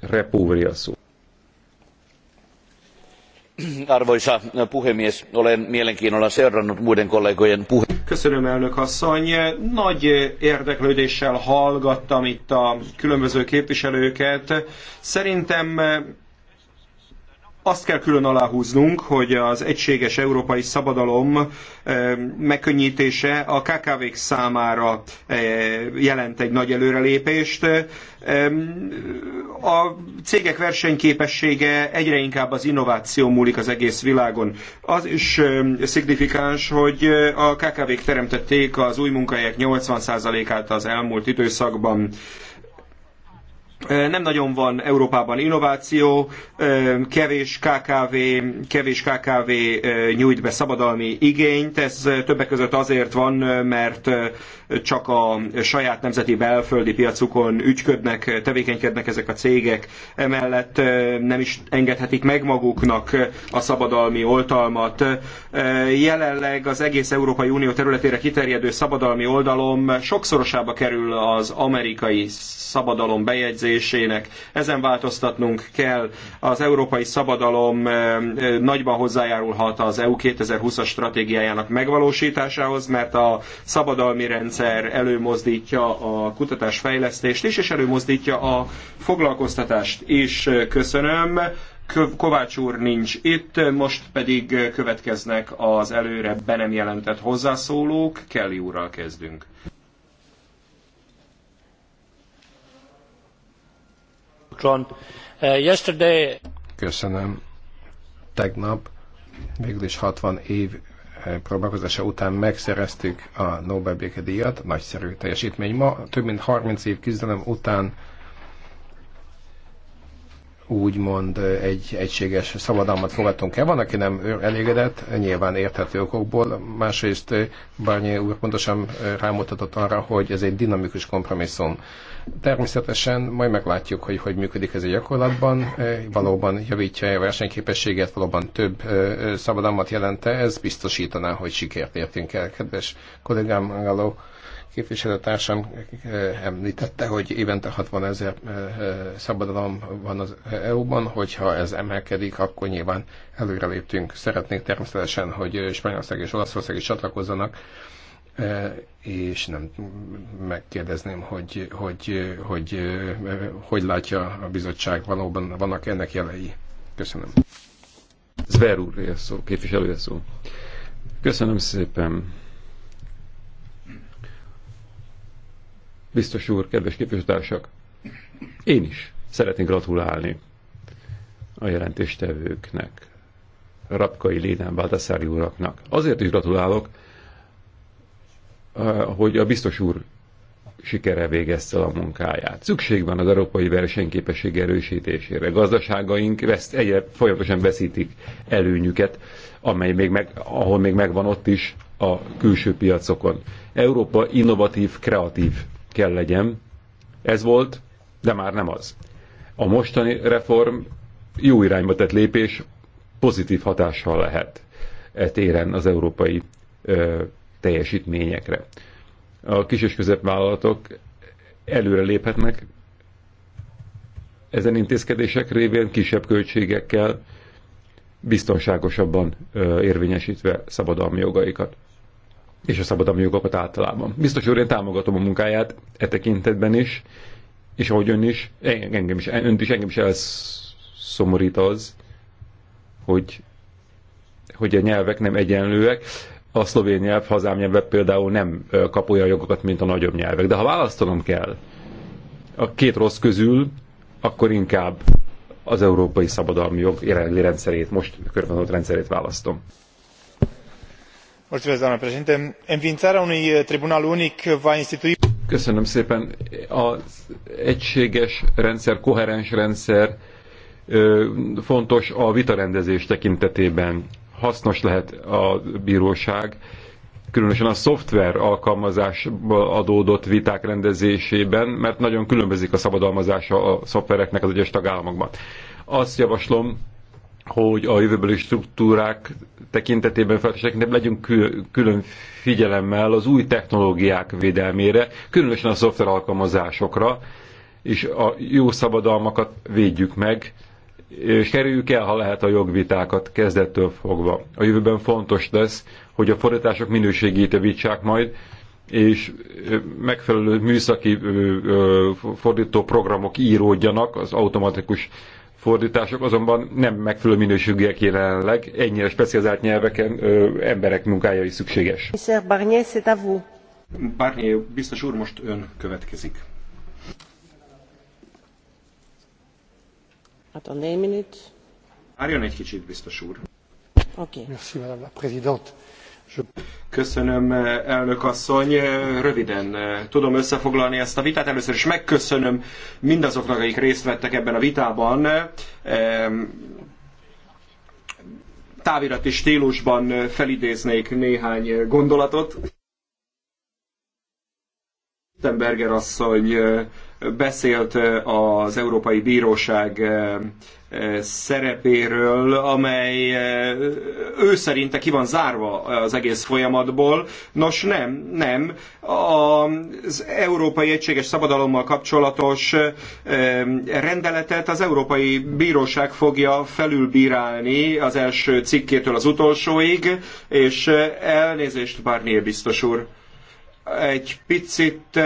repúvri a szó arvoisa puhemies olen mielenkiinnolla seurannut muiden kollegojen puheita. Köszönöm elnök asszony. Nagy érdeklődéssel hallgattam itt a különböző képviselőket. Szerintem azt kell külön aláhúznunk, hogy az egységes európai szabadalom eh, megkönnyítése a KKV-k számára eh, jelent egy nagy előrelépést. Eh, a cégek versenyképessége egyre inkább az innováció múlik az egész világon. Az is szignifikáns, hogy a KKV-k teremtették az új munkahelyek 80%-át az elmúlt időszakban nem nagyon van Európában innováció, kevés KKV, kevés KKV nyújt be szabadalmi igényt, ez többek között azért van, mert csak a saját nemzeti belföldi piacukon ügyködnek, tevékenykednek ezek a cégek, emellett nem is engedhetik meg maguknak a szabadalmi oltalmat. Jelenleg az egész Európai Unió területére kiterjedő szabadalmi oldalom sokszorosába kerül az amerikai szabadalom bejegyzés, működésének. Ezen változtatnunk kell. Az európai szabadalom nagyban hozzájárulhat az EU 2020-as stratégiájának megvalósításához, mert a szabadalmi rendszer előmozdítja a kutatásfejlesztést is, és előmozdítja a foglalkoztatást is. Köszönöm. Kovács úr nincs itt, most pedig következnek az előre be nem jelentett hozzászólók. Kelly úrral kezdünk. Eh, Köszönöm. Tegnap végül is 60 év eh, próbálkozása után megszereztük a Nobel békedíjat, nagyszerű teljesítmény. Ma több mint 30 év küzdelem után úgymond eh, egy egységes szabadalmat fogadtunk el. Van, aki nem elégedett, nyilván érthető okokból. Másrészt Barnier úr pontosan rámutatott arra, hogy ez egy dinamikus kompromisszum Természetesen majd meglátjuk, hogy hogy működik ez a gyakorlatban. Eh, valóban javítja a versenyképességet, valóban több eh, eh, szabadalmat jelente. Ez biztosítaná, hogy sikert értünk el. Kedves kollégám Angaló képviselőtársam említette, hogy évente 60 ezer szabadalom van az EU-ban, hogyha ez emelkedik, akkor nyilván előreléptünk. Szeretnék természetesen, hogy Spanyolország és Olaszország is csatlakozzanak E, és nem megkérdezném, hogy hogy, hogy, hogy, e, hogy látja a bizottság, valóban vannak ennek jelei. Köszönöm. Zver úr, szó, képviselő szó. Köszönöm szépen. Biztos úr, kedves képviselőtársak, én is szeretnék gratulálni a jelentéstevőknek, Rapkai Lénán Baldassari uraknak. Azért is gratulálok, Eh, hogy a biztos úr sikere végezte a munkáját. Szükség van az európai versenyképesség erősítésére. Gazdaságaink veszt, egyre folyamatosan veszítik előnyüket, amely még meg, ahol még megvan ott is a külső piacokon. Európa innovatív, kreatív kell legyen. Ez volt, de már nem az. A mostani reform jó irányba tett lépés pozitív hatással lehet e téren az európai ö, eh, teljesítményekre. A kis és középvállalatok előre léphetnek ezen intézkedések révén kisebb költségekkel, biztonságosabban érvényesítve szabadalmi jogaikat és a szabadalmi jogokat általában. Biztos úr, én támogatom a munkáját e tekintetben is, és ahogy ön is, engem is, önt is, engem is elszomorít az, hogy, hogy a nyelvek nem egyenlőek a szlovén nyelv, hazám nyelve például nem kap olyan jogokat, mint a nagyobb nyelvek. De ha választanom kell a két rossz közül, akkor inkább az európai szabadalmi jog jelenlegi rendszerét, most körvonalott rendszerét választom. Köszönöm szépen. Az egységes rendszer, koherens rendszer fontos a vitarendezés tekintetében hasznos lehet a bíróság, különösen a szoftver alkalmazásból adódott viták rendezésében, mert nagyon különbözik a szabadalmazása a szoftvereknek az egyes tagállamokban. Azt javaslom, hogy a jövőbeli struktúrák tekintetében, feltétlenül legyünk külön figyelemmel az új technológiák védelmére, különösen a szoftver alkalmazásokra, és a jó szabadalmakat védjük meg, kerüljük el, ha lehet a jogvitákat kezdettől fogva. A jövőben fontos lesz, hogy a fordítások minőségét javítsák majd, és megfelelő műszaki fordító programok íródjanak, az automatikus fordítások azonban nem megfelelő minőségűek jelenleg, ennyire specializált nyelveken ö, emberek munkája is szükséges. Barnier, biztos úr, most ön következik. Hát egy kicsit, Köszönöm, elnök asszony. Röviden eh, tudom összefoglalni ezt a vitát. Először is megköszönöm mindazoknak, akik részt vettek ebben a vitában. Távirati stílusban eh, felidéznék néhány gondolatot. Berger asszony eh, beszélt az Európai Bíróság szerepéről, amely ő szerinte ki van zárva az egész folyamatból. Nos, nem, nem. Az Európai Egységes Szabadalommal kapcsolatos rendeletet az Európai Bíróság fogja felülbírálni az első cikkétől az utolsóig, és elnézést Barnier biztos úr. Egy picit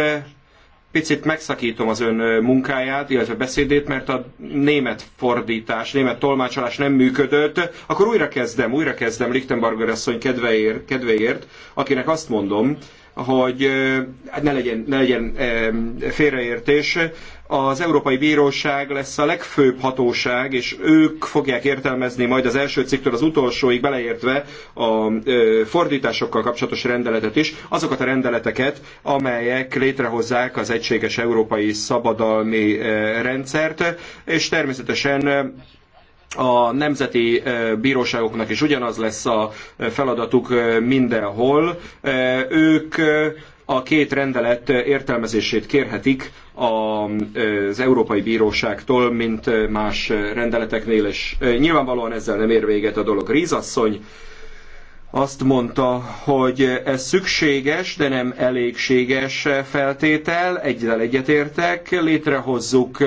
picit megszakítom az ön munkáját, illetve beszédét, mert a német fordítás, német tolmácsolás nem működött, akkor újra kezdem, újra kezdem Lichtenberger asszony kedvéért, kedvéért akinek azt mondom, hogy hát ne legyen, ne legyen félreértés, az Európai Bíróság lesz a legfőbb hatóság, és ők fogják értelmezni majd az első cikktől az utolsóig beleértve a fordításokkal kapcsolatos rendeletet is, azokat a rendeleteket, amelyek létrehozzák az egységes európai szabadalmi rendszert, és természetesen a nemzeti bíróságoknak is ugyanaz lesz a feladatuk mindenhol. Ők a két rendelet értelmezését kérhetik az Európai Bíróságtól, mint más rendeleteknél, és nyilvánvalóan ezzel nem ér véget a dolog. Rízasszony azt mondta, hogy ez szükséges, de nem elégséges feltétel, egyel egyetértek, létrehozzuk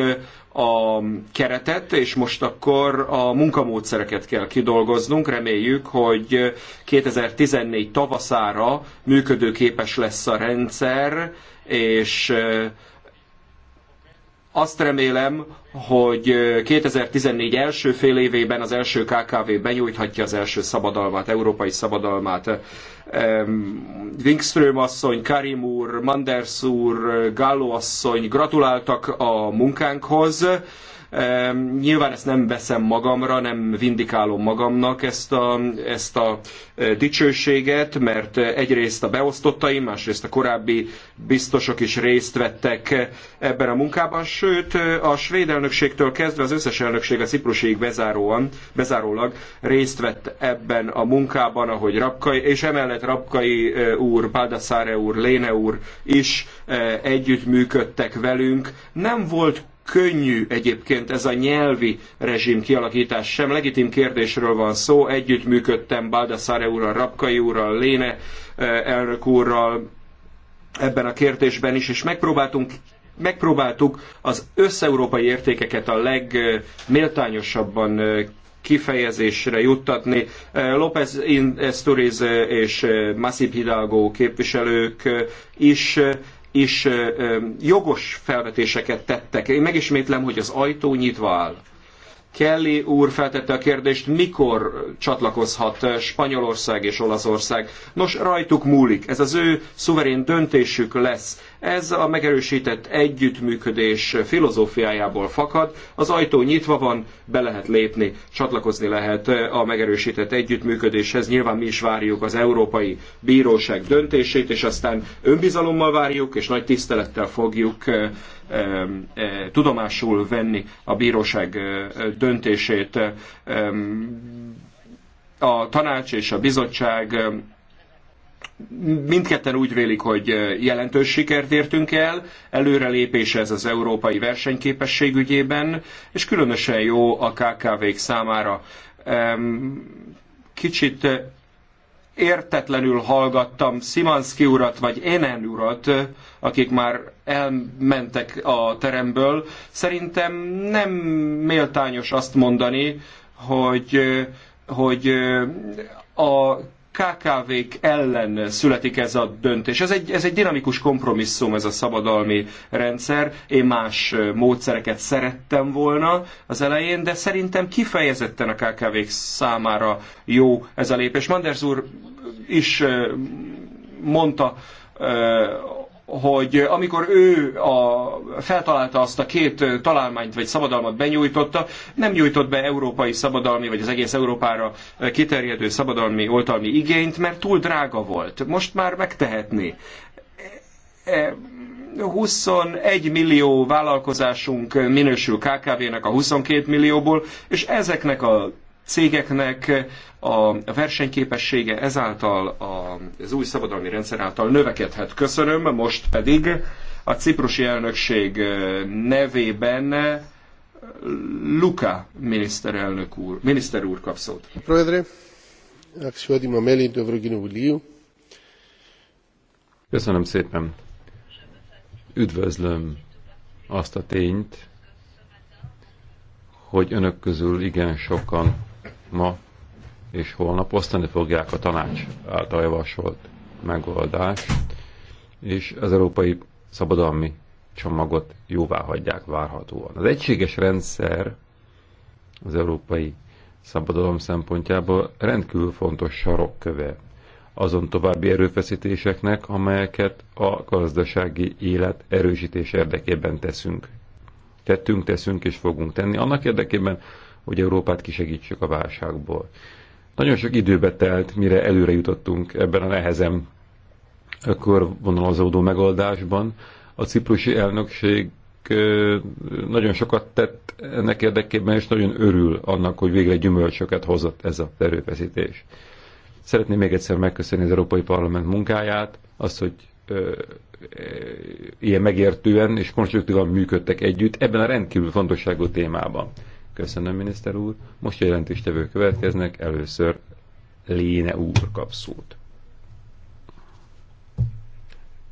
a keretet, és most akkor a munkamódszereket kell kidolgoznunk. Reméljük, hogy 2014 tavaszára működőképes lesz a rendszer, és eh, azt remélem, hogy 2014 eh, első fél évében az első KKV benyújthatja az első szabadalmát, európai szabadalmát. Wingström asszony, Karim úr, Manders úr, Gallo asszony gratuláltak a munkánkhoz. Nyilván ezt nem veszem magamra, nem vindikálom magamnak ezt a, ezt a e, dicsőséget, mert egyrészt a beosztottaim, másrészt a korábbi biztosok is részt vettek ebben a munkában, sőt a svéd elnökségtől kezdve az összes elnökség a Ciprusig bezáróan, bezárólag részt vett ebben a munkában, ahogy Rapkai, és emellett Rapkai e, úr, Baldassare úr, Léne úr is e, együttműködtek velünk. Nem volt könnyű egyébként ez a nyelvi rezsim kialakítás sem. Legitim kérdésről van szó, együttműködtem Baldassare úrral, Rapkai úrral, Léne eh, elnök úrral ebben a kérdésben is, és megpróbáltunk megpróbáltuk az összeurópai értékeket a legméltányosabban eh, kifejezésre juttatni. Eh, López Esturiz és Masip Hidalgo képviselők is és jogos felvetéseket tettek. Én megismétlem, hogy az ajtó nyitva áll. Kelly úr feltette a kérdést, mikor csatlakozhat Spanyolország és Olaszország. Nos, rajtuk múlik. Ez az ő szuverén döntésük lesz. Ez a megerősített együttműködés filozófiájából fakad. Az ajtó nyitva van, be lehet lépni, csatlakozni lehet a megerősített együttműködéshez. Nyilván mi is várjuk az Európai Bíróság döntését, és aztán önbizalommal várjuk, és nagy tisztelettel fogjuk E, tudomásul venni a bíróság e, döntését. A tanács és a bizottság mindketten úgy vélik, hogy e, jelentős sikert értünk el, előrelépés ez az európai versenyképesség ügyében, és különösen jó a KKV-k számára. Kicsit értetlenül hallgattam Szimanszki urat, vagy Énen urat, akik már elmentek a teremből. Szerintem nem méltányos azt mondani, hogy, hogy a KKV-k ellen születik ez a döntés. Ez egy, ez egy dinamikus kompromisszum, ez a szabadalmi rendszer. Én más módszereket szerettem volna az elején, de szerintem kifejezetten a KKV-k számára jó ez a lépés. Manders úr is mondta hogy amikor ő a, feltalálta azt a két találmányt vagy szabadalmat benyújtotta, nem nyújtott be európai szabadalmi, vagy az egész Európára kiterjedő szabadalmi oltalmi igényt, mert túl drága volt. Most már megtehetné. 21 e, e, millió vállalkozásunk minősül KKV-nek a 22 millióból, és ezeknek a cégeknek a versenyképessége ezáltal az új szabadalmi rendszer által növekedhet. Köszönöm, most pedig a ciprusi elnökség nevében Luka miniszterelnök úr, miniszter úr kap szót. Köszönöm szépen. Üdvözlöm azt a tényt, hogy önök közül igen sokan ma és holnap osztani fogják a tanács által javasolt megoldást, és az európai szabadalmi csomagot jóvá hagyják várhatóan. Az egységes rendszer az európai szabadalom szempontjából rendkívül fontos sarokköve azon további erőfeszítéseknek, amelyeket a gazdasági élet erősítés érdekében teszünk. Tettünk, teszünk és fogunk tenni. Annak érdekében, hogy Európát kisegítsük a válságból. Nagyon sok időbe telt, mire előre jutottunk ebben a nehezen körvonalazódó megoldásban. A ciprusi elnökség nagyon sokat tett ennek érdekében, és nagyon örül annak, hogy végre gyümölcsöket hozott ez a erőfeszítés. Szeretném még egyszer megköszönni az Európai Parlament munkáját, azt, hogy ilyen megértően és konstruktívan működtek együtt ebben a rendkívül fontosságú témában. Köszönöm, miniszter úr. Most jelentéstevő következnek. Először Léne úr kap szót.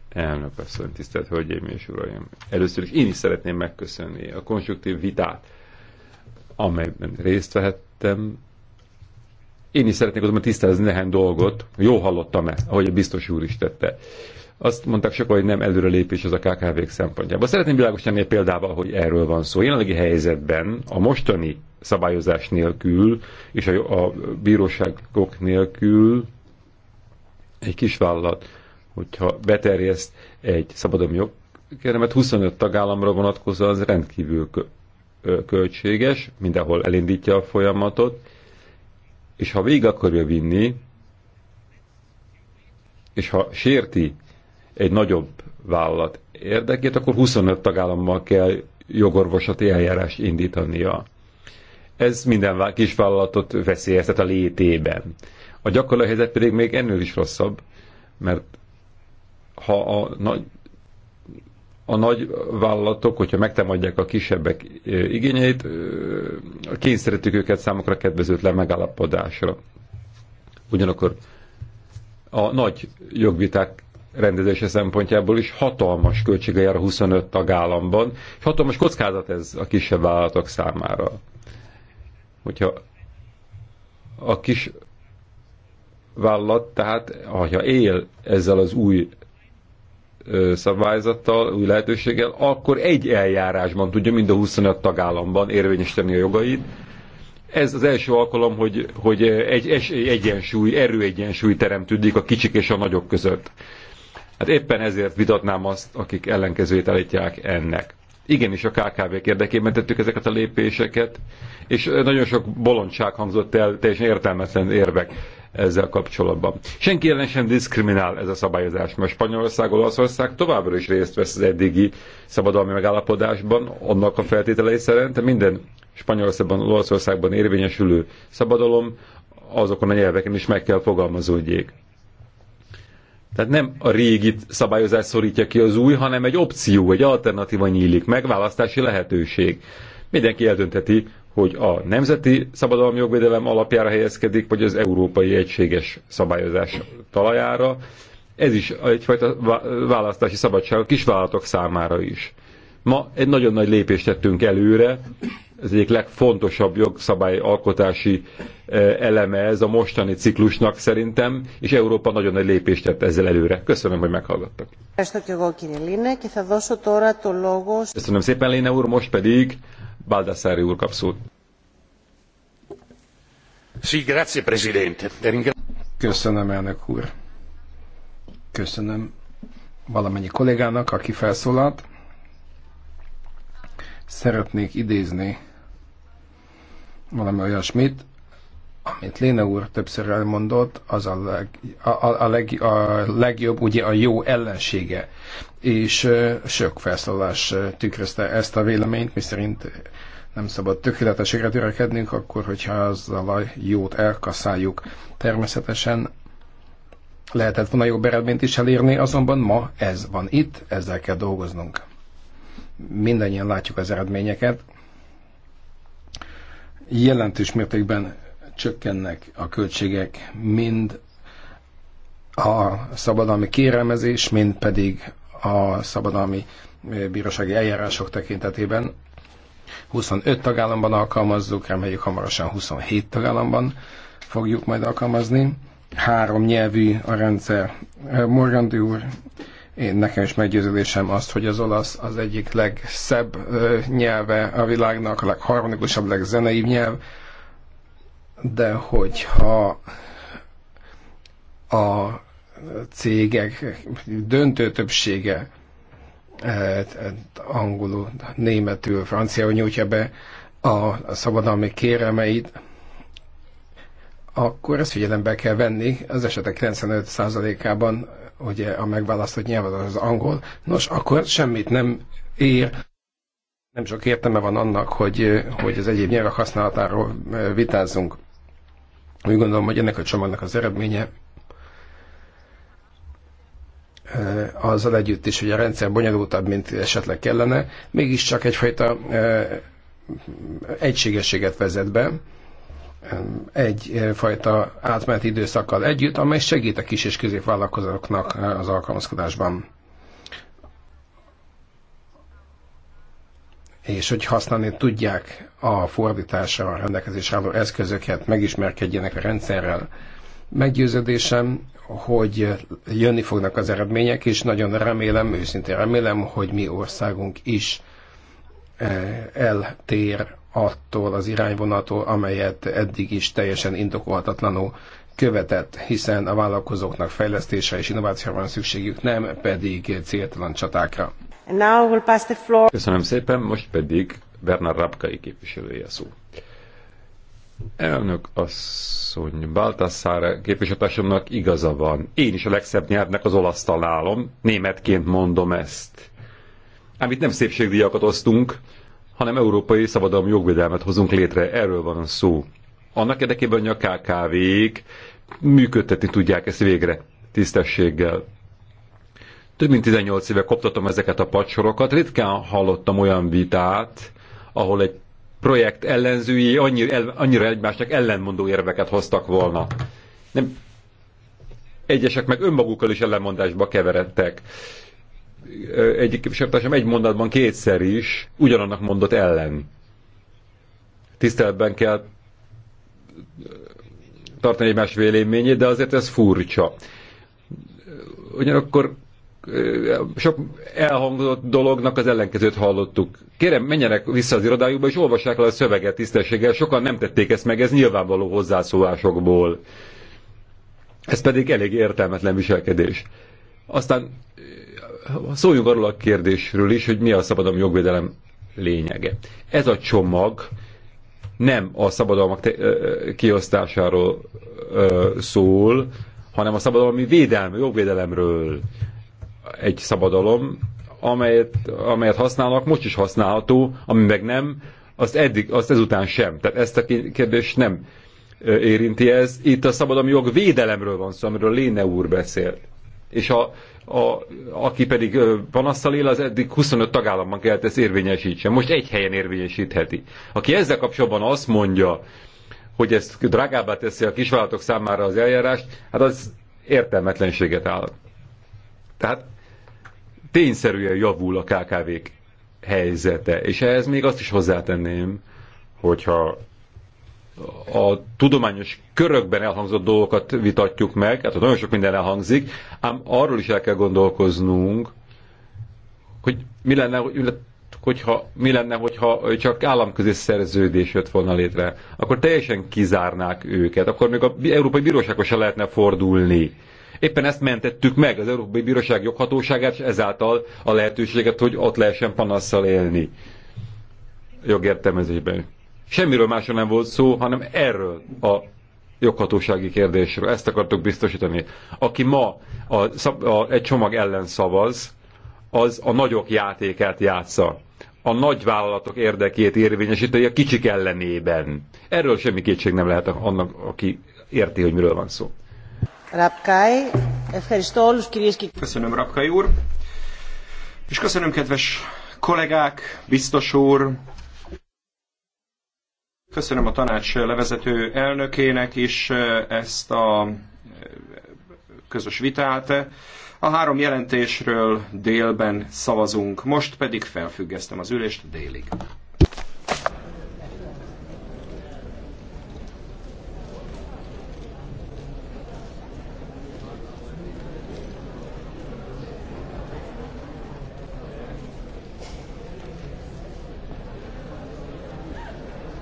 Elnök asszony, tisztelt Hölgyeim és Uraim! Először is én is szeretném megköszönni a konstruktív vitát, amelyben részt vehettem. Én is szeretnék azonban tisztázni néhány dolgot. Jó hallottam-e, ahogy a biztos úr is tette azt mondták sokan, hogy nem előrelépés az a KKV-k szempontjából. Szeretném világosan egy példával, hogy erről van szó. Jelenlegi helyzetben a mostani szabályozás nélkül és a, a bíróságok nélkül egy kis vállalat, hogyha beterjeszt egy szabadon jogkeremet, 25 tagállamra vonatkozóan az rendkívül költséges, mindenhol elindítja a folyamatot, és ha végig akarja vinni, és ha sérti egy nagyobb vállalat érdekét, akkor 25 tagállammal kell jogorvosati eljárást indítania. Ez minden kisvállalatot veszélyeztet a létében. A gyakorló helyzet pedig még ennél is rosszabb, mert ha a nagy, a nagy vállalatok, hogyha megtámadják a kisebbek igényeit, kényszerítik őket számukra kedvezőtlen megállapodásra. Ugyanakkor a nagy jogviták rendezése szempontjából is hatalmas költsége jár a 25 tagállamban, és hatalmas kockázat ez a kisebb vállalatok számára. Hogyha a kis vállalat, tehát ha él ezzel az új szabályzattal, új lehetőséggel, akkor egy eljárásban tudja mind a 25 tagállamban érvényesíteni a jogait. Ez az első alkalom, hogy, hogy egy egyensúly, erőegyensúly teremtődik a kicsik és a nagyok között. Hát éppen ezért vitatnám azt, akik ellenkezőjét állítják ennek. Igenis a KKV-k érdekében tettük ezeket a lépéseket, és nagyon sok bolondság hangzott el, teljesen értelmetlen érvek ezzel kapcsolatban. Senki ellen sem diszkriminál ez a szabályozás, mert Spanyolország, Olaszország továbbra is részt vesz az eddigi szabadalmi megállapodásban, annak a feltételei szerint minden Spanyolországban, Olaszországban érvényesülő szabadalom azokon a nyelveken is meg kell fogalmazódjék. Tehát nem a régi szabályozás szorítja ki az új, hanem egy opció, egy alternatíva nyílik meg, választási lehetőség. Mindenki eldöntheti, hogy a nemzeti szabadalmi jogvédelem alapjára helyezkedik, vagy az európai egységes szabályozás talajára. Ez is egyfajta választási szabadság a kisvállalatok számára is. Ma egy nagyon nagy lépést tettünk előre, ez egyik legfontosabb jogszabályalkotási eh, eleme ez a mostani ciklusnak szerintem, és Európa nagyon nagy lépést tett ezzel előre. Köszönöm, hogy meghallgattak. Köszönöm szépen, Léne úr, most pedig Baldassari úr kap szót. Köszönöm, elnök úr. Köszönöm valamennyi kollégának, aki felszólalt szeretnék idézni valami olyasmit, amit Léne úr többször elmondott, az a, leg, a, a, a, leg, a legjobb, ugye a jó ellensége. És uh, sok felszólalás tükrözte ezt a véleményt, miszerint nem szabad tökéletességre törekednünk, akkor, hogyha azzal a jót elkaszáljuk. Természetesen lehetett volna jobb eredményt is elérni, azonban ma ez van itt, ezzel kell dolgoznunk mindannyian látjuk az eredményeket, jelentős mértékben csökkennek a költségek mind a szabadalmi kérelmezés, mind pedig a szabadalmi bírósági eljárások tekintetében. 25 tagállamban alkalmazzuk, reméljük hamarosan 27 tagállamban fogjuk majd alkalmazni. Három nyelvű a rendszer. Morgan úr én nekem is meggyőződésem azt, hogy az olasz az egyik legszebb nyelve a világnak, a legharmonikusabb, legzeneibb nyelv, de hogyha a cégek döntő többsége e, e, angolul, németül, franciául nyújtja be a szabadalmi kéremeit, akkor ezt figyelembe kell venni. Az esetek 95%-ában ugye a megválasztott nyelv az angol, nos, akkor semmit nem ér, nem sok értelme van annak, hogy, hogy az egyéb nyelvek használatáról e, vitázzunk. Úgy gondolom, hogy ennek a csomagnak az eredménye e, azzal együtt is, hogy a rendszer bonyolultabb, mint esetleg kellene, mégiscsak egyfajta e, egységességet vezet be, egy fajta átmeneti időszakkal együtt, amely segít a kis és középvállalkozóknak eh, az alkalmazkodásban. és hogy használni tudják a fordításra a rendelkezés álló eszközöket, megismerkedjenek a rendszerrel. Meggyőződésem, hogy jönni fognak az eredmények, és nagyon remélem, őszintén remélem, hogy mi országunk is eh, eltér attól az irányvonatól, amelyet eddig is teljesen indokolhatatlanul követett, hiszen a vállalkozóknak fejlesztésre és innovációra van szükségük, nem pedig céltalan csatákra. Köszönöm szépen, most pedig Bernard Rapkai képviselője szó. Elnök asszony, Baltasar képviselőtársamnak igaza van. Én is a legszebb nyelvnek az olasz találom, németként mondom ezt. Ám itt nem szépségdíjakat osztunk, hanem európai szabadalmi jogvédelmet hozunk létre. Erről van szó. Annak érdekében, hogy a KKV-k működtetni tudják ezt végre tisztességgel. Több mint 18 éve koptatom ezeket a pacsorokat, ritkán hallottam olyan vitát, ahol egy projekt ellenzői annyira, el, annyira egymásnak ellenmondó érveket hoztak volna. Nem, egyesek meg önmagukkal is ellenmondásba keveredtek egyik képviselőtársam egy mondatban kétszer is ugyanannak mondott ellen. Tiszteletben kell tartani egymás véleményét, de azért ez furcsa. Ugyanakkor sok elhangzott dolognak az ellenkezőt hallottuk. Kérem, menjenek vissza az irodájukba, és olvassák le a szöveget tisztességgel. Sokan nem tették ezt meg, ez nyilvánvaló hozzászólásokból. Ez pedig elég értelmetlen viselkedés. Aztán szóljunk arról a kérdésről is, hogy mi a szabadalmi jogvédelem lényege. Ez a csomag nem a szabadalmak te, kiosztásáról ö, szól, hanem a szabadalmi védelme, jogvédelemről egy szabadalom, amelyet, amelyet használnak, most is használható, ami meg nem, azt, eddig, azt ezután sem. Tehát ezt a kérdést nem érinti ez. Itt a szabadalmi jog védelemről van szó, amiről Léne úr beszélt. És a, a, aki pedig panasztal él, az eddig 25 tagállamban kellett ezt érvényesítse. Most egy helyen érvényesítheti. Aki ezzel kapcsolatban azt mondja, hogy ezt drágábbá teszi a kisvállalatok számára az eljárást, hát az értelmetlenséget áll. Tehát tényszerűen javul a KKV-k helyzete, és ehhez még azt is hozzátenném, hogyha a tudományos körökben elhangzott dolgokat vitatjuk meg, hát nagyon sok minden elhangzik, ám arról is el kell gondolkoznunk, hogy mi lenne, hogyha, mi lenne, hogyha csak államközi szerződés jött volna létre, akkor teljesen kizárnák őket, akkor még a Európai bíróságos se lehetne fordulni. Éppen ezt mentettük meg, az Európai Bíróság joghatóságát, és ezáltal a lehetőséget, hogy ott lehessen panasszal élni jogértelmezésben. Semmiről másról nem volt szó, hanem erről a joghatósági kérdésről. Ezt akartok biztosítani. Aki ma a, a, a, egy csomag ellen szavaz, az a nagyok játékát játsza. A nagy vállalatok érdekét érvényesíti a kicsik ellenében. Erről semmi kétség nem lehet annak, aki érti, hogy miről van szó. Rapkai, köszönöm Rapkai úr, és köszönöm kedves kollégák, biztos úr, Köszönöm a tanács levezető elnökének is eh, ezt a eh, közös vitát. A három jelentésről délben szavazunk, most pedig felfüggesztem az ülést délig.